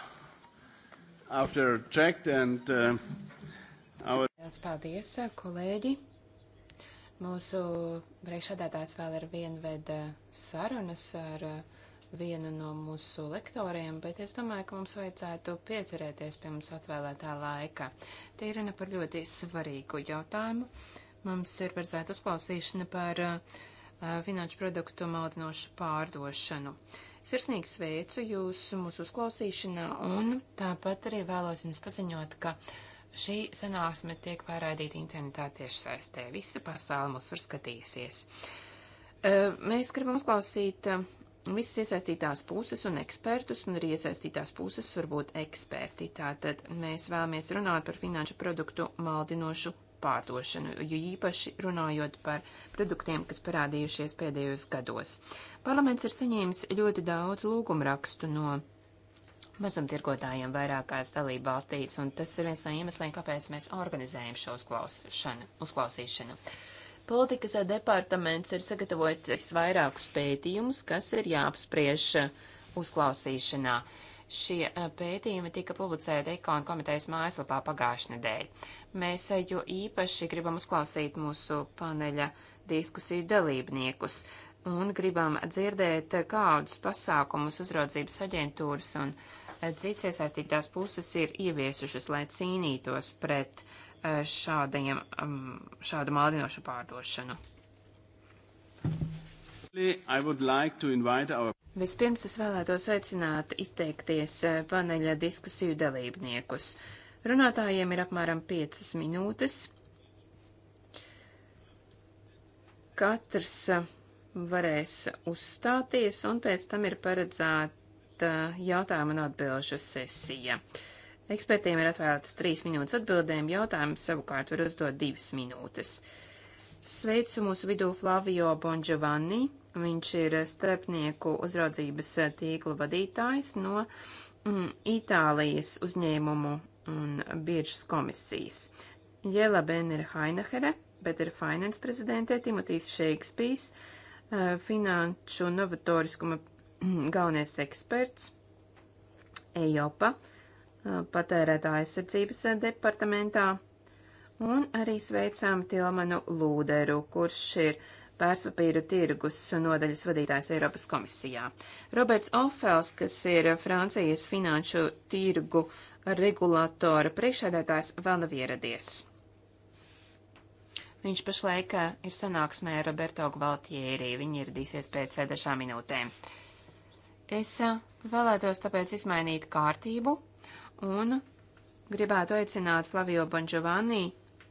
after checked and uh, our... Paldies, kolēģi. Mūsu priekšādātājs vēl ar vienu veda uh, sarunas ar uh, vienu no mūsu lektoriem, bet es domāju, ka mums vajadzētu pieturēties pie mums atvēlētā laika. Te ir runa par ļoti svarīgu jautājumu. Mums ir paredzēta uzklausīšana par uh, finanšu produktu maldinošu pārdošanu. Sirsnīgi sveicu jūs mūsu uzklausīšanā un tāpat arī vēlos jums paziņot, ka šī sanāksme tiek pārraidīta internetā tiešsaistē. Visa pasaule mūs var skatīsies. Mēs gribam uzklausīt visas iesaistītās puses un ekspertus, un arī iesaistītās puses var būt eksperti. Tātad mēs vēlamies runāt par finanšu produktu maldinošu pārdošanu, jo īpaši runājot par produktiem, kas parādījušies pēdējos gados. Parlaments ir saņēmis ļoti daudz lūgumrakstu no mazumtirgotājiem vairākās dalību valstīs, un tas ir viens no iemesliem, kāpēc mēs organizējam šo uzklausīšanu. Politikas departaments ir sagatavojis vairākus pētījumus, kas ir jāapspriež uzklausīšanā. Uh, Šie e, pētījumi tika publicēti Ekonu komitejas mājaslapā pagājušajā nedēļā. Mēs e, jo īpaši gribam uzklausīt mūsu paneļa diskusiju dalībniekus un gribam dzirdēt, e, kādus pasākumus uzraudzības aģentūras un cits iesaistītās puses ir ieviesušas, lai cīnītos pret šādajiem, šādu maldinošu pārdošanu. Like our... Vispirms es vēlētos aicināt izteikties eh, paneļa diskusiju dalībniekus. Runātājiem ir apmēram 5 minūtes. Katrs eh, varēs uzstāties, un pēc tam ir paredzēta eh, jautājuma un atbilžu sesija. Ekspertiem ir atvēlētas trīs minūtes atbildēm, jautājumu savukārt var uzdot divas minūtes. Sveicu mūsu vidū Flavio Bongiovanni, Viņš ir starpnieku uzraudzības tīkla vadītājs no mm, Itālijas uzņēmumu un biržas komisijas. Jela Ben ir Hainahere, bet ir Finance prezidentē Timotīs Šeikspīs, eh, finanšu novatoriskuma mm, galvenais eksperts, EIOPA, eh, patērētā aizsardzības departamentā, un arī sveicām Tilmanu Lūderu, kurš ir uh, pērspapīru tirgus nodaļas vadītājs Eiropas komisijā. Roberts Ofels, kas ir Francijas finanšu tirgu regulātora priekšēdētājs, vēl nav ieradies. Viņš pašlaik eh, ir sanāksmē Roberto Gvaltjērī. Viņi ieradīsies pēc eh, dažām minūtēm. Es eh, vēlētos tāpēc izmainīt kārtību un gribētu aicināt Flavio Bongiovanni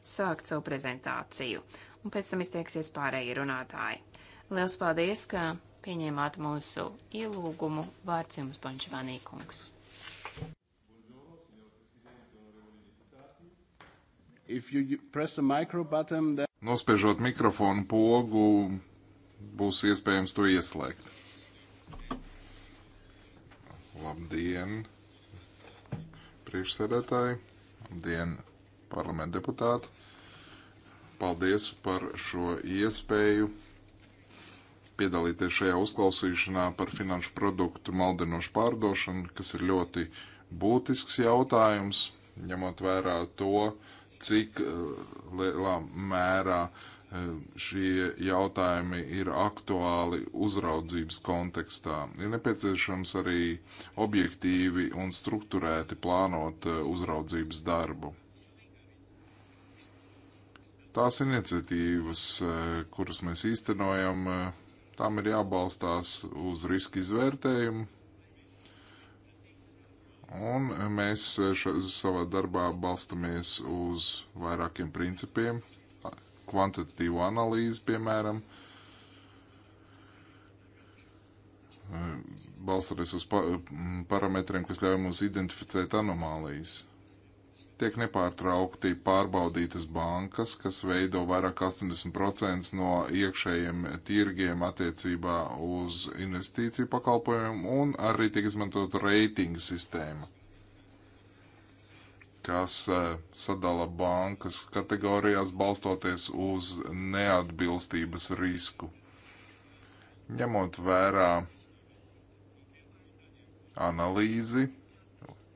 sākt savu prezentāciju un pēc tam izteiksies pārējie runātāji. Liels paldies, ka pieņēmāt mūsu ielūgumu. Vārds jums, Pančvanī kungs. Button, then... Nospiežot mikrofonu pogu, būs iespējams to ieslēgt. Labdien, priekšsēdētāji, labdien, parlamenta deputāti paldies par šo iespēju piedalīties šajā uzklausīšanā par finanšu produktu maldinošu pārdošanu, kas ir ļoti būtisks jautājums, ņemot vērā to, cik uh, lielā mērā uh, šie jautājumi ir aktuāli uzraudzības kontekstā. Ir nepieciešams arī objektīvi un struktūrēti plānot uh, uzraudzības darbu. Tās iniciatīvas, e, kuras mēs īstenojam, e, tām ir jābalstās uz riska izvērtējumu. Un mēs ša, savā darbā balstamies uz vairākiem principiem, kvantitatīvu analīzi, piemēram, e, balstoties uz pa parametriem, kas ļauj mums identificēt anomālijas tiek nepārtraukti pārbaudītas bankas, kas veido vairāk 80% no iekšējiem tirgiem attiecībā uz investīciju pakalpojumiem, un arī tiek izmantot reitinga sistēma, kas e, sadala bankas kategorijās balstoties uz neatbilstības risku. Ņemot vērā analīzi,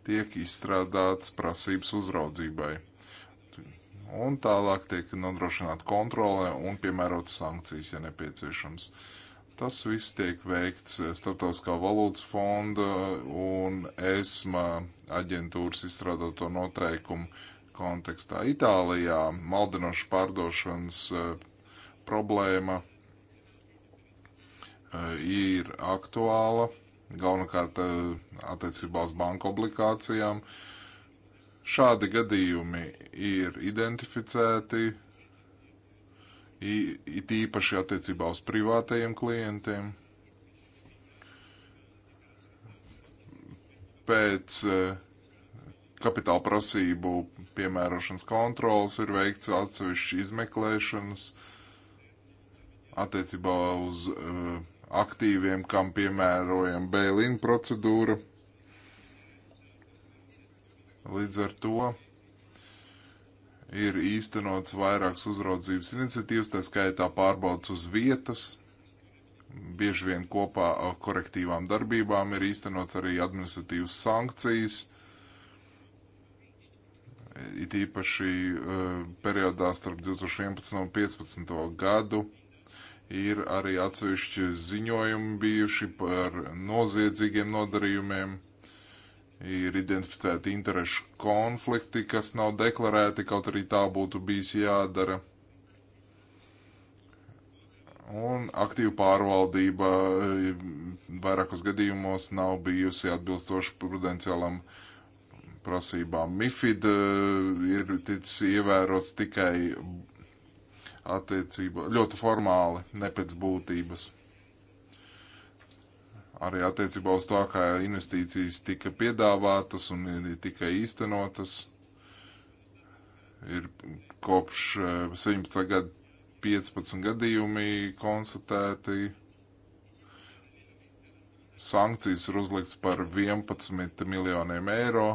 tiek izstrādāts prasības uzraudzībai. Un tālāk tiek nodrošināta kontrole un piemērot sankcijas, ja nepieciešams. Tas viss tiek veikts Startautiskā valūtas fonda un ESMA aģentūras izstrādāto noteikumu kontekstā. Itālijā maldinoša pārdošanas e, problēma e, ir aktuāla galvenokārt eh, attiecībā uz banku obligācijām. Šādi gadījumi ir identificēti, it īpaši attiecībā uz privātajiem klientiem. Pēc eh, kapitāla prasību piemērošanas kontrolas ir veikts atsevišķi izmeklēšanas attiecībā uz uh, aktīviem, kam piemērojam bailīna procedūra. Līdz ar to ir īstenots vairākas uzraudzības iniciatīvas, tā skaitā pārbaudas uz vietas. Bieži vien kopā ar korektīvām darbībām ir īstenots arī administratīvas sankcijas it īpaši uh, periodā starp 2011 un 2015 gadu Ir arī atsevišķi ziņojumi bijuši par noziedzīgiem nodarījumiem. Ir identificēti interešu konflikti, kas nav deklarēti, kaut arī tā būtu bijis jādara. Un aktīva pārvaldība eh, vairākos gadījumos nav bijusi atbilstoši prudenciālam uh, prasībām. MIFID eh, ir ticis ievērots tikai attiecībā, ļoti formāli, ne pēc būtības. Arī attiecībā uz to, kā investīcijas tika piedāvātas un tika īstenotas, ir kopš 17. gada 15 gadījumi konstatēti. Sankcijas ir uzlikts par 11 miljoniem eiro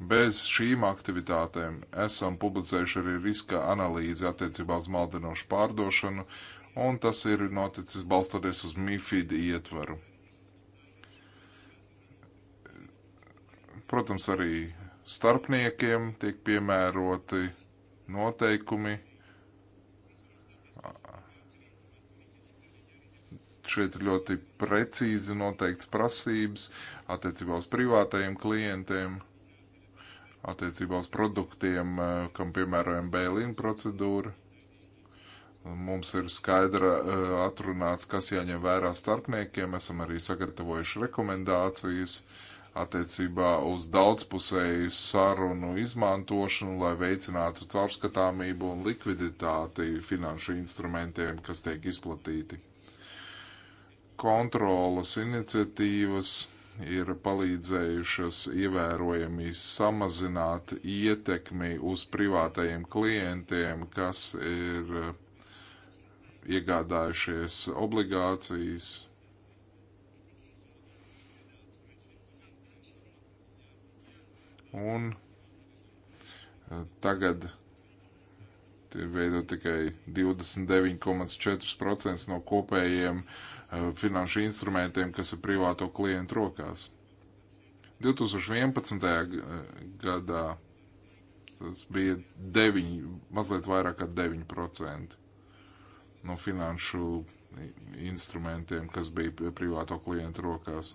Bez šīm aktivitātēm esam publicējuši arī riska analīzi attiecībā uz maldinošu pārdošanu, un tas ir noticis balstoties uz MIFID ietvaru. Protams, arī starpniekiem tiek piemēroti noteikumi. Šeit ir ļoti precīzi noteikts prasības attiecībā uz privātajiem klientiem attiecībā uz produktiem, eh, kam piemērojam bailīnu procedūru. Mums ir skaidra eh, atrunāts, kas jāņem vērā starpniekiem. Esam arī sagatavojuši rekomendācijas attiecībā uz daudzpusēju sarunu izmantošanu, lai veicinātu caurskatāmību un likviditāti finanšu instrumentiem, kas tiek izplatīti. Kontrolas iniciatīvas ir palīdzējušas ievērojami samazināt ietekmi uz privātajiem klientiem, kas ir eh, iegādājušies obligācijas. Un eh, tagad veido tikai 29,4% no kopējiem uh, Eh, finanšu instrumentiem, kas ir privāto klientu rokās. 2011. Eh, gadā tas bija 9, mazliet vairāk kā 9% no finanšu instrumentiem, kas bija privāto klientu rokās.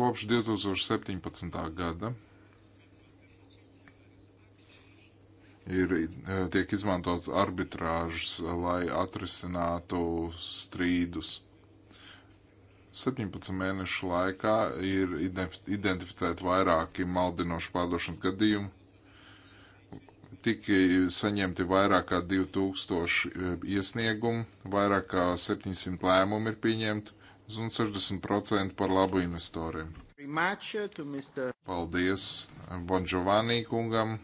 Kopš 2017. gada ir e, tiek izmantots arbitrāžas, lai atrisinātu strīdus. 17 mēnešu laikā ir identificēti vairāki maldinoši pārdošanas gadījumi. Tika saņemti vairāk kā 2000 e, iesniegumu, vairāk kā 700 lēmumu ir pieņemti un 60% par labu investoriem. Paldies Bonžovanī kungam!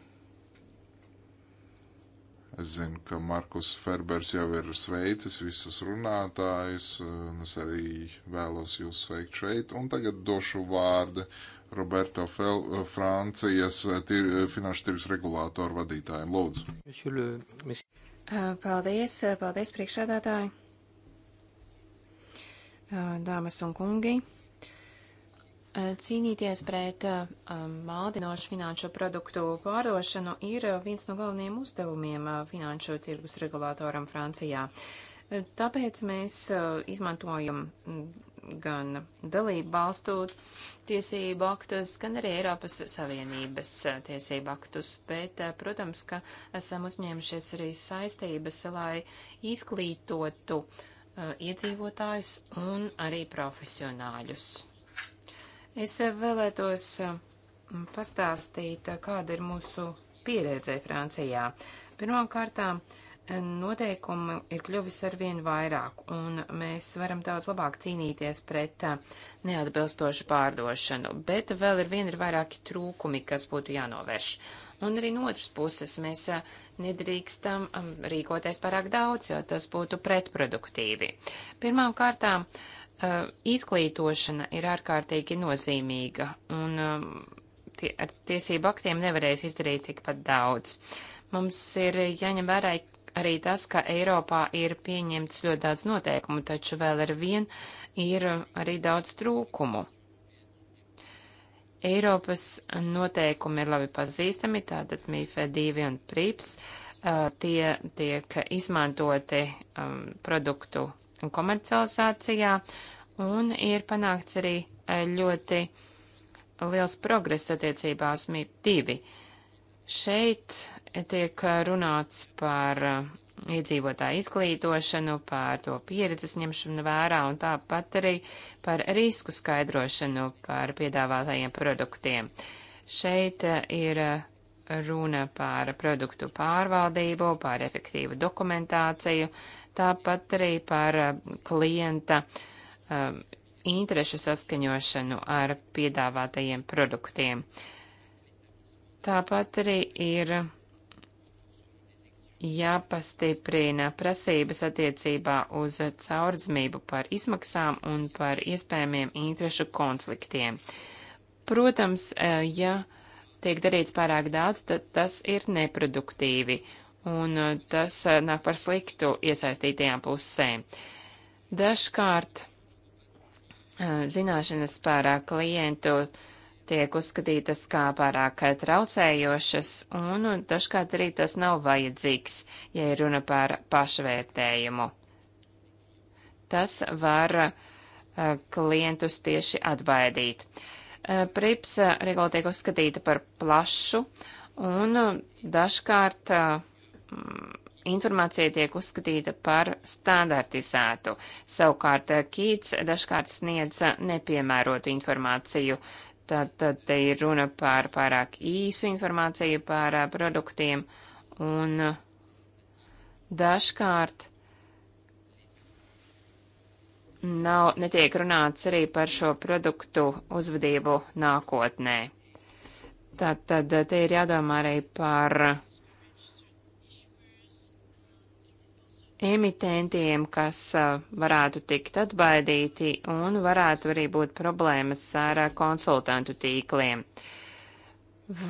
Es zinu, ka Markus Ferbers jau ir sveicis visus runātājus, un es arī vēlos jūs sveikt šeit. Un tagad došu vārdu Roberto Fel, Francijas tir, finanšu tirgus regulātoru vadītājiem. Lūdzu. Paldies, paldies priekšsēdētāji. Dāmas un kungi, Cīnīties pret eh, maldinošu finanšu produktu pārdošanu ir eh, viens no galvenajiem uzdevumiem eh, finanšu tirgus regulātoram Francijā. Tāpēc mēs izmantojam gan dalību balstu tiesību aktus, gan arī Eiropas Savienības tiesību aktus, bet, protams, ka esam uzņēmušies arī saistības, lai izglītotu iedzīvotājus un arī profesionāļus. Es vēlētos mm, pastāstīt, kāda ir mūsu pieredze Francijā. Pirmkārtām, mm, noteikumu ir kļuvis ar vien vairāk, un mēs varam daudz labāk cīnīties pret mm, neatbilstošu pārdošanu, bet vēl ir vien ir vairāki trūkumi, kas būtu jānovērš. Un arī no otras puses mēs nedrīkstam rīkoties pārāk daudz, jo tas būtu pretproduktīvi. Pirmām kārtām Izglītošana ir ārkārtīgi nozīmīga, un tie, ar tiesību aktiem nevarēs izdarīt tikpat daudz. Mums ir jāņem vērā arī tas, ka Eiropā ir pieņemts ļoti daudz noteikumu, taču vēl ar vien ir arī daudz trūkumu. Eiropas noteikumi ir labi pazīstami, tātad MIFE 2 un PRIPS, tie tiek izmantoti um, produktu komercializācijā, un ir panākts arī eh, ļoti liels progress attiecībās MIP 2. Šeit tiek eh, runāts par eh, iedzīvotāju izglītošanu, par to pieredzes ņemšanu vērā un tāpat arī par risku skaidrošanu par piedāvātajiem produktiem. Šeit ir runa par produktu pārvaldību, par efektīvu dokumentāciju, tāpat arī par eh, klienta um, interešu saskaņošanu ar piedāvātajiem produktiem. Tāpat arī ir jāpastiprina prasības attiecībā uz caurdzmību par izmaksām un par iespējamiem interešu konfliktiem. Protams, eh, ja tiek darīts pārāk daudz, tad tas ir neproduktīvi un eh, tas eh, nāk par sliktu iesaistītajām pusēm. Dažkārt eh, zināšanas par klientu tiek uzskatītas kā pārāk traucējošas, un dažkārt arī tas nav vajadzīgs, ja ir runa par pašvērtējumu. Tas var klientus tieši atbaidīt. Prips regula tiek uzskatīta par plašu, un dažkārt uh, informācija tiek uzskatīta par standartizētu. Savukārt eh, Kīts dažkārt sniedz nepiemērotu informāciju. Tad, tad te ir runa par pārāk īsu informāciju par eh, produktiem un eh, dažkārt nav, netiek runāts arī par šo produktu uzvedību nākotnē. Tad, tad te ir jādomā arī par uh, emitentiem, kas varētu tikt atbaidīti un varētu arī būt problēmas ar konsultantu tīkliem.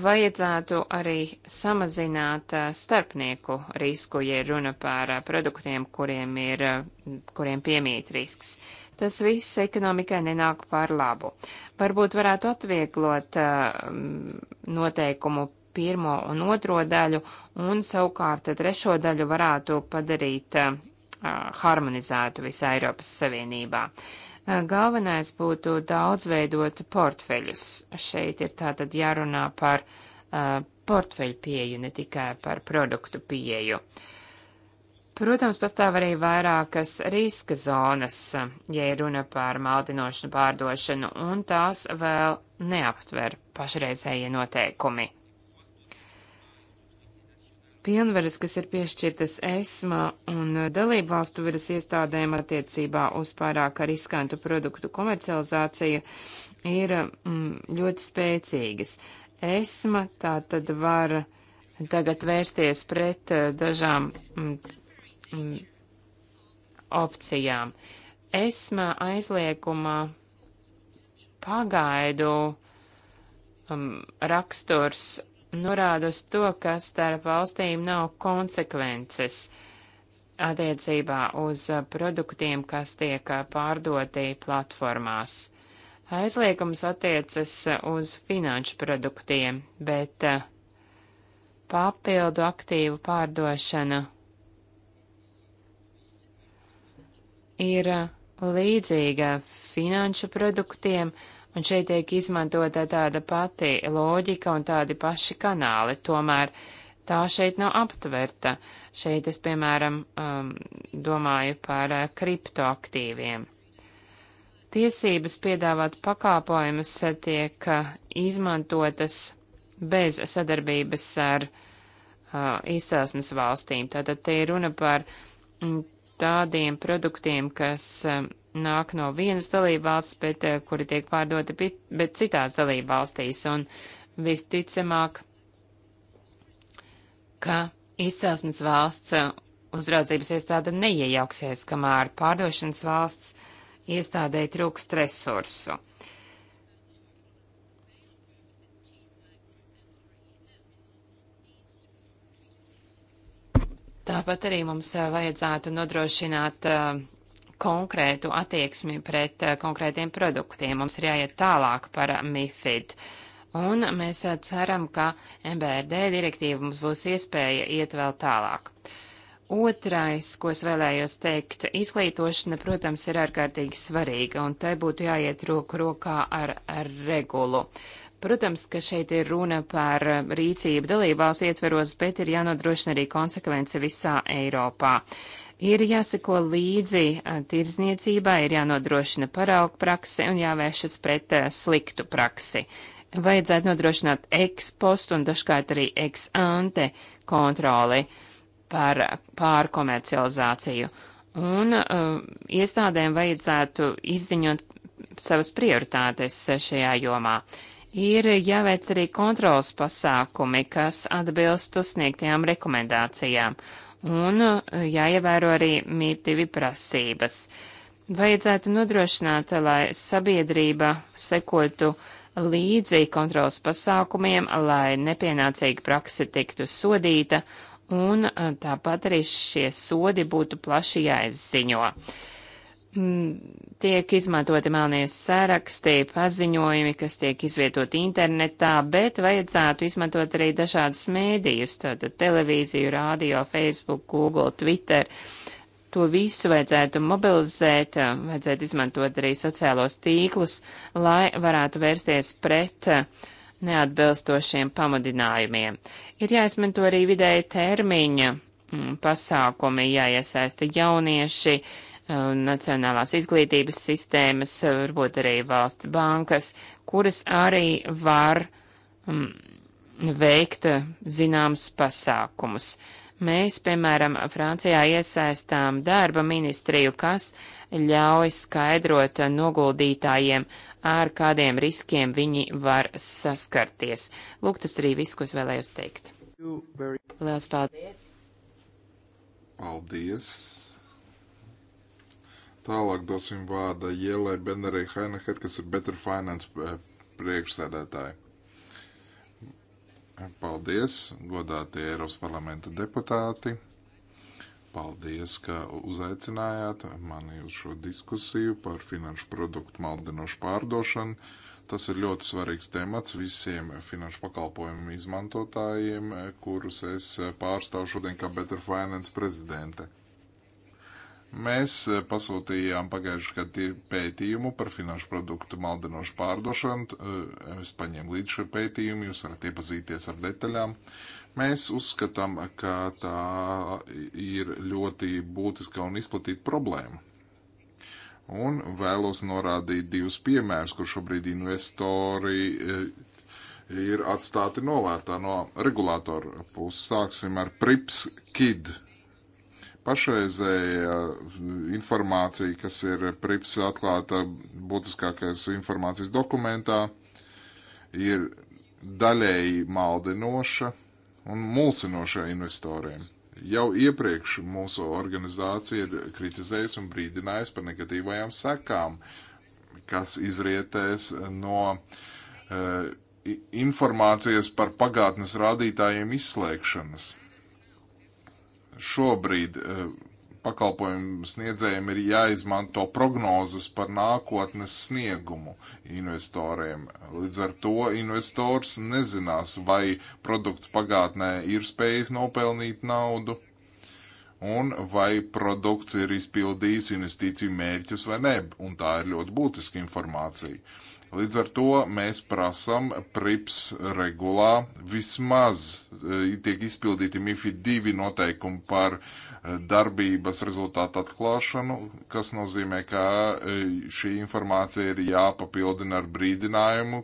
Vajadzētu arī samazināt starpnieku risku, ja runa par produktiem, kuriem, ir, kuriem piemīt risks. Tas viss ekonomikai nenāk par labu. Varbūt varētu atvieglot noteikumu pirmo un otro daļu, un savukārt trešo daļu varētu padarīt uh, harmonizētu visā Eiropas Savienībā. Uh, galvenais būtu daudzveidot portfeļus. Šeit ir tātad jārunā par uh, portfeļu pieju, ne tikai par produktu pieju. Protams, pastāv arī vairākas riska zonas, ja runa par maldinošanu pārdošanu, un tās vēl neaptver pašreizējie noteikumi pilnvaras, kas ir piešķirtas ESMA un dalību valstu varas iestādēm attiecībā uz pārāk riskantu produktu komercializāciju, ir mm, ļoti spēcīgas. ESMA tā tad var tagad vērsties pret eh, dažām mm, mm, opcijām. ESMA aizliegumā pagaidu um, raksturs norāda uz to, ka starp valstīm nav konsekvences attiecībā uz uh, produktiem, kas tiek uh, pārdoti platformās. Aizliegums attiecas uh, uz finanšu produktiem, bet papildu aktīvu pārdošana ir līdzīga finanšu produktiem, uh, Un šeit tiek izmantota tāda pati loģika un tādi paši kanāli, tomēr tā šeit nav aptverta. Šeit es, piemēram, um, domāju par uh, kriptoaktīviem. Tiesības piedāvāt pakāpojumus tiek uh, izmantotas bez sadarbības ar uh, izcelsmes valstīm. Tātad te ir runa par mm, tādiem produktiem, kas uh, nāk no vienas dalībvalsts, bet eh, kuri tiek pārdoti bet citās dalībvalstīs. Un visticamāk, ka izcelsmes valsts eh, uzraudzības iestāde neiejauksies, kamēr pārdošanas valsts iestādē trūkst resursu. Tāpat arī mums eh, vajadzētu nodrošināt uh, konkrētu attieksmi pret eh, konkrētiem produktiem. Mums ir jāiet tālāk par MIFID. Un mēs eh, ceram, ka MBRD direktīva mums būs iespēja iet vēl tālāk. Otrais, ko es vēlējos teikt, izglītošana, protams, ir ārkārtīgi svarīga, un tai būtu jāiet roku rokā ar, ar regulu. Protams, ka šeit ir runa par rīcību dalībvalstu ietveros, bet ir jānodrošina arī konsekvence visā Eiropā. Ir jāseko līdzi tirdzniecībai, ir jānodrošina paraugu prakse un jāvēršas pret sliktu praksi. Vajadzētu nodrošināt ekspostu un dažkārt arī eksante kontroli par pārkomercializāciju. Un uh, iestādēm vajadzētu izziņot savas prioritātes šajā jomā. Ir jāveic arī kontrols pasākumi, kas atbilst uzsniegtajām rekomendācijām. Uh, un e, jāievēro arī mītīvi prasības. Vajadzētu nodrošināt, lai sabiedrība sekotu līdzi kontrolas pasākumiem, lai nepienācīga prakse tiktu sodīta, un e, tāpat arī šie sodi būtu plaši jāizziņo. Mm, tiek izmantoti melnie sarakstī, paziņojumi, kas tiek izvietoti internetā, bet vajadzētu izmantot arī dažādus mēdījus, tātad televīziju, rādio, Facebook, Google, Twitter. To visu vajadzētu mobilizēt, vajadzētu izmantot arī sociālos tīklus, lai varētu vērsties pret neatbilstošiem pamudinājumiem. Ir jāizmanto arī vidēja termiņa mm, pasākumi, jāiesaista jaunieši, Um, nacionālās izglītības sistēmas, uh, varbūt arī valsts bankas, kuras arī var mm, veikt uh, zināmus pasākumus. Mēs, piemēram, Francijā iesaistām darba ministriju, kas ļauj skaidrot noguldītājiem, ar kādiem riskiem viņi var saskarties. Lūk, tas arī viss, ko es vēlējos teikt. Lielas paldies! Paldies! Tālāk dosim vārdu Jēlai Benerei Hainaher, kas ir Better Finance eh, priekšsēdētāja. Paldies, godātie Eiropas parlamenta deputāti. Paldies, ka uzaicinājāt mani uz šo diskusiju par finanšu produktu maldinošu pārdošanu. Tas ir ļoti svarīgs temats visiem finanšu pakalpojumu izmantotājiem, kurus es eh, pārstāvu šodien kā Better Finance prezidente. Mēs eh, pasūtījām pagājušajā gadā pētījumu par finanšu produktu maldinošu pārdošanu. Eh, es paņēmu līdzi šo pētījumu, jūs varat iepazīties ar detaļām. Mēs uzskatām, ka tā ir ļoti būtiska un izplatīta problēma. Un vēlos norādīt divus piemērus, kur šobrīd investori eh, ir atstāti novērtā no regulātora puses. Sāksim ar PRIPS KID pašreizējā informācija, kas ir prips atklāta būtiskākais informācijas dokumentā, ir daļēji maldinoša un mulsinoša investoriem. Jau iepriekš mūsu organizācija ir kritizējusi un brīdinājusi par negatīvajām sekām, kas izrietēs no uh, informācijas par pagātnes rādītājiem izslēgšanas šobrīd eh, pakalpojumu sniedzējiem ir jāizmanto prognozes par nākotnes sniegumu investoriem. Līdz ar to investors nezinās, vai produkts pagātnē ir spējis nopelnīt naudu un vai produkts ir izpildījis investīciju mērķus vai nē, un tā ir ļoti būtiska informācija. Līdz ar to mēs prasam prips regulā vismaz eh, tiek izpildīti MIFID 2 noteikumi par eh, darbības rezultātu atklāšanu, kas nozīmē, ka eh, šī informācija ir jāpapildina ar brīdinājumu,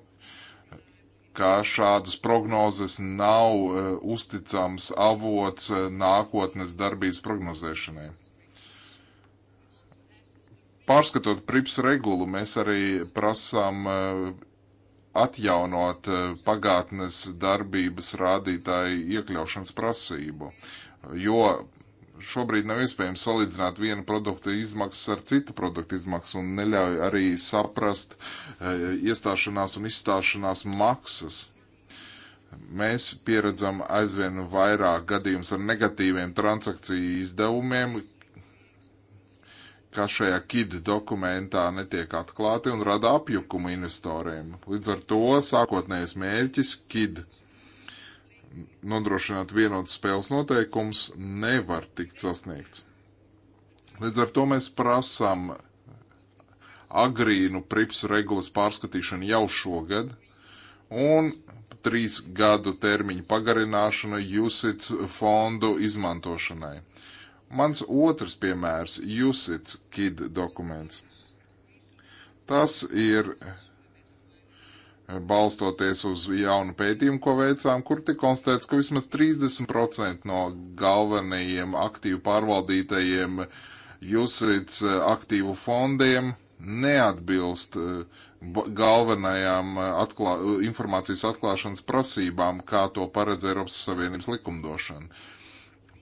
ka šādas prognozes nav uzticams avots nākotnes darbības prognozēšanai. Pārskatot prips regulu, mēs arī prasām eh, atjaunot eh, pagātnes darbības rādītāju iekļaušanas prasību, jo šobrīd nav iespējams salīdzināt vienu produktu izmaksas ar citu produktu izmaksas un neļauj arī saprast eh, iestāšanās un izstāšanās maksas. Mēs pieredzam aizvien vairāk gadījums ar negatīviem transakciju izdevumiem, kā šajā KID dokumentā netiek atklāti un rada apjukumu investoriem. Līdz ar to sākotnējais mērķis KID nodrošināt vienotas spēles noteikums nevar tikt sasniegts. Līdz ar to mēs prasām agrīnu prips regulas pārskatīšanu jau šogad un trīs gadu termiņu pagarināšanu USITS fondu izmantošanai. Mans otrs piemērs - USITS KID dokuments. Tas ir balstoties uz jaunu pētījumu, ko veicām, kur tika konstatēts, ka vismaz 30% no galvenajiem aktīvu pārvaldītajiem jūsīts aktīvu fondiem neatbilst eh, galvenajām eh, atklā, eh, informācijas atklāšanas prasībām, kā to paredz Eiropas Savienības likumdošana.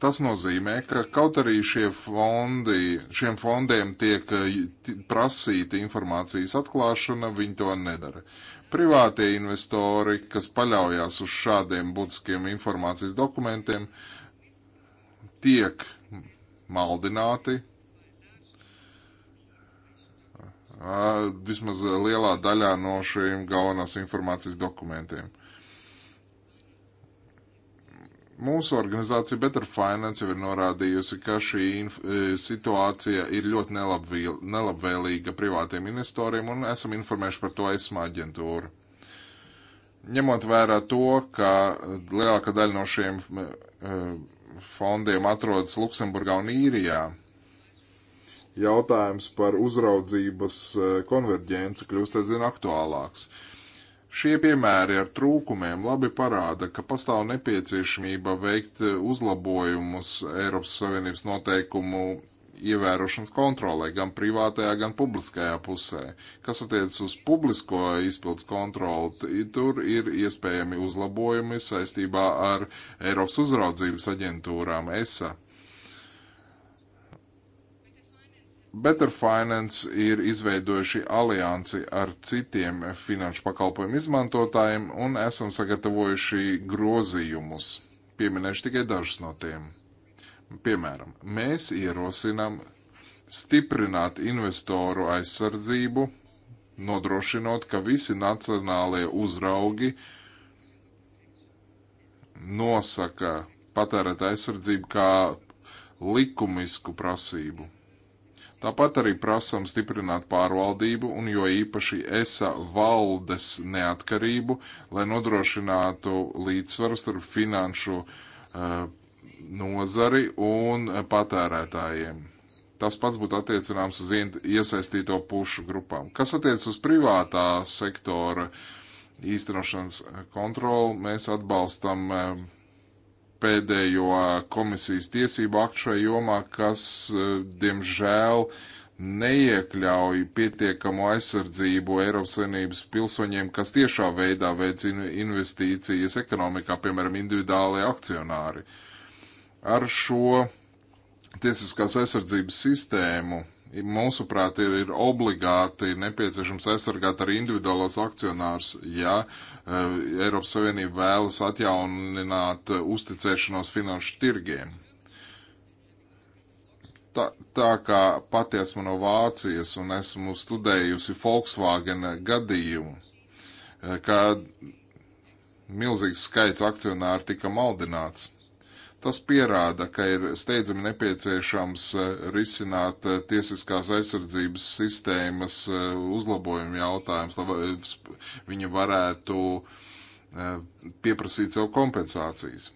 Tas nozīmē, ka kaut arī šie fondi, šiem fondiem tiek eh, prasīta informācijas atklāšana, viņi to nedara. Privātie investori, kas paļaujas uz šādiem būtiskiem informācijas dokumentiem, tiek maldināti. Vismaz lielā daļā no šiem galvenās informācijas dokumentiem. Mūsu organizācija Better Finance jau ir norādījusi, ka šī e, situācija ir ļoti nelabvēlīga privātiem investoriem, un esam informējuši par to ESMA aģentūru. Ņemot vērā to, ka lielākā daļa no šiem e, fondiem atrodas Luksemburgā un Īrijā, jautājums par uzraudzības e, konverģenci kļūst aizvien aktuālāks. Uh, Šie piemēri ar trūkumiem labi parāda, ka pastāv nepieciešamība veikt eh, uzlabojumus Eiropas Savienības noteikumu ievērošanas kontrolē, gan privātajā, gan publiskajā pusē. Kas attiecas uz publisko izpildus kontroli, tur ir iespējami uzlabojumi saistībā ar Eiropas uzraudzības aģentūrām ESA. Better Finance ir izveidojuši aliansi ar citiem finanšu pakalpojumu izmantotājiem un esam sagatavojuši grozījumus. Pieminēšu tikai dažus no tiem. Piemēram, mēs ierosinām stiprināt investoru aizsardzību, nodrošinot, ka visi nacionālie uzraugi nosaka patērēt aizsardzību kā likumisku prasību Tāpat arī prasam stiprināt pārvaldību un jo īpaši ESA valdes neatkarību, lai nodrošinātu līdzsvaru starp finanšu uh, nozari un eh, patērētājiem. Tas pats būtu attiecināms uz iesaistīto pušu grupām. Kas attiec uz privātā sektora īstenošanas eh, kontroli, mēs atbalstam pēdējo komisijas tiesību aktu šajā jomā, kas, eh, diemžēl, neiekļauj pietiekamo aizsardzību Eiropas Savienības pilsoņiem, kas tiešā veidā veic investīcijas ekonomikā, piemēram, individuālie akcionāri. Ar šo tiesiskās aizsardzības sistēmu mūsuprāt, ir, ir obligāti nepieciešams aizsargāt arī individuālos akcionārus, ja uh, Um, Eiropas Savienība vēlas atjaunināt uzticēšanos finanšu tirgiem. Tā, tā kā pati esmu no Vācijas un esmu studējusi Volkswagen gadījumu, eh, kad milzīgs skaits akcionāri tika maldināts Tas pierāda, ka ir steidzami nepieciešams eh, risināt eh, tiesiskās aizsardzības sistēmas eh, uzlabojumu jautājums, lai viņi varētu pieprasīt sev kompensācijas.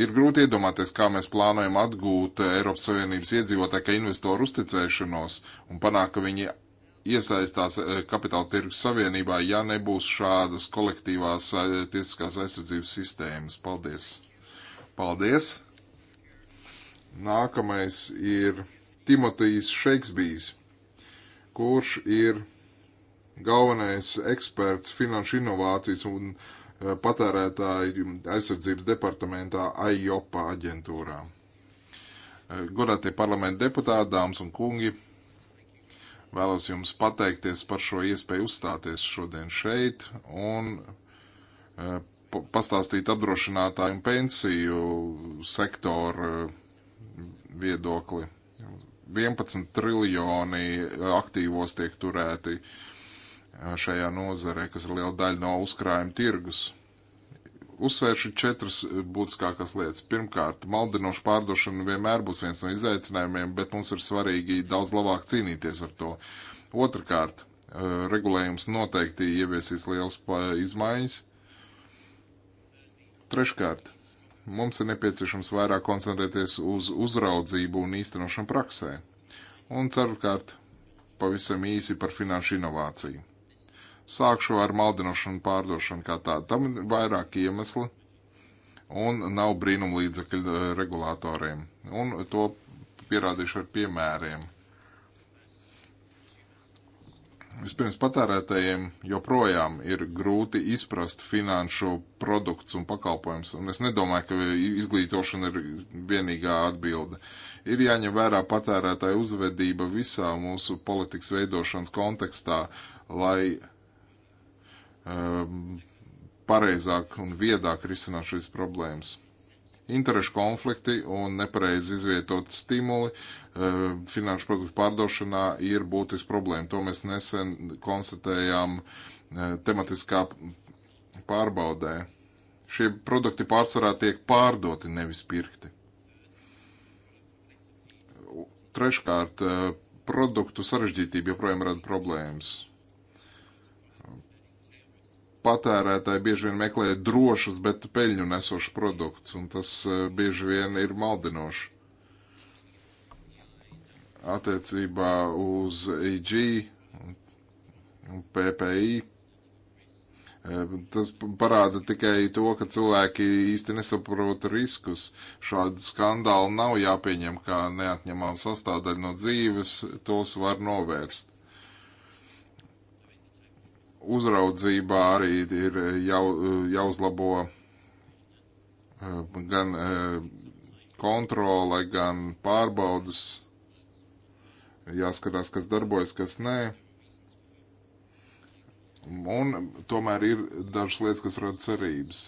Ir grūti iedomāties, kā mēs plānojam atgūt Eiropas Savienības iedzīvotāju, ka investoru uzticēšanos un panākt, ka viņi iesaistās kapitāla tirgus savienībā, ja nebūs šādas kolektīvās tiesiskās aizsardzības sistēmas. Paldies! Paldies! Nākamais ir Timotejs Šeiksbijs, kurš ir galvenais eksperts finanšu inovācijas un e, patērētāju aizsardzības departamentā AIOPA aģentūrā. E, godātie parlamenta deputāti, dāmas un kungi, vēlos jums pateikties par šo iespēju uzstāties šodien šeit un e, pastāstīt apdrošinātājiem pensiju sektoru viedokli. 11 triljoni aktīvos tiek turēti šajā nozarē, kas ir liela daļa no uzkrājuma tirgus. Uzsvēršu četras būtiskākās lietas. Pirmkārt, maldinoša pārdošana vienmēr būs viens no izaicinājumiem, bet mums ir svarīgi daudz labāk cīnīties ar to. Otrakārt, regulējums noteikti ieviesīs liels izmaiņas Treškārt, mums ir nepieciešams vairāk koncentrēties uz uzraudzību un īstenošanu praksē. Un ceturkārt, pavisam īsi par finanšu inovāciju. Sākšu ar maldinošanu un pārdošanu kā tādu. Tam ir vairāk iemesli un nav brīnumlīdzekļu eh, regulātoriem. Un to pierādīšu ar piemēriem. Vispirms patērētājiem joprojām ir grūti izprast finanšu produktus un pakalpojumus, un es nedomāju, ka izglītošana ir vienīgā atbilde. Ir jāņem vērā patērētāja uzvedība visā mūsu politikas veidošanas kontekstā, lai um, pareizāk un viedāk risināt šīs problēmas interešu konflikti un nepareizi izvietot stimuli eh, finanšu produktu pārdošanā ir būtisks problēma. To mēs nesen konstatējām eh, tematiskā pārbaudē. Šie produkti pārsvarā tiek pārdoti, nevis pirkti. Treškārt, eh, produktu sarežģītība joprojām rada problēmas patērētāji bieži vien meklē drošus, bet peļņu nesošus produktus, un tas eh, bieži vien ir maldinoši. Attiecībā uz IG un PPI eh, tas parāda tikai to, ka cilvēki īsti nesaprot riskus. Šādu skandālu nav jāpieņem kā neatņemama sastāvdaļa no dzīves, tos var novērst uzraudzībā arī ir jau, jāuzlabo eh, gan eh, kontrole, gan pārbaudas, jāskatās, kas darbojas, kas nē. Un tomēr ir dažas lietas, kas rada cerības.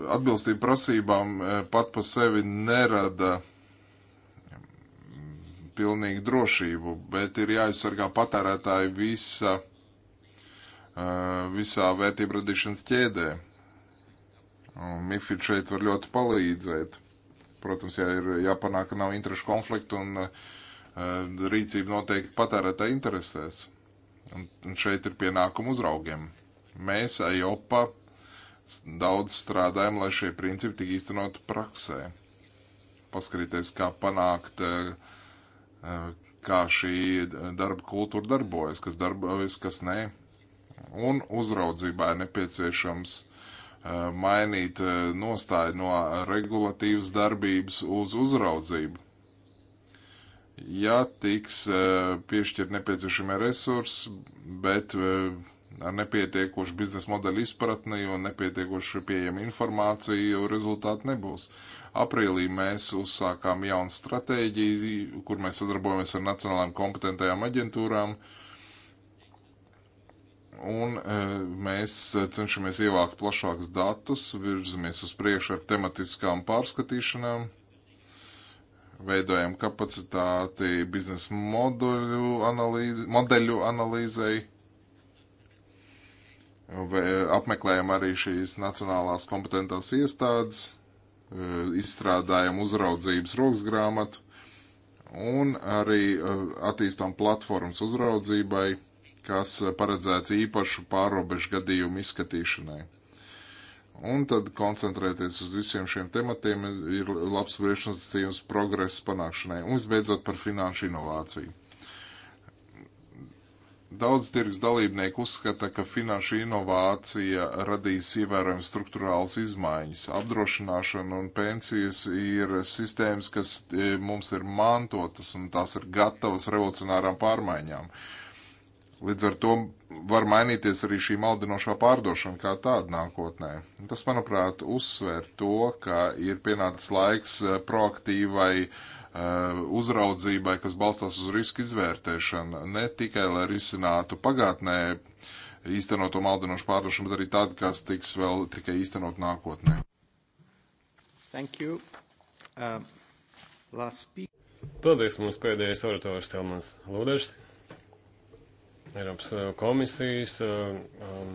Atbilstība prasībām eh, pat pa sevi nerada uh, pilnīgu drošību, bet ir jāaizsargā patērētāji visa, visā vērtību radīšanas ķēdē. Mifid šeit var ļoti palīdzēt. Protams, ja ir jāpanāk, ka nav interešu konfliktu un uh, rīcība noteikti patērētā interesēs. Un, un šeit ir pienākumu uzraugiem. Mēs, AIOPA, daudz strādājam, lai šie principi tik īstenot praksē. Paskatīties, kā panākt uh, kā šī darba kultūra darbojas, kas darbojas, kas nē. Un uzraudzībā ir nepieciešams mainīt nostāju no regulatīvas darbības uz uzraudzību. Ja tiks piešķirt nepieciešamie resursi, bet ar nepietiekošu biznesa modeļu izpratni un nepietiekošu pieejamu informāciju rezultāti nebūs. Uh, Aprīlī mēs uzsākām jaunu stratēģiju, kur mēs sadarbojamies ar nacionālām kompetentajām aģentūrām. Un e, mēs cenšamies ievākt plašākus datus, virzamies uz priekšu ar tematiskām pārskatīšanām, veidojam kapacitāti biznesa modeļu, analīze, modeļu analīzei, apmeklējam arī šīs nacionālās kompetentās iestādes Eh, izstrādājam uzraudzības rokasgrāmatu un arī eh, attīstām platformas uzraudzībai, kas eh, paredzēts īpašu pārobežu gadījumu izskatīšanai. Un tad koncentrēties uz visiem šiem tematiem ir labs priekšnosacījums progresa panākšanai un visbeidzot par finanšu inovāciju. Daudz tirgus dalībnieku uzskata, ka finanšu inovācija radīs ievērojams struktūrāls izmaiņas. Apdrošināšana un pensijas ir sistēmas, kas e, mums ir mantotas un tās ir gatavas revolucionārām pārmaiņām. Līdz ar to var mainīties arī šī maldinošā pārdošana kā tāda nākotnē. Tas, manuprāt, uzsver to, ka ir pienācis laiks e, proaktīvai uh, Uh, uzraudzībai, kas balstās uz risku izvērtēšanu, ne tikai lai risinātu pagātnē īstenoto maldinošu pārdošanu, bet arī tādu, kas tiks vēl tikai īstenot nākotnē. Thank you. Um, last speaker. Paldies mums pēdējais orators Telmans Lūders. Eiropas uh, komisijas uh, um,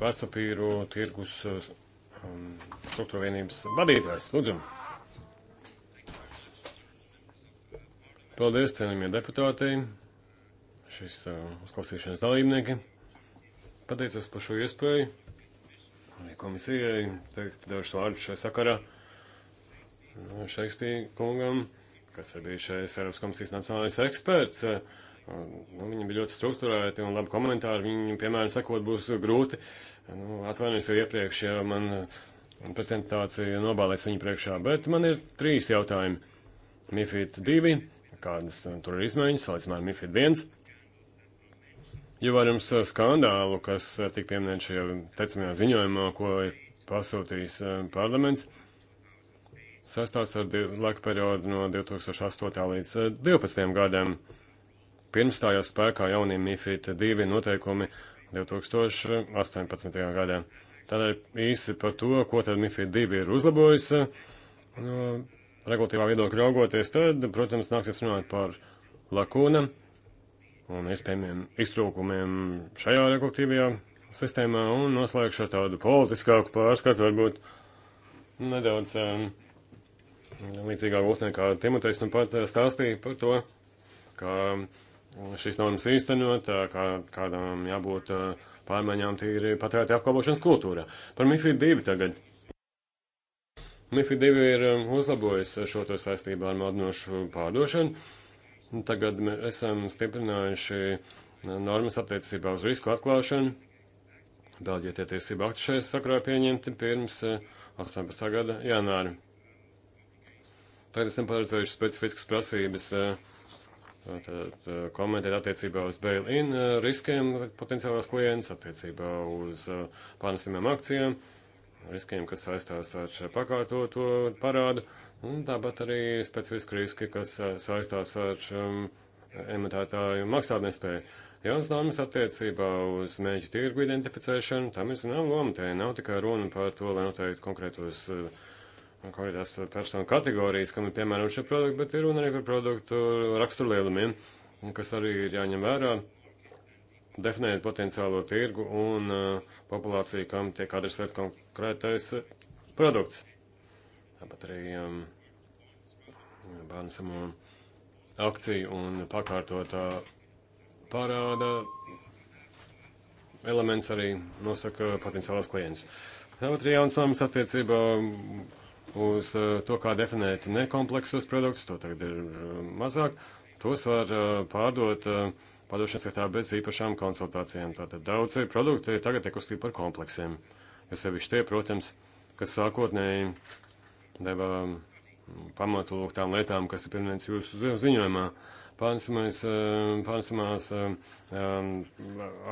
vecpapīru tirgus um, struktūra vienības vadītājs. Lūdzu. Paldies, cienījamie deputāti, šīs uh, uzklausīšanas dalībnieki. Pateicos par šo iespēju arī komisijai teikt dažus vārdus šai sakarā. No nu, Šekspīra kungam, kas ir bijis šais Eiropas komisijas nacionālais eksperts, uh, nu, viņi bija ļoti struktūrēti un labi komentāri. Viņu, piemēram, sekot būs grūti. Nu, atvainojos jau iepriekš, ja man prezentācija nobālēs viņu priekšā, bet man ir trīs jautājumi. MIFID 2, kādas eh, tur ir izmaiņas, salīdzinājumā MIFID 1. Jūvārums eh, skandālu, kas eh, tik pieminēt šajā tecamajā ziņojumā, ko ir pasūtījis parlaments, sastāvs ar laika periodu no 2008. līdz 2012. gadam. Pirms stājās spēkā jaunie MIFID 2 noteikumi 2018. gadā. Tādēļ īsi par to, ko tad MIFID 2 ir uzlabojusi. No regulatīvā viedokļa raugoties, tad, protams, nāksies runāt par lakūnam un iespējamiem iztrūkumiem šajā regulatīvajā sistēmā un noslēgšu ar tādu politiskāku pārskatu, varbūt nedaudz um, līdzīgāk būtu nekā Timotejs nu pat uh, stāstīja par to, ka um, šīs normas īstenot, uh, kā, kādām jābūt uh, pārmaiņām tīri patērētāju apkalpošanas kultūrā. Par MIFID 2 tagad. MIFID 2 ir um, uzlabojis šo to saistību ar maldinošu pārdošanu. Tagad mēs esam stiprinājuši uh, normas attiecībā uz risku atklāšanu. Belģija tie tiesība akti šajā sakrā pieņemti pirms 18. Uh, gada janāra. Tagad esam paredzējuši specifiskas prasības uh, tātad, komentēt attiecībā uz bail-in riskiem potenciālās klientus, attiecībā uz pārnesimiem akcijām riskiem, kas saistās ar pakārtoto parādu, un tāpat arī specifiski riski, kas eh, saistās ar um, emitētāju maksātnespēju. Jauns normas attiecībā uz mēģi tirgu identificēšanu, tam ir zinām loma, te nav tikai runa par to, lai noteikti konkrētos eh, konkrētās personu kategorijas, kam ir piemērot šie produkti, bet ir runa arī par produktu raksturlielumiem, kas arī ir jāņem vērā. Uh, definēt potenciālo tirgu un uh, populāciju, kam tiek adresēts konkrētais uh, produkts. Tāpat arī um, bērnsamo akciju un pakārtotā parāda elements arī nosaka potenciālos klientus. Tāpat arī jauns lēmums attiecībā uz uh, to, kā definēt nekompleksos produktus, to tagad ir uh, mazāk. Tos var pārdot uh, padošanas skatā bez īpašām konsultācijām. Tātad daudzi produkti tagad tiek uzskatīti par kompleksiem. Jo sevišķi tie, protams, kas sākotnēji deva mm, pamatu lūk tām lietām, kas ir pieminēts jūsu ziņojumā. Pārnesamās, eh, pārnesamās eh,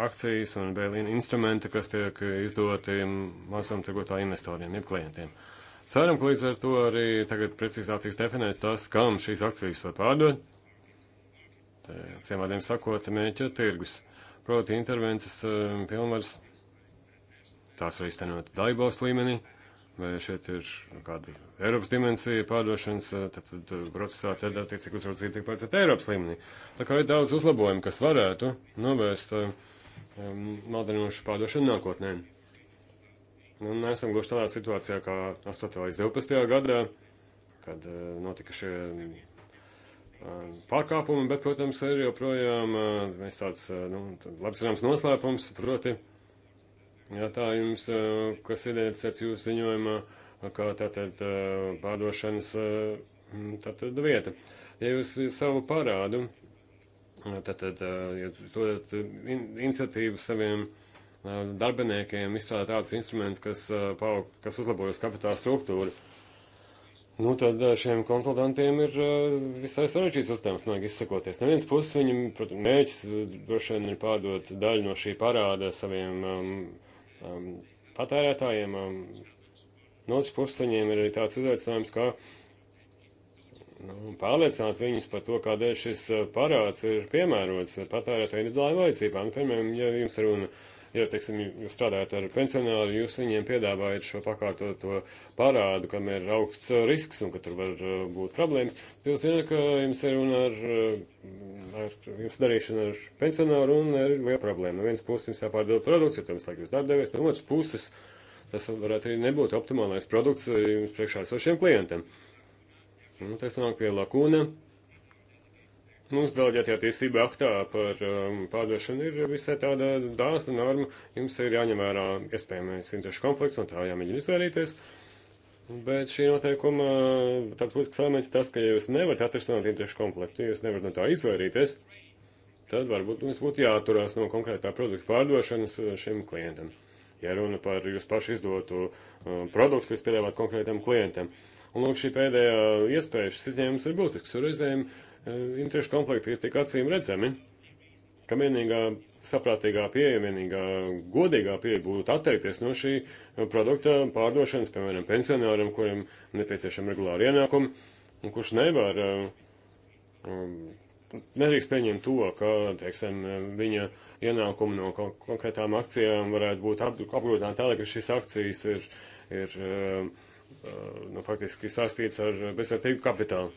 akcijas un bēlīna instrumenti, kas tiek izdoti mazam tirgotā investoriem, jeb klientiem. Ceram, ka līdz ar to arī tagad precīzāk tiks definēts tas, kam šīs akcijas var pārdot Ciem vārdiem sakot, mērķa tirgus, proti intervences um, pilnvars, tās var iztenot daļbalstu līmenī, vai šeit ir kāda Eiropas dimensija pārdošanas, uh, tad, tad uh, procesā tad attiecīgi uh, uzraudzība tiek pārcēt Eiropas līmenī. Tā kā ir daudz uzlabojumu, kas varētu novērst um, maldinošu pārdošanu nākotnē. Nu, nesam gluži tādā situācijā kā 8. līdz 12. gadā, kad uh, notika šie pārkāpumi, bet, protams, ir joprojām mēs tāds, nu, labs zināms noslēpums, proti, jautājums, kas identificēts jūsu ziņojumā, kā tātad pārdošanas tātad vieta. Ja jūs savu parādu, tātad, ja jūs dodat iniciatīvu saviem darbiniekiem, izstrādāt tādus instrumentus, kas, kas uzlabojas kapitāla struktūru, Nu, tad e, šiem konsultantiem ir e, visai sarežģīts uzdevums, man izsakoties. No vienas puses, viņam, protams, mēģis e, droši vien ir pārdot daļu no šī parāda saviem um, um, patērētājiem. Um, no otras puses, viņiem ir arī tāds izaicinājums, kā nu, pārliecināt viņus par to, kādēļ šis parāds ir piemērots patērētāju individuālajai vajadzībām. Piemēram, ja jums ir runa. Uh, ja, teiksim, jūs strādājat ar pensionāru, jūs viņiem piedāvājat šo pakārtoto parādu, kam ir augsts risks un ka tur var uh, būt problēmas, jūs zināt, ka jums ir un ar, uh, ar jums darīšana ar pensionāru un ir liela problēma. No vienas puses jums jāpārdod produkts, jo tam slēg jūs darbdevies, no otras puses tas varētu arī nebūt optimālais produkts uh, jums priekšā esošiem klientiem. Nu, tas nāk pie lakūna. Mums nu, delegētajā tiesība aktā par um, pārdošanu ir visai tāda dāsna norma. Jums ir jāņem vērā iespējamais interešu konflikts, no tā jāmēģina izvairīties. Bet šī noteikuma tāds būtisks elements tas, ka ja jūs nevarat atrisināt interešu konfliktu, ja jūs nevarat no tā izvairīties, tad varbūt mums būtu jāturās no konkrētā produkta pārdošanas uh, šim klientam. Ja runa par jūs pašu izdotu um, produktu, kas piedāvāt konkrētam klientam. Un lūk, šī pēdējā iespēja, šis izņēmums ir būtisks. Reizēm uh, E, interešu konflikti ir tik acīm redzami, ka vienīgā saprātīgā pieeja, vienīgā godīgā pieeja būtu atteikties no šī produkta pārdošanas, piemēram, pensionāram, kuriem nepieciešama regulāra ienākuma, un kurš nevar, e, e, nedrīkst pieņemt to, ka, teiksim, viņa ienākumu no konkrētām akcijām varētu būt apgrūtināti tādā, ka šīs akcijas ir, ir nu, faktiski saistīts ar bezvērtīgu kapitālu.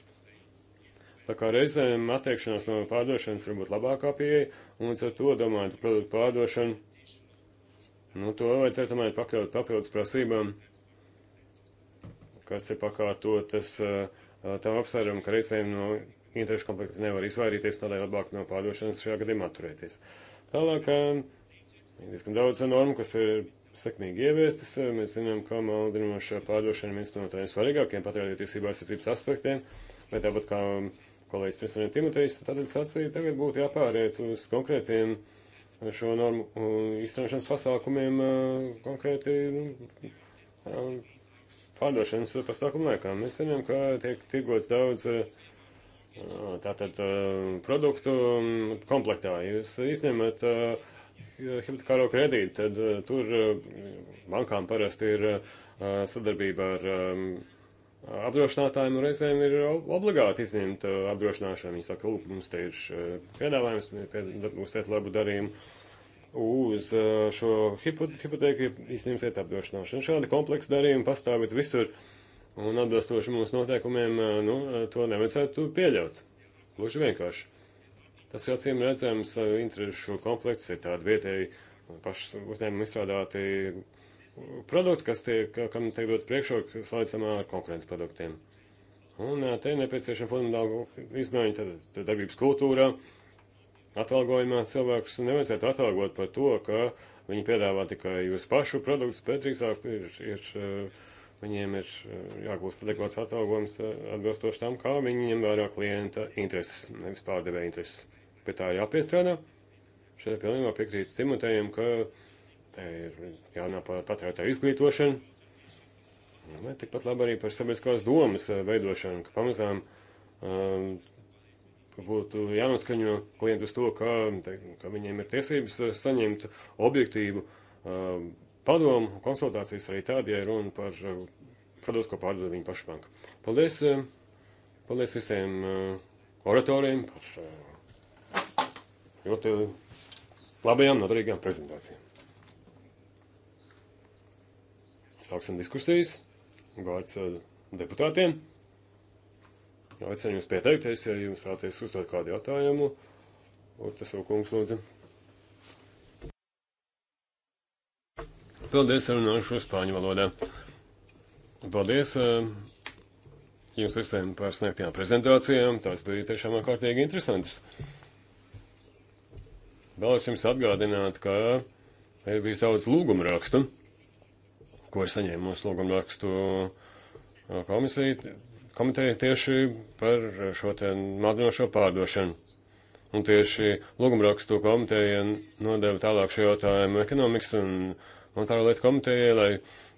Tā kā reizēm attiekšanās no pārdošanas varbūt labākā pieeja, un līdz ar to domājot par produktu pārdošanu, nu to vajadzētu tomēr pakļaut papildus prasībām, kas ir pakārtotas tam apsvērumu, ka reizēm no interešu konflikta nevar izvairīties, tādēļ labāk no pārdošanas šajā gadījumā turēties. Tālāk, ir diezgan daudz normu, kas ir sekmīgi ieviestas. Mēs zinām, ka maldinošā pārdošana ir viens no tādiem svarīgākiem patērētiesību aizsardzības aspektiem, vai tāpat kā kolēģis Pilsoniem Timotejs, tad es atsīju, tagad būtu jāpāriet uz konkrētiem šo normu izstrāšanas uh, pasākumiem uh, konkrēti nu, um, pārdošanas pasākumu laikā. Mēs zinām, ka tiek tirgots daudz uh, tātad produktu um, komplektā. Jūs izņemat hipotekāro kredītu, tad tur bankām parasti ir sadarbība ar um, apdrošinātājiem reizēm ir obligāti izņemt uh, apdrošināšanu. Viņi saka, lūk, mums te ir uh, piedāvājums, būsiet labu darījumu uz uh, šo hipoteku, izņemsiet apdrošināšanu. Šādi kompleksi darījumi pastāv visur, un atbilstoši mūsu noteikumiem, nu, to nevajadzētu pieļaut. Gluži vienkārši. Tas ir acīm redzams, interešu komplekts ir tādi vietēji pašas uzņēmumi izstrādāti produktu, kas tiek, kam tiek dot priekšroka salīdzinājumā ar konkurentu produktiem. Un te ir nepieciešama fundamentāla izmaiņa tad, tad darbības kultūrā. Atalgojumā cilvēkus nevajadzētu atalgot par to, ka viņi piedāvā tikai jūsu pašu produktus, bet drīzāk ir, ir, viņiem ir jāgūst adekvāts atalgojums atbilstoši tam, kā viņi ņem vērā klienta intereses, nevis pārdevēja intereses. Pie tā ir jāpiestrādā. Šeit pilnībā piekrītu Timotejam, ka uh, Te tai ir jaunā patriotāja izglītošana. Bet nu, tikpat labi arī par sabiedriskās domas eh, veidošanu, ka pamazām um, būtu jānoskaņo klientu uz to, ka, te, ka viņiem ir tiesības eh, saņemt objektīvu um, padomu, konsultācijas arī tādi, ja runa par uh, produktu, ko pārdod viņa paša banka. Paldies, uh, paldies visiem uh, oratoriem par uh, ļoti labajām, noderīgām prezentācijām. Sāksim diskusijas. Vārds eh, deputātiem. Aicinu jūs pieteikties, ja jums vēlaties uzdot kādu jautājumu. Urtas Okungs, lūdzu. Paldies, runāšu spāņu valodā. Paldies uh, jums visiem par sniegtajām prezentācijām. Tās bija tiešām kārtīgi interesantas. Vēlos jums atgādināt, ka ir bijis daudz lūgumu rakstu ko ir saņēma mūsu lūgumrakstu uh, komisija, komiteja tieši par šo te maldinošo pārdošanu. Un tieši lūgumrakstu komiteja nodeva tālāk šo jautājumu ekonomikas un monetāro lietu komitejai, lai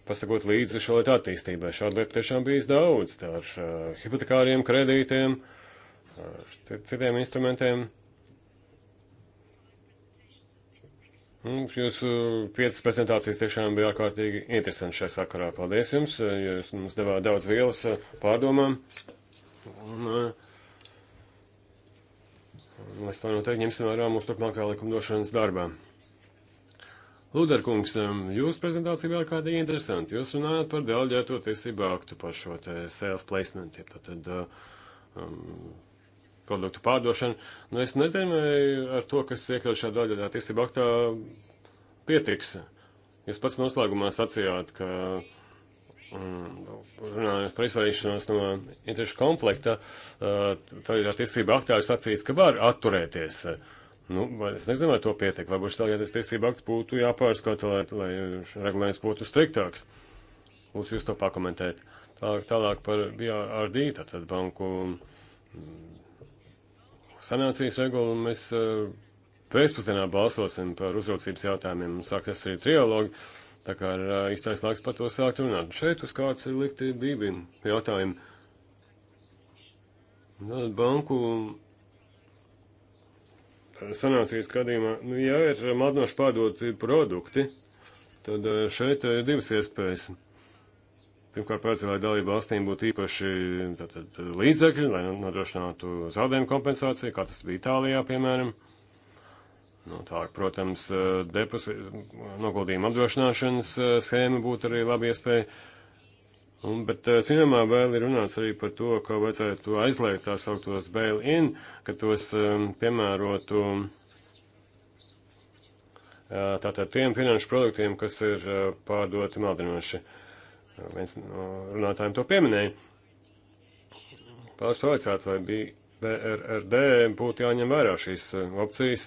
pasakot līdzi šo lietu attīstībai. Šādu lietu tiešām bijis daudz ar uh, hipotekāriem kredītiem, ar citiem instrumentiem. Uh, Mm, jūsu piecas prezentācijas tiešām bija ārkārtīgi interesanti šai sakarā. Paldies jums, eh, jūs mums devāt daudz vielas eh, pārdomām. Un, mēs eh, tā noteikti ņemsim vērā mūsu turpmākā likumdošanas darbā. Lūderkungs, jūsu prezentācija bija ārkārtīgi interesanti. Jūs runājat par delģēto tiesību aktu par šo te sales placement, tātad um, produktu pārdošanu. Nu, es nezinu, vai ar to, kas iekļaut šā daļā tiesību aktā, pietiks. Jūs pats noslēgumā sacījāt, ka mm, runājot par izvairīšanos no interešu konflikta, tad tiesība aktā ir sacīts, ka var atturēties. Nu, es nezinu, vai to pietiek. Varbūt tagad tas tiesība akts būtu jāpārskata, lai, lai regulējums būtu striktāks. Lūdzu, jūs to pakomentēt. Tā, tālāk par BRD, tātad banku mm, Samjācijas regulu mēs eh, pēcpusdienā balsosim par uzraucības jautājumiem un sāksies arī trialogi, tā kā ir eh, īstais laiks par to sākt runāt. Šeit uz kāds ir likti divi jautājumi. Tad nu, banku eh, sanācijas gadījumā, nu, ja ir madnoši pārdoti produkti, tad šeit ir divas iespējas. Pirmkārt, paredzēt, lai dalību valstīm būtu īpaši tātad, līdzekļi, lai nodrošinātu zaudējumu kompensāciju, kā tas bija Itālijā, piemēram. Nu, tā, protams, noguldījuma apdrošināšanas eh, schēma būtu arī laba iespēja. Un, bet eh, cinemā vēl ir runāts arī par to, ka vajadzētu aizliegt tās augtos bail-in, ka tos eh, piemērotu tātad tiem finanšu produktiem, kas ir pārdoti maldinoši. Viens no runātājiem to pieminēja. Pāris pavaicāt, vai bija BRRD būtu jāņem vērā šīs eh, opcijas.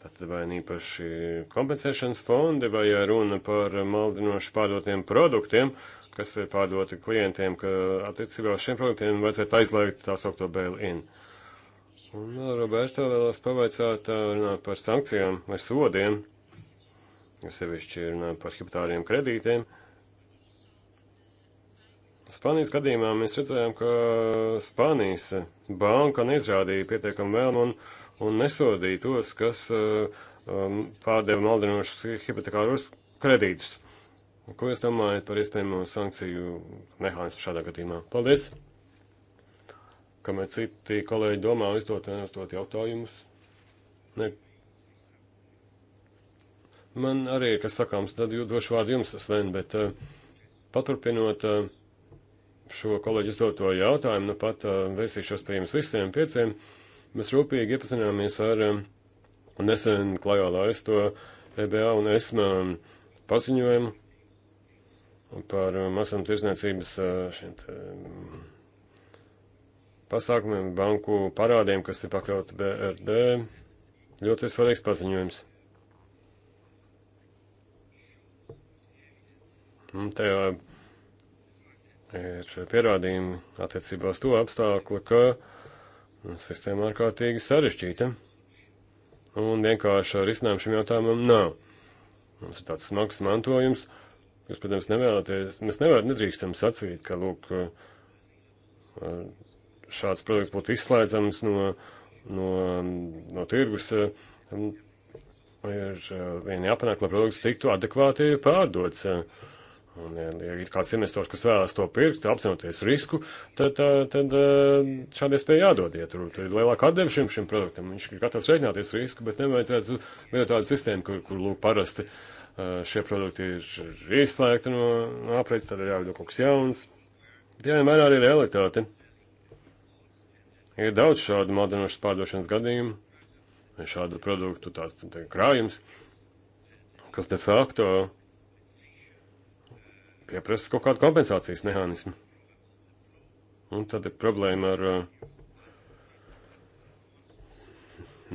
Tātad vai īpaši kompensēšanas fondi, vai runa par maldinoši pārdotiem produktiem, kas ir pārdoti klientiem, ka attiecībā uz šiem produktiem vajadzētu aizliegt tā saukto bail-in. Un eh, Roberto vēlās pavaicāt eh, runāt par sankcijām vai sodiem, jo sevišķi runāt par hipotāriem kredītiem. Spānijas gadījumā mēs redzējām, ka Spānijas banka neizrādīja pietiekami vēlmu un, un nesodīja tos, kas eh, um, pārdeva maldinošus hipotekāros kredītus. Ko jūs domājat par iespējamo sankciju mehānismu šādā gadījumā? Paldies! Kamēr citi kolēģi domā uzdot, uzdot jautājumus. Ne. Man arī ir kas sakāms, tad došu vārdu jums, Sven, bet uh, paturpinot. Uh, šo kolēģi uzdoto jautājumu, nu pat vērsīšos pie jums visiem pieciem. Mēs rūpīgi iepazināmies ar nesen klajā laisto EBA un ESMA paziņojumu par masām tirzniecības šiem pasākumiem, banku parādiem, kas ir pakļauti BRD. Ļoti svarīgs paziņojums. Un tajā ir pierādījumi attiecībā uz to apstākli, ka sistēma ārkārtīgi sarežģīta un vienkārši ar izcinājumu šim jautājumam nav. Mums ir tāds smags mantojums, jūs, protams, nevēlaties, mēs nevaram nedrīkstam sacīt, ka, lūk, šāds produkts būtu izslēdzams no, no, no tirgus. Ir eh, vieni jāpanāk, lai produkts tiktu adekvāti pārdots. Uh, Un, ja, ja ir kāds investors, kas vēlas to pirkt, apzinoties risku, tad, tad, tad šādi iespēja jādod. Ja tur, tur ir lielāka atdeve šim, šim produktam. Viņš ir gatavs rēķināties risku, bet nevajadzētu veidot tādu sistēmu, kur, kur lūk, parasti šie produkti ir izslēgti no, no aprēķina, tad ir jāveido kaut kas jauns. Tie vienmēr arī ir realitāte. Ir daudz šādu maldinošu pārdošanas gadījumu, šādu produktu tās tā, krājums, kas de facto pieprasa kaut kādu kompensācijas mehānismu. Un tad ir problēma ar uh,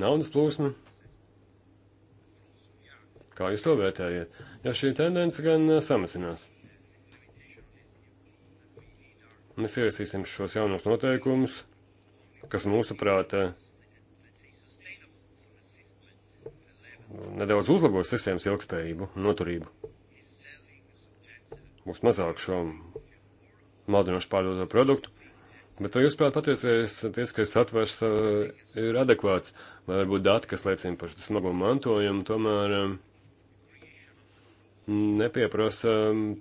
naudas plūsmu. Kā jūs to vērtējat? Ja šī tendence gan uh, samazinās. Mēs ieviesīsim šos jaunos noteikumus, kas mūsuprāt uh, nedaudz uzlabos sistēmas ilgspējību un noturību būs mazāk šo maldinošu pārdoto produktu. Bet vai jūs prāt patiesais tieskais atvers eh, ir adekvāts? Vai varbūt dati, kas liecina par smago mantojumu, tomēr eh, nepieprasa,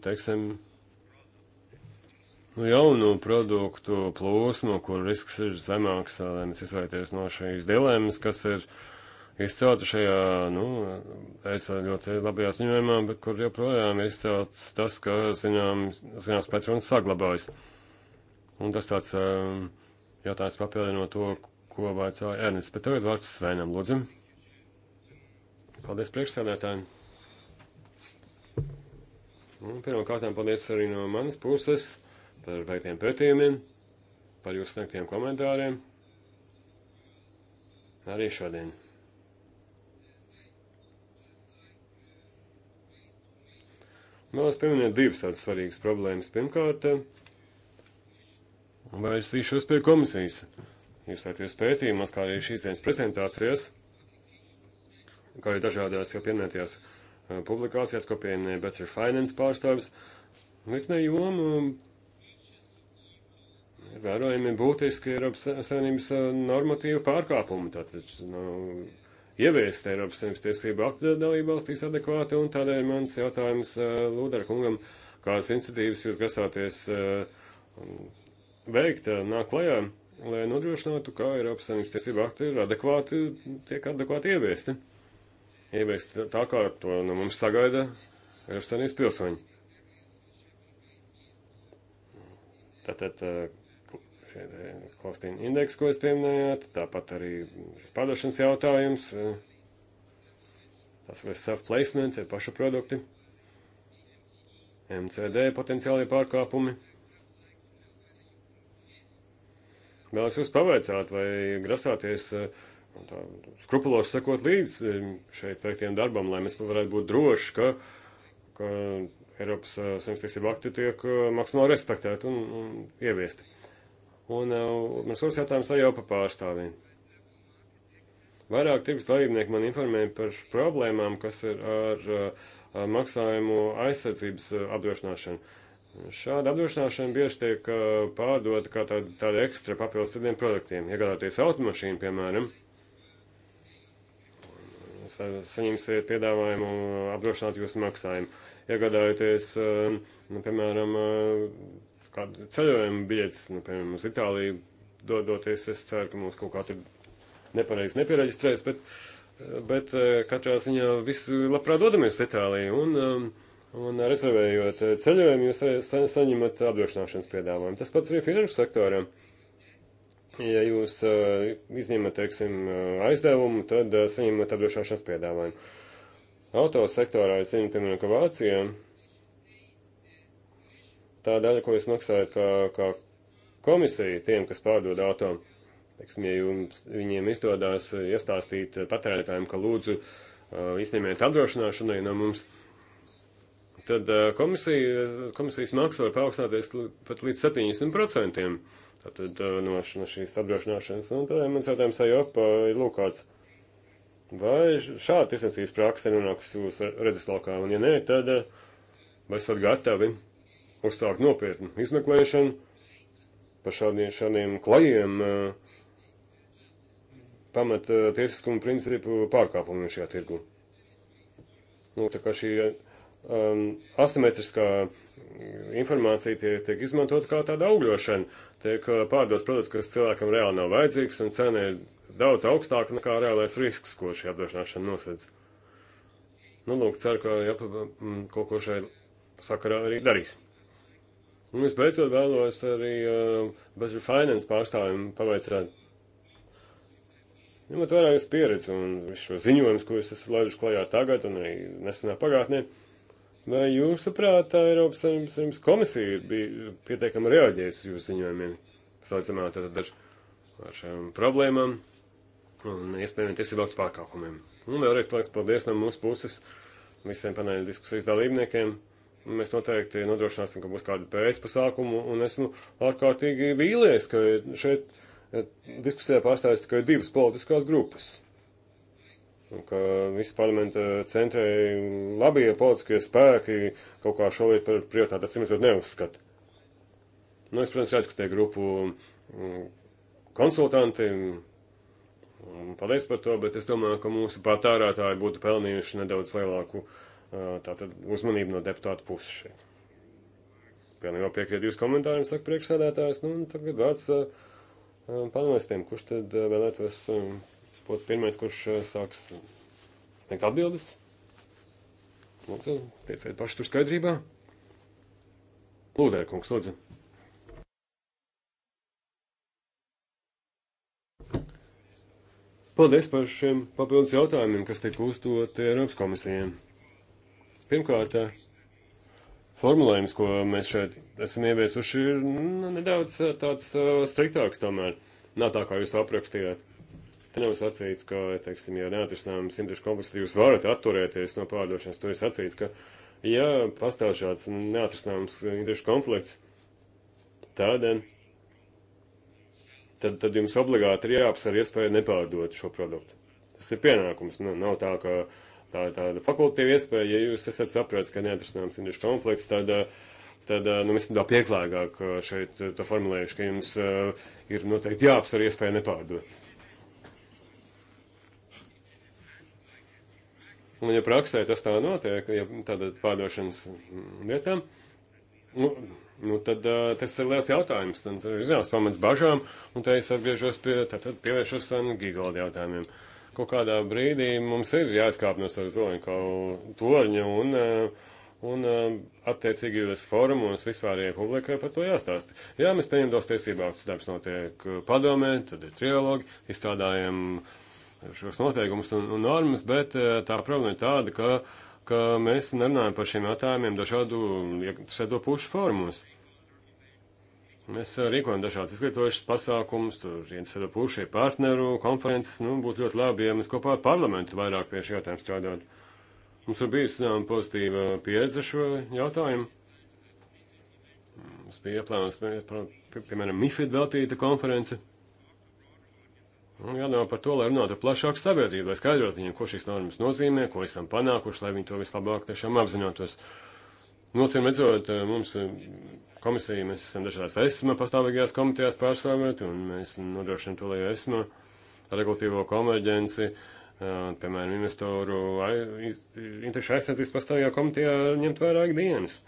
teiksim, nu, jaunu produktu plūsmu, kur risks ir zemāks, lai mēs izvairīties no šīs dilemmas, kas ir uh, izcelta šajā, nu, es ļoti labajā ziņojumā, bet kur joprojām ir izcelts tas, ka ziņām, zināms patronas saglabājas. Un tas tāds um, jautājums papildino to, ko vajadzēja Ernsts. Bet tagad vārds Svenam, lūdzu. Paldies priekšstādētājiem. Nu, Pirmkārt, paldies arī no manas puses par veiktiem pētījumiem, par jūsu sniegtiem komentāriem. Arī šodien. Vēlos pieminēt divas tādas svarīgas problēmas. Pirmkārt, vērsīšos pie komisijas. Jūs tādījos pētījumos, kā arī šīs dienas prezentācijās, kā arī dažādās jau pieminētajās publikācijās, ko pieminēja Better Finance pārstāvis, virknē jomu ir vērojami būtiski Eiropas Savienības normatīvu pārkāpumu. Tātad, nu, no, ieviest Eiropas Savienības tiesību aktu dalību valstīs adekvāti, un tādēļ mans jautājums eh, Lūdera kungam, kādas iniciatīvas jūs grasāties eh, veikt, eh, nāk klajā, lai nodrošinātu, ka Eiropas Savienības tiesību akti ir adekvāti, tiek adekvāti ieviesti. Ieviest tā, kā to no mums sagaida Eiropas Savienības pilsoņi. Tātad, uh, Klaustīna indeks, ko jūs pieminējāt, tāpat arī pārdošanas jautājums, e, tas vai self-placement, ir paša produkti, MCD potenciālie pārkāpumi. Vēlos jūs pavaicāt, vai grasāties e, tā, skrupulos sekot līdz e, šeit veiktiem darbam, lai mēs varētu būt droši, ka, ka Eiropas Savienības tiesību akti tiek maksimāli respektēti un, un ieviesti. Un eh, mans otrs jautājums arī jau pa pārstāvim. Vairāk tirgus dalībnieki man informēja par problēmām, kas ir ar, eh, ar maksājumu aizsardzības eh, apdrošināšanu. Šāda apdrošināšana bieži tiek pārdota kā tāda, tāda ekstra papildus citiem produktiem. Iegādāties automašīnu, piemēram, sa saņemsiet piedāvājumu apdrošināt jūsu maksājumu. Iegādājoties, nu, piemēram, kādu ceļojumu biļetes, nu, piemēram, uz Itāliju dodoties, es ceru, ka mums kaut kā tur nepareizi nepiereģistrēs, bet, bet eh, katrā ziņā visi labprāt dodamies uz Itāliju un, um, un rezervējot eh, ceļojumu, jūs arī saņemat apdrošināšanas piedāvājumu. Tas pats arī finanšu sektoram. Ja jūs eh, izņemat, teiksim, aizdevumu, tad saņemat apdrošināšanas piedāvājumu. Auto sektorā es zinu, piemēram, ka Vācijā tā daļa, ko jūs maksājat kā, kā komisija tiem, kas pārdod auto. Teiksim, ja jums, viņiem izdodās iestāstīt patērētājiem, ka lūdzu izņemiet apdrošināšanai no mums, tad komisija, komisijas maksa var paaugstināties pat līdz 70%. Tātad no, no šīs apdrošināšanas. Un tad mans jautājums ajopa ir lūk kāds. Vai šāda tirsniecības praksa ir nonākusi jūsu redzeslaukā? Un ja nē, tad vai esat gatavi? uzsākt nopietnu izmeklēšanu par šādiem, šādiem klajiem eh, pamat eh, tiesiskuma principu pārkāpumiem šajā tirgu. Nu, tā kā šī um, asimetriskā informācija tiek, tiek izmantota kā tāda augļošana, tiek eh, pārdots produkts, kas cilvēkam reāli nav vajadzīgs, un cena ir daudz augstāka nekā reālais risks, ko šī apdrošināšana nosedz. Nu, lūk, ceru, ka jā, mm, kaut ko šai sakarā arī darīs. Un nu, es beidzot vēlos arī uh, Budget Finance pārstāvjiem pavaicāt. Ņemot vērā jūsu pieredzi un visu šo ziņojumus, ko jūs esat laiduši klajā tagad un arī nesenā pagātnē, vai jūsuprāt, uh, Eiropas Savienības komisija ir bija pietiekami reaģējusi uz jūsu ziņojumiem, salīdzinājumā tad ar, ar um, problēmām un iespējami tiesību aktu pārkāpumiem? Un vēlreiz paldies no mūsu puses visiem paneļa diskusijas dalībniekiem. Mēs noteikti nodrošināsim, ka būs kādi pēcpasākumi, un esmu ārkārtīgi vīlies, ka šeit e, diskusijā pārstājas tikai divas politiskās grupas. Un ka visi parlamenta centrēji labie politiskie spēki kaut kā šo lietu par prioritāti atsimēs, bet neuzskata. Nu, es, protams, redzu, ka tie grupu mm, konsultanti, paldies par to, bet es domāju, ka mūsu patērētāji būtu pelnījuši nedaudz lielāku uh, tātad uzmanību no deputāta puses šeit. Pilnībā piekrīt jūsu komentāriem, saka priekšsēdētājs, nu, un tagad vārds uh, panelistiem, kurš tad uh, vēlētos uh, būt pirmais, kurš uh, sāks sniegt atbildes. Lūdzu, tieciet paši tur skaidrībā. Lūdēr, kungs, lūdzu. Paldies par šiem papildus jautājumiem, kas tika uzdoti Eiropas komisijiem. Pirmkārt, eh, formulējums, ko mēs šeit esam ieviesuši, ir nu, nedaudz eh, tāds eh, striktāks tomēr. Nav tā, kā jūs to aprakstījāt. Te nav sacīts, ka, teiksim, ja neatrisināms interešu konflikts, jūs varat atturēties no pārdošanas. Tur ir sacīts, ka, ja pastāv šāds neatrisināms interešu konflikts, tad, tad, tad jums obligāti ir jāapsver iespēja nepārdot šo produktu. Tas ir pienākums. Nu, nav tā, ka tā ir tāda fakultatīva iespēja, ja jūs esat sapratis, ka neatrisināms interešu konflikts, tad, tad nu, mēs tā pieklājīgāk eh, šeit eh, to formulējuši, ka jums uh, ir noteikti jāapsver iespēja nepārdot. Un, ja praksē tas tā notiek, ja tāda pārdošanas vietā, nu, nu tad uh, tas ir liels jautājums. Tad ir zināms pamats bažām, un te es atgriežos pie, tad, tad pievēršos um, gigaldi jautājumiem. Uh, kaut kādā brīdī mums ir jāatkāp no sava ziloņkalu torņa un, eh, un eh, attiecīgajos formos vispārējai publikai par to jāstāsta. Jā, mēs pieņemam tos tiesību aktus, darbs notiek padomē, tad ir trialogi, izstrādājam šos noteikumus un, un normas, bet eh, tā problēma ir tāda, ka, ka mēs nerunājam par šiem jautājumiem dažādu, dažādu pušu formos. Mēs rīkojam dažādas izglītojušas pasākumus, tur viensada pušie partneru konferences, nu, būtu ļoti labi, ja mēs kopā ar parlamentu vairāk pie šī jautājuma strādātu. Mums ir bijusi, zinām, pozitīva pieredze šo jautājumu. Mums bija plānots, piemēram, MIFID veltīta konference. Jādomā par to, lai runātu ar plašāku sabiedrību, lai skaidrotu viņiem, ko šīs normas nozīmē, ko esam panākuši, lai viņi to vislabāk tiešām apzinātos. Nocīm redzot, mums komisija, mēs esam dažādās esma pastāvīgajās komitejās pārstāvēt, un mēs nodrošinām to, lai esma regulatīvo konverģenci, piemēram, investoru interešu aizsardzības pastāvīgajā komitejā ņemt vērā ikdienas.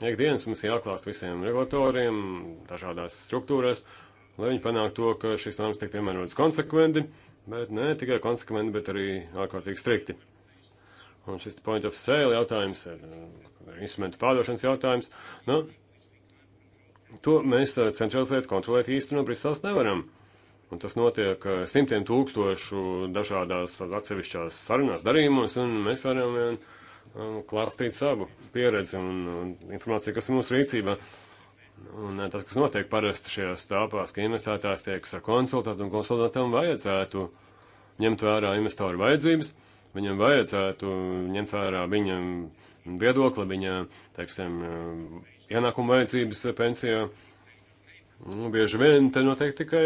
Ikdienas mums jāklāst visiem regulatoriem, dažādās struktūrās, lai viņi panāktu to, ka šis lēmums tiek piemērots konsekventi, bet ne tikai konsekventi, bet arī ārkārtīgi strikti. Un šis point of sale jautājums ir instrumentu pārdošanas jautājums. Nu, To mēs centralizēt, kontrolēt īsti no Briseles nevaram. Un tas notiek simtiem tūkstošu dažādās atsevišķās sarunās, darījumos, un mēs varam vien klāstīt savu pieredzi un informāciju, kas ir mūsu rīcībā. Un tas, kas notiek parasti šajās tāpās, ka investētājs tiek konsultēt, un konsultantam vajadzētu ņemt vērā investoru vajadzības, viņam vajadzētu ņemt vērā viņa viedokli, viņa, teiksim, ienākuma vajadzības pensijā. Nu, bieži vien te notiek tikai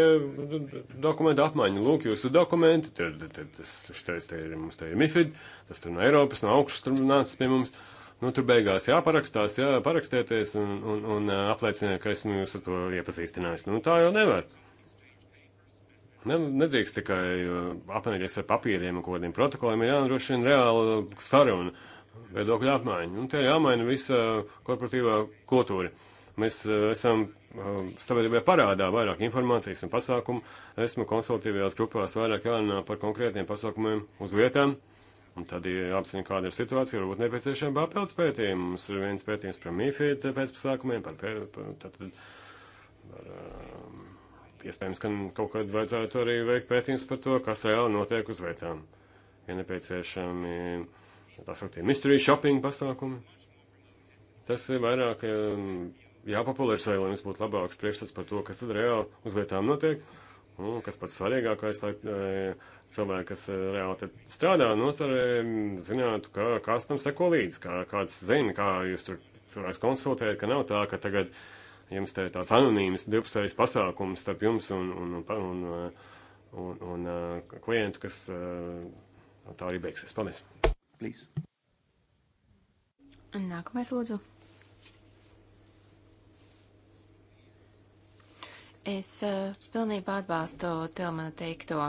dokumentu apmaiņa. Lūk, jūsu dokumenti, te, te, tas, šitais, te ir, mums te ir MIFID, tas tur no Eiropas, no augšas tur nācis pie mums. Nu, tur beigās jāparakstās, jāparakstēties un, un, un aplieciniet, ka esmu jūs ar to iepazīstinājis. Nu, tā jau nevar. Ne, nedrīkst tikai apmainīties ar papīriem un kodiem protokoliem, ir jānodrošina reāla saruna. Un, viedokļu apmaiņu. Un te ir jāmaina visa korporatīvā kultūra. Mēs eh, esam eh, sabiedrībai parādā vairāk informācijas un pasākumu. Esmu konsultatīvajās grupās vairāk jārunā par konkrētiem pasākumiem uz vietām. Un tad ir jāapzina, kāda ir situācija, varbūt nepieciešama papildus pētījuma. Mums ir viens pētījums par MIFID pēcpasākumiem, par, pē, par, tad, par um, iespējams, ka kaut kad vajadzētu arī veikt pētījums par to, kas reāli notiek uz vietām. Ja nepieciešami. Um, tā sauktie mystery shopping pasākumi. Tas ir vairāk eh, jāpopularizē, lai mums būtu labāks priekšstats par to, kas tad reāli uz vietām notiek. Un kas pats svarīgākais, lai eh, cilvēki, kas eh, reāli strādā nozarē, zinātu, ka, kas tam seko līdzi, kā, kāds zina, kā jūs tur cilvēks konsultējat, ka nav tā, ka tagad jums te tāds anonīms divpusējs pasākums starp jums un, un, un, un, un, un klientu, kas tā arī beigsies. Paldies! Please. Nākamais lūdzu. Es uh, pilnībā atbalstu Tilmana teikto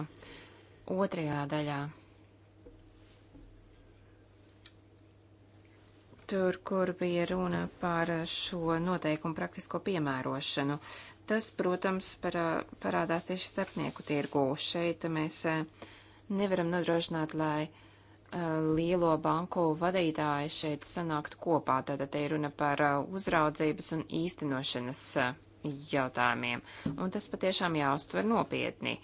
otrajā daļā. Tur, kur bija runa par šo noteikumu praktisko piemērošanu, tas, protams, parā, parādās tieši starpnieku tirgū. Šeit mēs uh, nevaram nodrošināt, lai uh, Eh, lielo banku vadītāji šeit sanāktu kopā. Tātad te ir runa par eh, uzraudzības un īstenošanas eh, jautājumiem. Un tas patiešām jāuztver nopietni.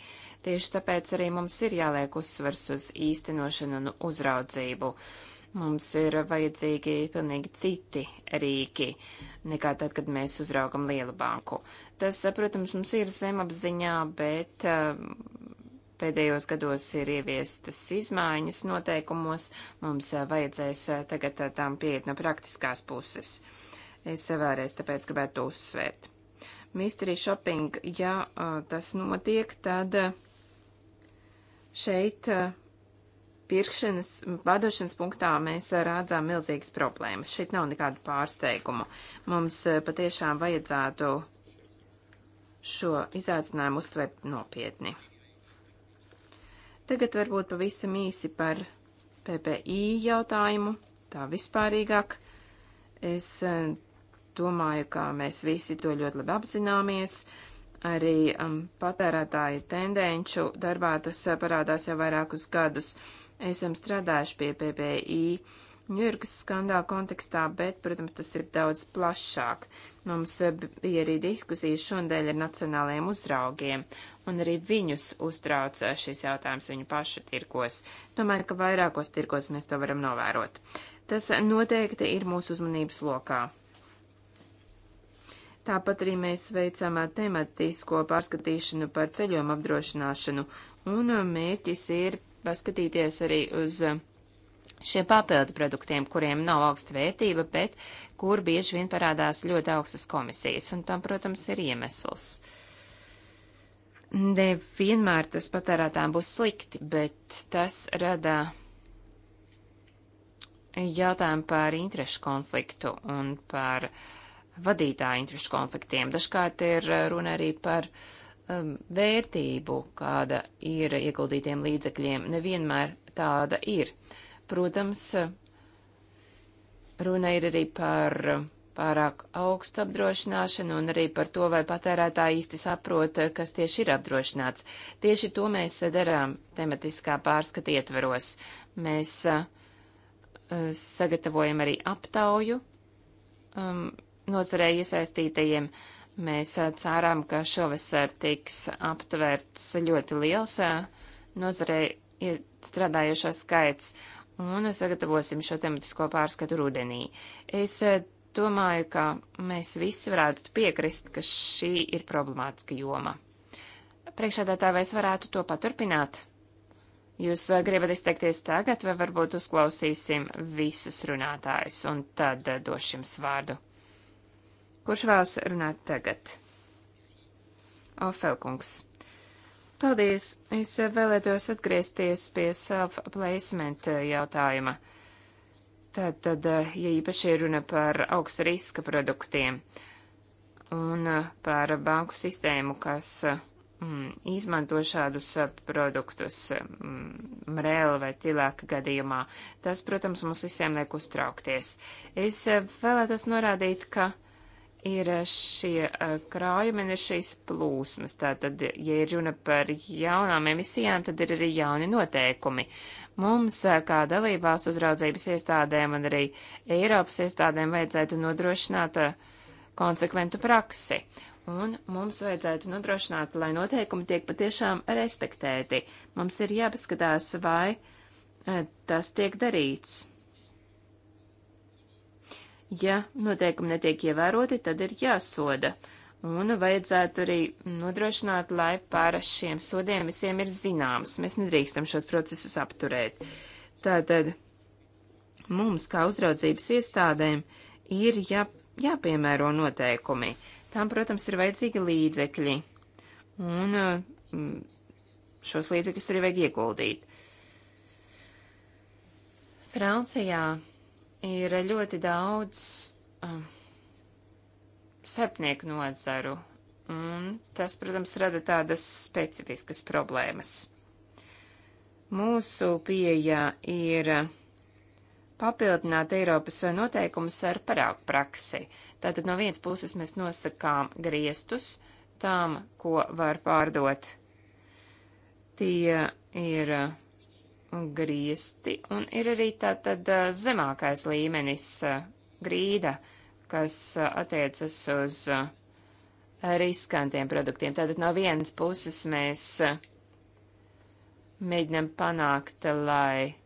Tieši tāpēc arī mums ir jāliek uzsvers uz īstenošanu un uzraudzību. Mums ir vajadzīgi pilnīgi citi rīki nekā tad, kad mēs uzraugam lielu banku. Tas, protams, mums ir zemapziņā, bet uh, Pēdējos gados ir ieviestas izmaiņas noteikumos, mums eh, vajadzēs eh, tagad eh, tām pieiet no praktiskās puses. Es vēlreiz tāpēc gribētu to uzsvērt. Mystery shopping, ja tas notiek, tad šeit pirkšanas, vadošanas punktā mēs rādzām milzīgas problēmas. Šeit nav nekādu pārsteigumu. Mums patiešām vajadzētu šo izaicinājumu uztvert nopietni. Tagad varbūt pavisam īsi par PPI jautājumu, tā vispārīgāk. Es eh, domāju, ka mēs visi to ļoti labi apzināmies. Arī um, patērētāju tendenču darbā tas eh, parādās jau vairākus gadus. Esam strādājuši pie PPI. Ņujorkas skandāla kontekstā, bet, protams, tas ir daudz plašāk. Mums eh, bija arī diskusijas šodien ar nacionālajiem uzraugiem, un arī viņus uztrauc eh, šis jautājums viņu pašu tirkos. Domāju, ka vairākos tirkos mēs to varam novērot. Tas noteikti ir mūsu uzmanības lokā. Tāpat arī mēs veicam eh, tematisko pārskatīšanu par ceļojumu apdrošināšanu, un eh, mērķis ir paskatīties arī uz šiem papildu produktiem, kuriem nav augsta vērtība, bet kur bieži vien parādās ļoti augstas komisijas, un tam, protams, ir iemesls. Uh, Nevienmēr tas patērētājiem būs slikti, bet tas rada jautājumu par interešu konfliktu un par vadītāju interešu konfliktiem. Dažkārt ir runa arī par um, vērtību, kāda ir ieguldītiem līdzekļiem. Nevienmēr tāda ir. Protams, runa ir arī par uh, pārāk augstu apdrošināšanu un arī par to, vai patērētāji īsti saprot, kas tieši ir apdrošināts. Tieši to mēs darām tematiskā pārskata ietveros. Mēs uh, sagatavojam arī aptauju um, nocerē iesaistītajiem. Mēs uh, cērām, ka šovasar tiks aptvērts ļoti liels uh, nozarē strādājošo skaits un sagatavosim šo tematisko pārskatu rudenī. Es Domāju, ka mēs visi varētu piekrist, ka šī ir problemātiska joma. Priekšādātāji, vai es varētu to paturpināt? Jūs eh, gribat izteikties tagad, vai varbūt uzklausīsim visus runātājus, un tad eh, došu jums vārdu. Kurš vēlas runāt tagad? Ofelkungs. Paldies! Es eh, vēlētos atgriezties pie self-placement jautājuma. Uh, Tātad, ja īpaši runa par augsta riska produktiem un par banku sistēmu, kas mm, izmanto šādus produktus mm, rēla vai tilāka gadījumā, tas, protams, mums visiem liek uztraukties. Es eh, vēlētos norādīt, ka ir šie kraujumi ir šīs plūsmas. Tātad, ja ir runa par jaunām emisijām, tad ir arī jauni noteikumi. Mums, kā dalībās uzraudzības iestādēm un arī Eiropas iestādēm, vajadzētu nodrošināt konsekventu praksi. Un mums vajadzētu nodrošināt, lai noteikumi tiek patiešām respektēti. Mums ir jāpaskatās, vai tas tiek darīts ja noteikumi netiek ievēroti, tad ir jāsoda. Un vajadzētu arī nodrošināt, lai par šiem sodiem visiem ir zināms. Mēs nedrīkstam šos procesus apturēt. Tātad mums, kā uzraudzības iestādēm, ir jā, jāpiemēro noteikumi. Tām, protams, ir vajadzīgi līdzekļi. Un mm, šos līdzekļus arī vajag ieguldīt. Francijā Ir ļoti daudz um, starpnieku nozaru, un tas, protams, rada tādas specifiskas problēmas. Mūsu pieeja ir papildināt Eiropas noteikumus ar parāku praksi. Tātad no vienas puses mēs nosakām griestus tām, ko var pārdot. Tie ir uh, griesti, un ir arī tātad zemākais līmenis grīda, kas attiecas uz riskantiem produktiem. Tātad no vienas puses mēs mēģinam panākt, lai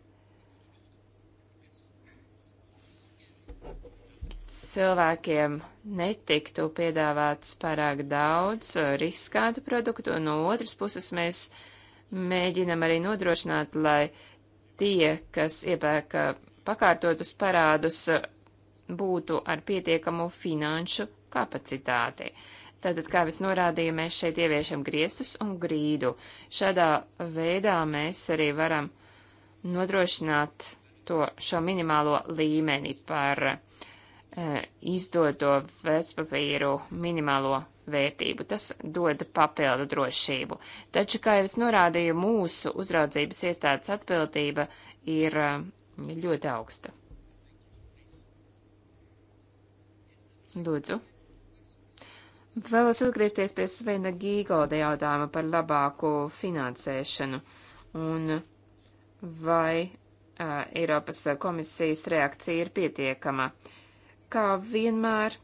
cilvēkiem netiktu piedāvāts pārāk daudz riskantu produktu, un no otras puses mēs uh, Mēģinam arī nodrošināt, lai tie, kas iepērka pakārtotus parādus, būtu ar pietiekamu finanšu kapacitāti. Tātad, kā es norādīju, mēs šeit ieviešam griestus un grīdu. Šādā veidā mēs arī varam nodrošināt to šo minimālo līmeni par e, izdoto vērtspapīru minimālo vērtību, tas dod papildu drošību. Taču, kā jau es norādīju, mūsu uzraudzības iestādes atbildība ir um, ļoti augsta. Lūdzu. Vēlos atgriezties pie Svena Gīgolda jautājuma par labāku finansēšanu un vai uh, Eiropas komisijas reakcija ir pietiekama. Kā vienmēr,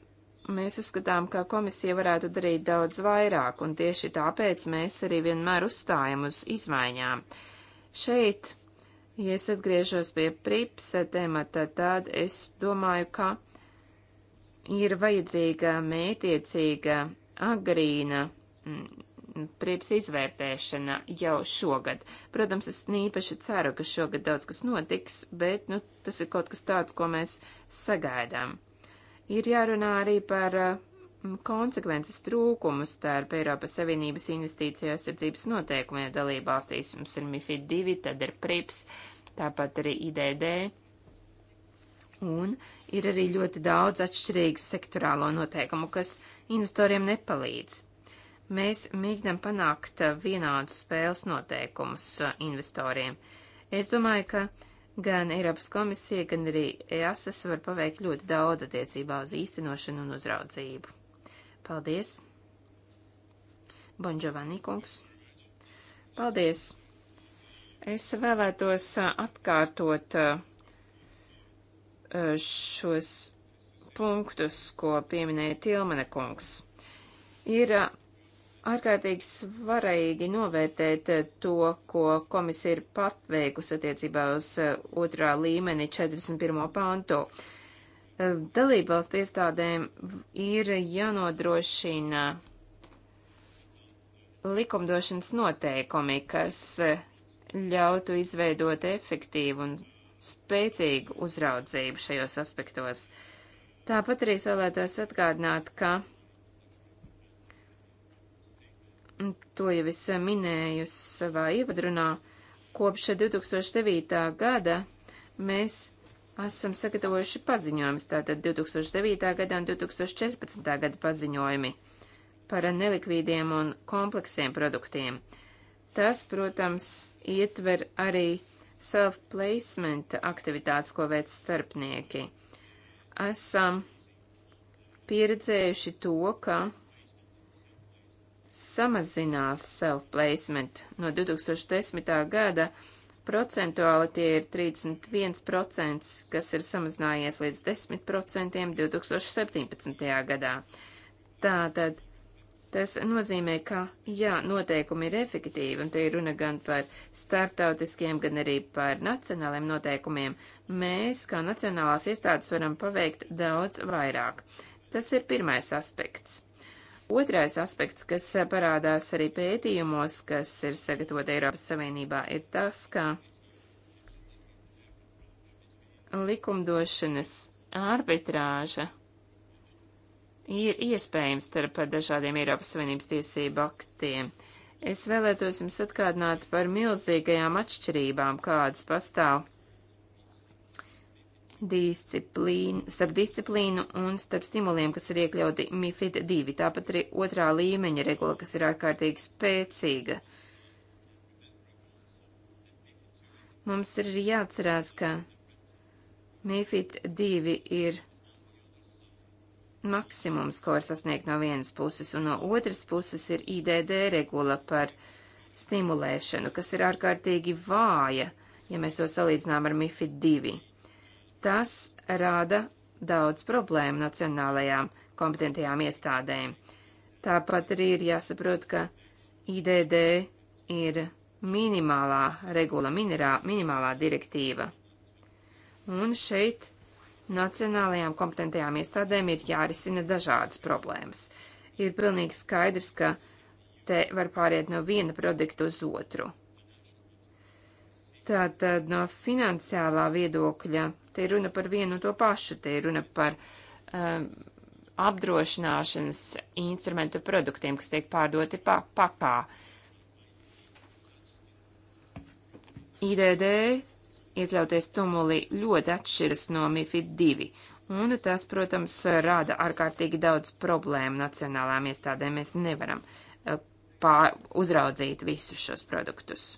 Mēs uzskatām, ka komisija varētu darīt daudz vairāk, un tieši tāpēc mēs arī vienmēr uzstājam uz izmaiņām. Šeit, ja es atgriežos pie pripsa temata, tad es domāju, ka ir vajadzīga mētiecīga agrīna mm, prips izvērtēšana jau šogad. Protams, es īpaši ceru, ka šogad daudz kas notiks, bet, nu, tas ir kaut kas tāds, ko mēs sagaidām. Ir jārunā arī par eh, konsekvences trūkumu starp Eiropas Savienības investīciju aizsardzības noteikumiem dalībvalstīs. Mums ir MIFID 2, tad ir PRIPS, tāpat arī IDD. Un ir arī ļoti daudz atšķirīgu sektorālo noteikumu, kas investoriem nepalīdz. Mēs mēģinām panākt eh, vienādus spēles noteikumus eh, investoriem. Es domāju, ka Gan Eiropas komisija, gan arī EASAS var paveikt ļoti daudz attiecībā uz īstenošanu un uzraudzību. Paldies! Bonžovanī kungs! Paldies! Es vēlētos uh, atkārtot uh, uh, šos punktus, ko pieminēja Tilmane kungs. Ir ārkārtīgi svarīgi novērtēt eh, to, ko komisija ir paveikusi attiecībā uz eh, otrā līmenī 41. pantu. Eh, dalībvalstu iestādēm ir jānodrošina likumdošanas noteikumi, kas ļautu izveidot efektīvu un spēcīgu uzraudzību šajos aspektos. Tāpat arī vēlētos atgādināt, ka to jau es minēju savā ievadrunā, kopš 2009. gada mēs esam sagatavojuši paziņojumus, tātad 2009. gada un 2014. gada paziņojumi par nelikvīdiem un kompleksiem produktiem. Tas, protams, ietver arī self-placement aktivitātes, ko veic starpnieki. Esam pieredzējuši to, ka samazinās self-placement. No 2010. gada procentuāli tie ir 31%, kas ir samazinājies līdz 10% 2017. gadā. Tātad tas nozīmē, ka, jā, noteikumi ir efektīvi, un te ir runa gan par starptautiskiem, gan arī par nacionāliem noteikumiem, mēs, kā nacionālās iestādes, varam paveikt daudz vairāk. Tas ir pirmais aspekts. Otrais aspekts, kas parādās arī pētījumos, kas ir sagatavota Eiropas Savienībā, ir tas, ka likumdošanas arbitrāža ir iespējams starp dažādiem Eiropas Savienības tiesību aktiem. Es vēlētos jums atkārdināt par milzīgajām atšķirībām, kādas pastāv disciplīn, starp disciplīnu un starp stimuliem, kas ir iekļauti MIFID 2. Tāpat arī otrā līmeņa regula, kas ir ārkārtīgi spēcīga. Mums ir jāatcerās, ka MIFID 2 ir maksimums, ko var sasniegt no vienas puses, un no otras puses ir IDD regula par stimulēšanu, kas ir ārkārtīgi vāja, ja mēs to salīdzinām ar MIFID 2. Tas rada daudz problēmu nacionālajām kompetentajām iestādēm. Tāpat arī ir jāsaprot, ka IDD ir minimālā regula, minerā, minimālā direktīva. Un šeit nacionālajām kompetentajām iestādēm ir jārisina dažādas problēmas. Ir pilnīgi skaidrs, ka te var pāriet no viena produkta uz otru. Tātad no finansiālā viedokļa Te ir runa par vienu un to pašu, te ir runa par um, apdrošināšanas instrumentu produktiem, kas tiek pārdoti pa pakā. IDD iekļauties tumulī ļoti atšķiras no MIFID 2, un tas, protams, rada ārkārtīgi daudz problēmu nacionālām iestādēm. Mēs nevaram eh, pār, uzraudzīt visus šos produktus.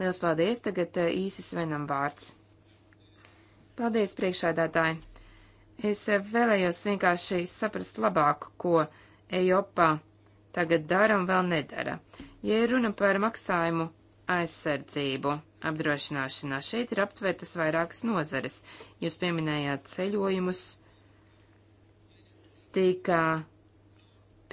Liels paldies! Tagad eh, īsi Svenam vārds. Paldies, priekšēdētāji! Es vēlējos vienkārši saprast labāk, ko Eiropā tagad dara un vēl nedara. Ja runa par maksājumu aizsardzību, apdrošināšanā, šeit ir aptvērtas vairākas nozares. Jūs pieminējāt ceļojumus, tika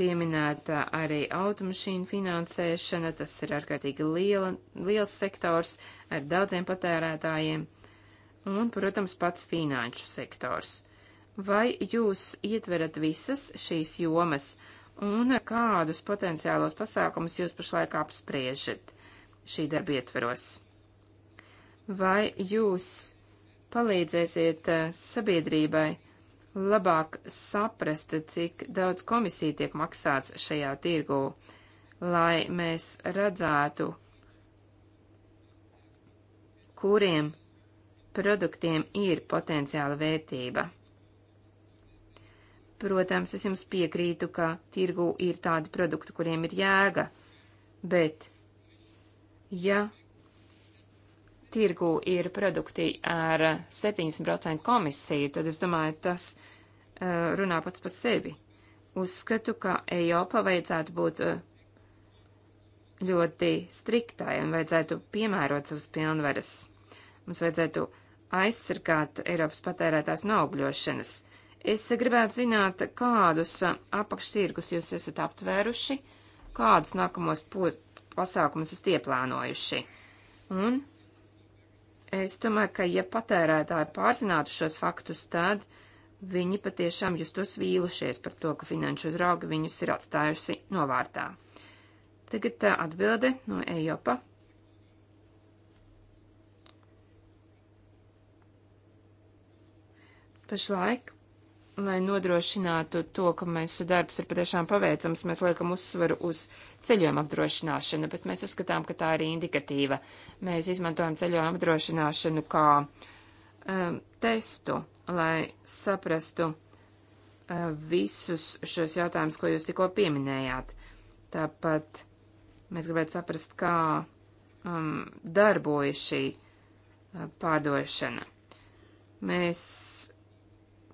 pieminēta arī automašīnu finansēšana, tas ir ārkārtīgi liela, liels sektors ar daudziem patērētājiem un, protams, pats finanšu sektors. Vai jūs ietverat visas šīs jomas un kādus potenciālos pasākumus jūs pašlaik apspriežat šī darba ietveros? Vai jūs palīdzēsiet eh, sabiedrībai labāk saprast, cik daudz komisija tiek maksāts šajā tirgū, lai mēs redzētu, kuriem produktiem ir potenciāla vērtība. Protams, es jums piekrītu, ka tirgu ir tādi produkti, kuriem ir jēga, bet ja tirgu ir produkti ar 70% komisiju, tad es domāju, tas eh, runā pats par sevi. Uzskatu, ka Eiropa vajadzētu būt eh, ļoti striktai un vajadzētu piemērot savas pilnvaras. Mums vajadzētu uh, aizsargāt Eiropas patērētājs no augļošanas. Es gribētu zināt, kādus uh, apakšsirgus jūs esat aptvēruši, kādus nākamos pasākumus esat ieplānojuši. Un es domāju, ka ja patērētāji pārzinātu šos faktus, tad viņi patiešām justos vīlušies par to, ka finanšu uzrauga viņus ir atstājusi novārtā. Tagad uh, atbilde no Ejopa. Pašlaik, lai nodrošinātu to, ka mūsu darbs ir patiešām paveicams, mēs liekam uzsvaru uz ceļojuma apdrošināšanu, bet mēs uzskatām, ka tā ir indikatīva. Mēs izmantojam ceļojuma apdrošināšanu kā um, testu, lai saprastu uh, visus šos jautājumus, ko jūs tikko pieminējāt. Tāpat mēs gribētu saprast, kā um, darbojas šī uh, pārdošana. Mēs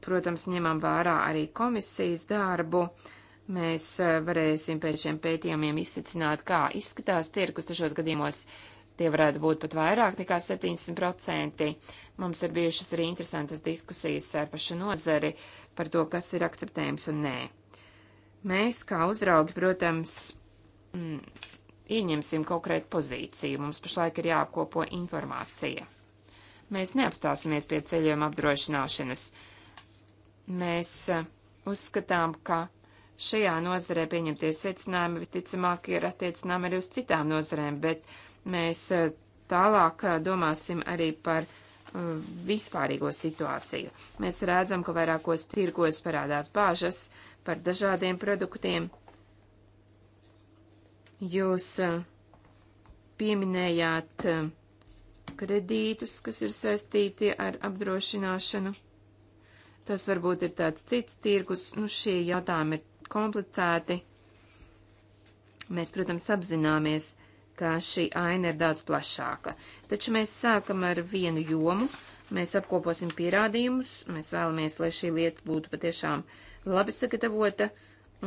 Protams, ņemam vērā arī komisijas darbu. Mēs eh, varēsim pēc šiem pētījumiem izsacināt, kā izskatās tirkus tašos gadījumos. Tie varētu būt pat vairāk nekā 70%. Mums ir bijušas arī interesantas diskusijas eh, ar pašu nozari par to, kas ir akceptējams un nē. Mēs, kā uzraugi, protams, mm, ieņemsim konkrētu pozīciju. Mums pašlaik ir jāapkopo informācija. Mēs neapstāsimies pie ceļojuma apdrošināšanas. Uh, Mēs eh, uzskatām, ka šajā nozarē pieņemtie secinājumi visticamāk ir attiecināmi arī uz citām nozarēm, bet mēs eh, tālāk eh, domāsim arī par vispārīgo situāciju. Mēs redzam, ka vairākos tirgos parādās bāžas par dažādiem produktiem. Jūs pieminējāt kredītus, kas ir saistīti ar apdrošināšanu. Tas varbūt ir tāds cits tirgus, nu šie jautājumi ir komplicēti. Mēs, protams, apzināmies, ka šī aina ir daudz plašāka. Taču mēs sākam ar vienu jomu, mēs apkoposim pierādījumus, mēs vēlamies, lai šī lieta būtu patiešām labi sagatavota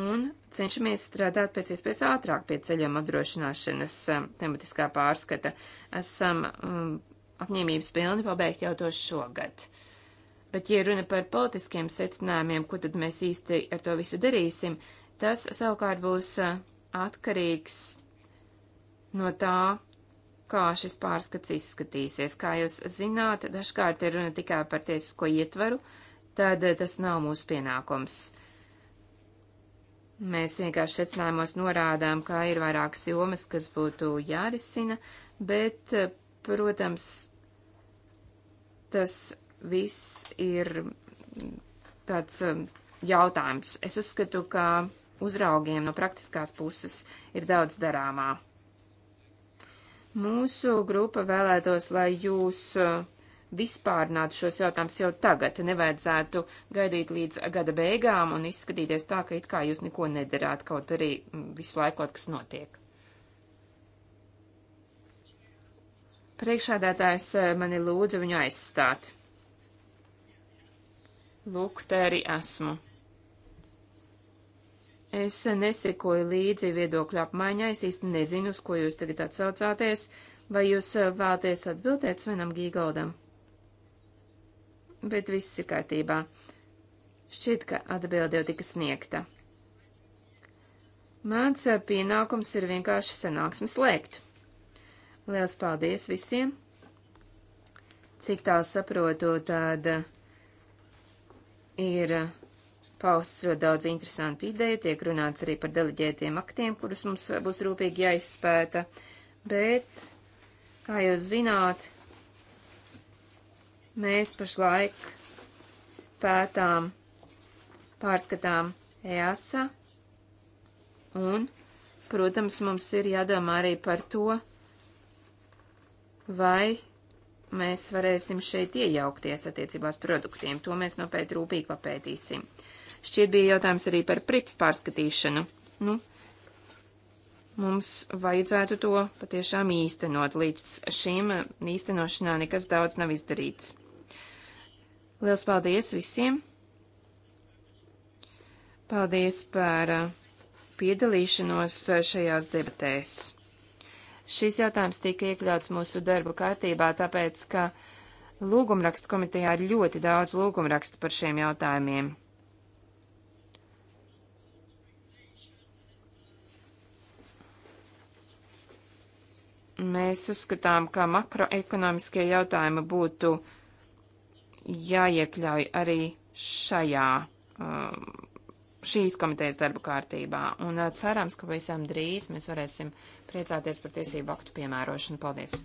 un cenšamies strādāt pēc iespējas ātrāk pie ceļojuma apdrošināšanas um, tematiskā pārskata. Esam um, apņēmības pilni pabeigt jau to šogad. Bet, ja runa par politiskiem secinājumiem, ko tad mēs īsti ar to visu darīsim, tas savukārt būs atkarīgs no tā, kā šis pārskats izskatīsies. Kā jūs zināt, dažkārt ir runa tikai par tiesisko ietvaru, tad tas nav mūsu pienākums. Mēs vienkārši secinājumos norādām, ka ir vairākas jomas, kas būtu jārisina, bet, protams, tas viss ir tāds um, jautājums. Es uzskatu, ka uzraugiem no praktiskās puses ir daudz darāmā. Mūsu grupa vēlētos, lai jūs uh, vispārnātu šos jautājumus jau tagad. Nevajadzētu gaidīt līdz gada beigām un izskatīties tā, ka it kā jūs neko nedarāt, kaut arī mm, visu laiku kaut kas notiek. Priekšādātājs uh, mani lūdza viņu aizstāt. Lūk, te arī esmu. Es nesekoju līdzi viedokļu apmaiņai, es īsti nezinu, uz ko jūs tagad atsaucāties, vai jūs eh, vēlaties atbildēt Svenam Gīgoldam. Bet viss ir kārtībā. Šķiet, ka atbilde jau tika sniegta. Mans eh, pienākums ir vienkārši sanāksmi slēgt. Liels paldies visiem! Cik tālu saprotu, tad. Uh, ir paustas ļoti daudz interesantu ideju, tiek runāts arī par deleģētiem aktiem, kurus mums būs rūpīgi jāizspēta, bet, kā jūs zināt, mēs pašlaik pētām, pārskatām EASA un, protams, mums ir jādomā arī par to, vai mēs varēsim šeit iejaukties attiecībās produktiem. To mēs nopietni rūpīgi papētīsim. Šķiet bija jautājums arī par prips pārskatīšanu. Nu, mums vajadzētu to patiešām īstenot. Līdz šim īstenošanā nekas daudz nav izdarīts. Liels paldies visiem! Paldies par piedalīšanos šajās debatēs! Šīs jautājums tika iekļauts mūsu darbu kārtībā, tāpēc, ka lūgumrakstu komitejā ir ļoti daudz lūgumrakstu par šiem jautājumiem. Mēs uzskatām, ka makroekonomiskie jautājumi būtu jāiekļauj arī šajā um, šīs komitejas darba kārtībā, un uh, cerams, ka visam drīz mēs varēsim priecāties par tiesību aktu piemērošanu. Paldies!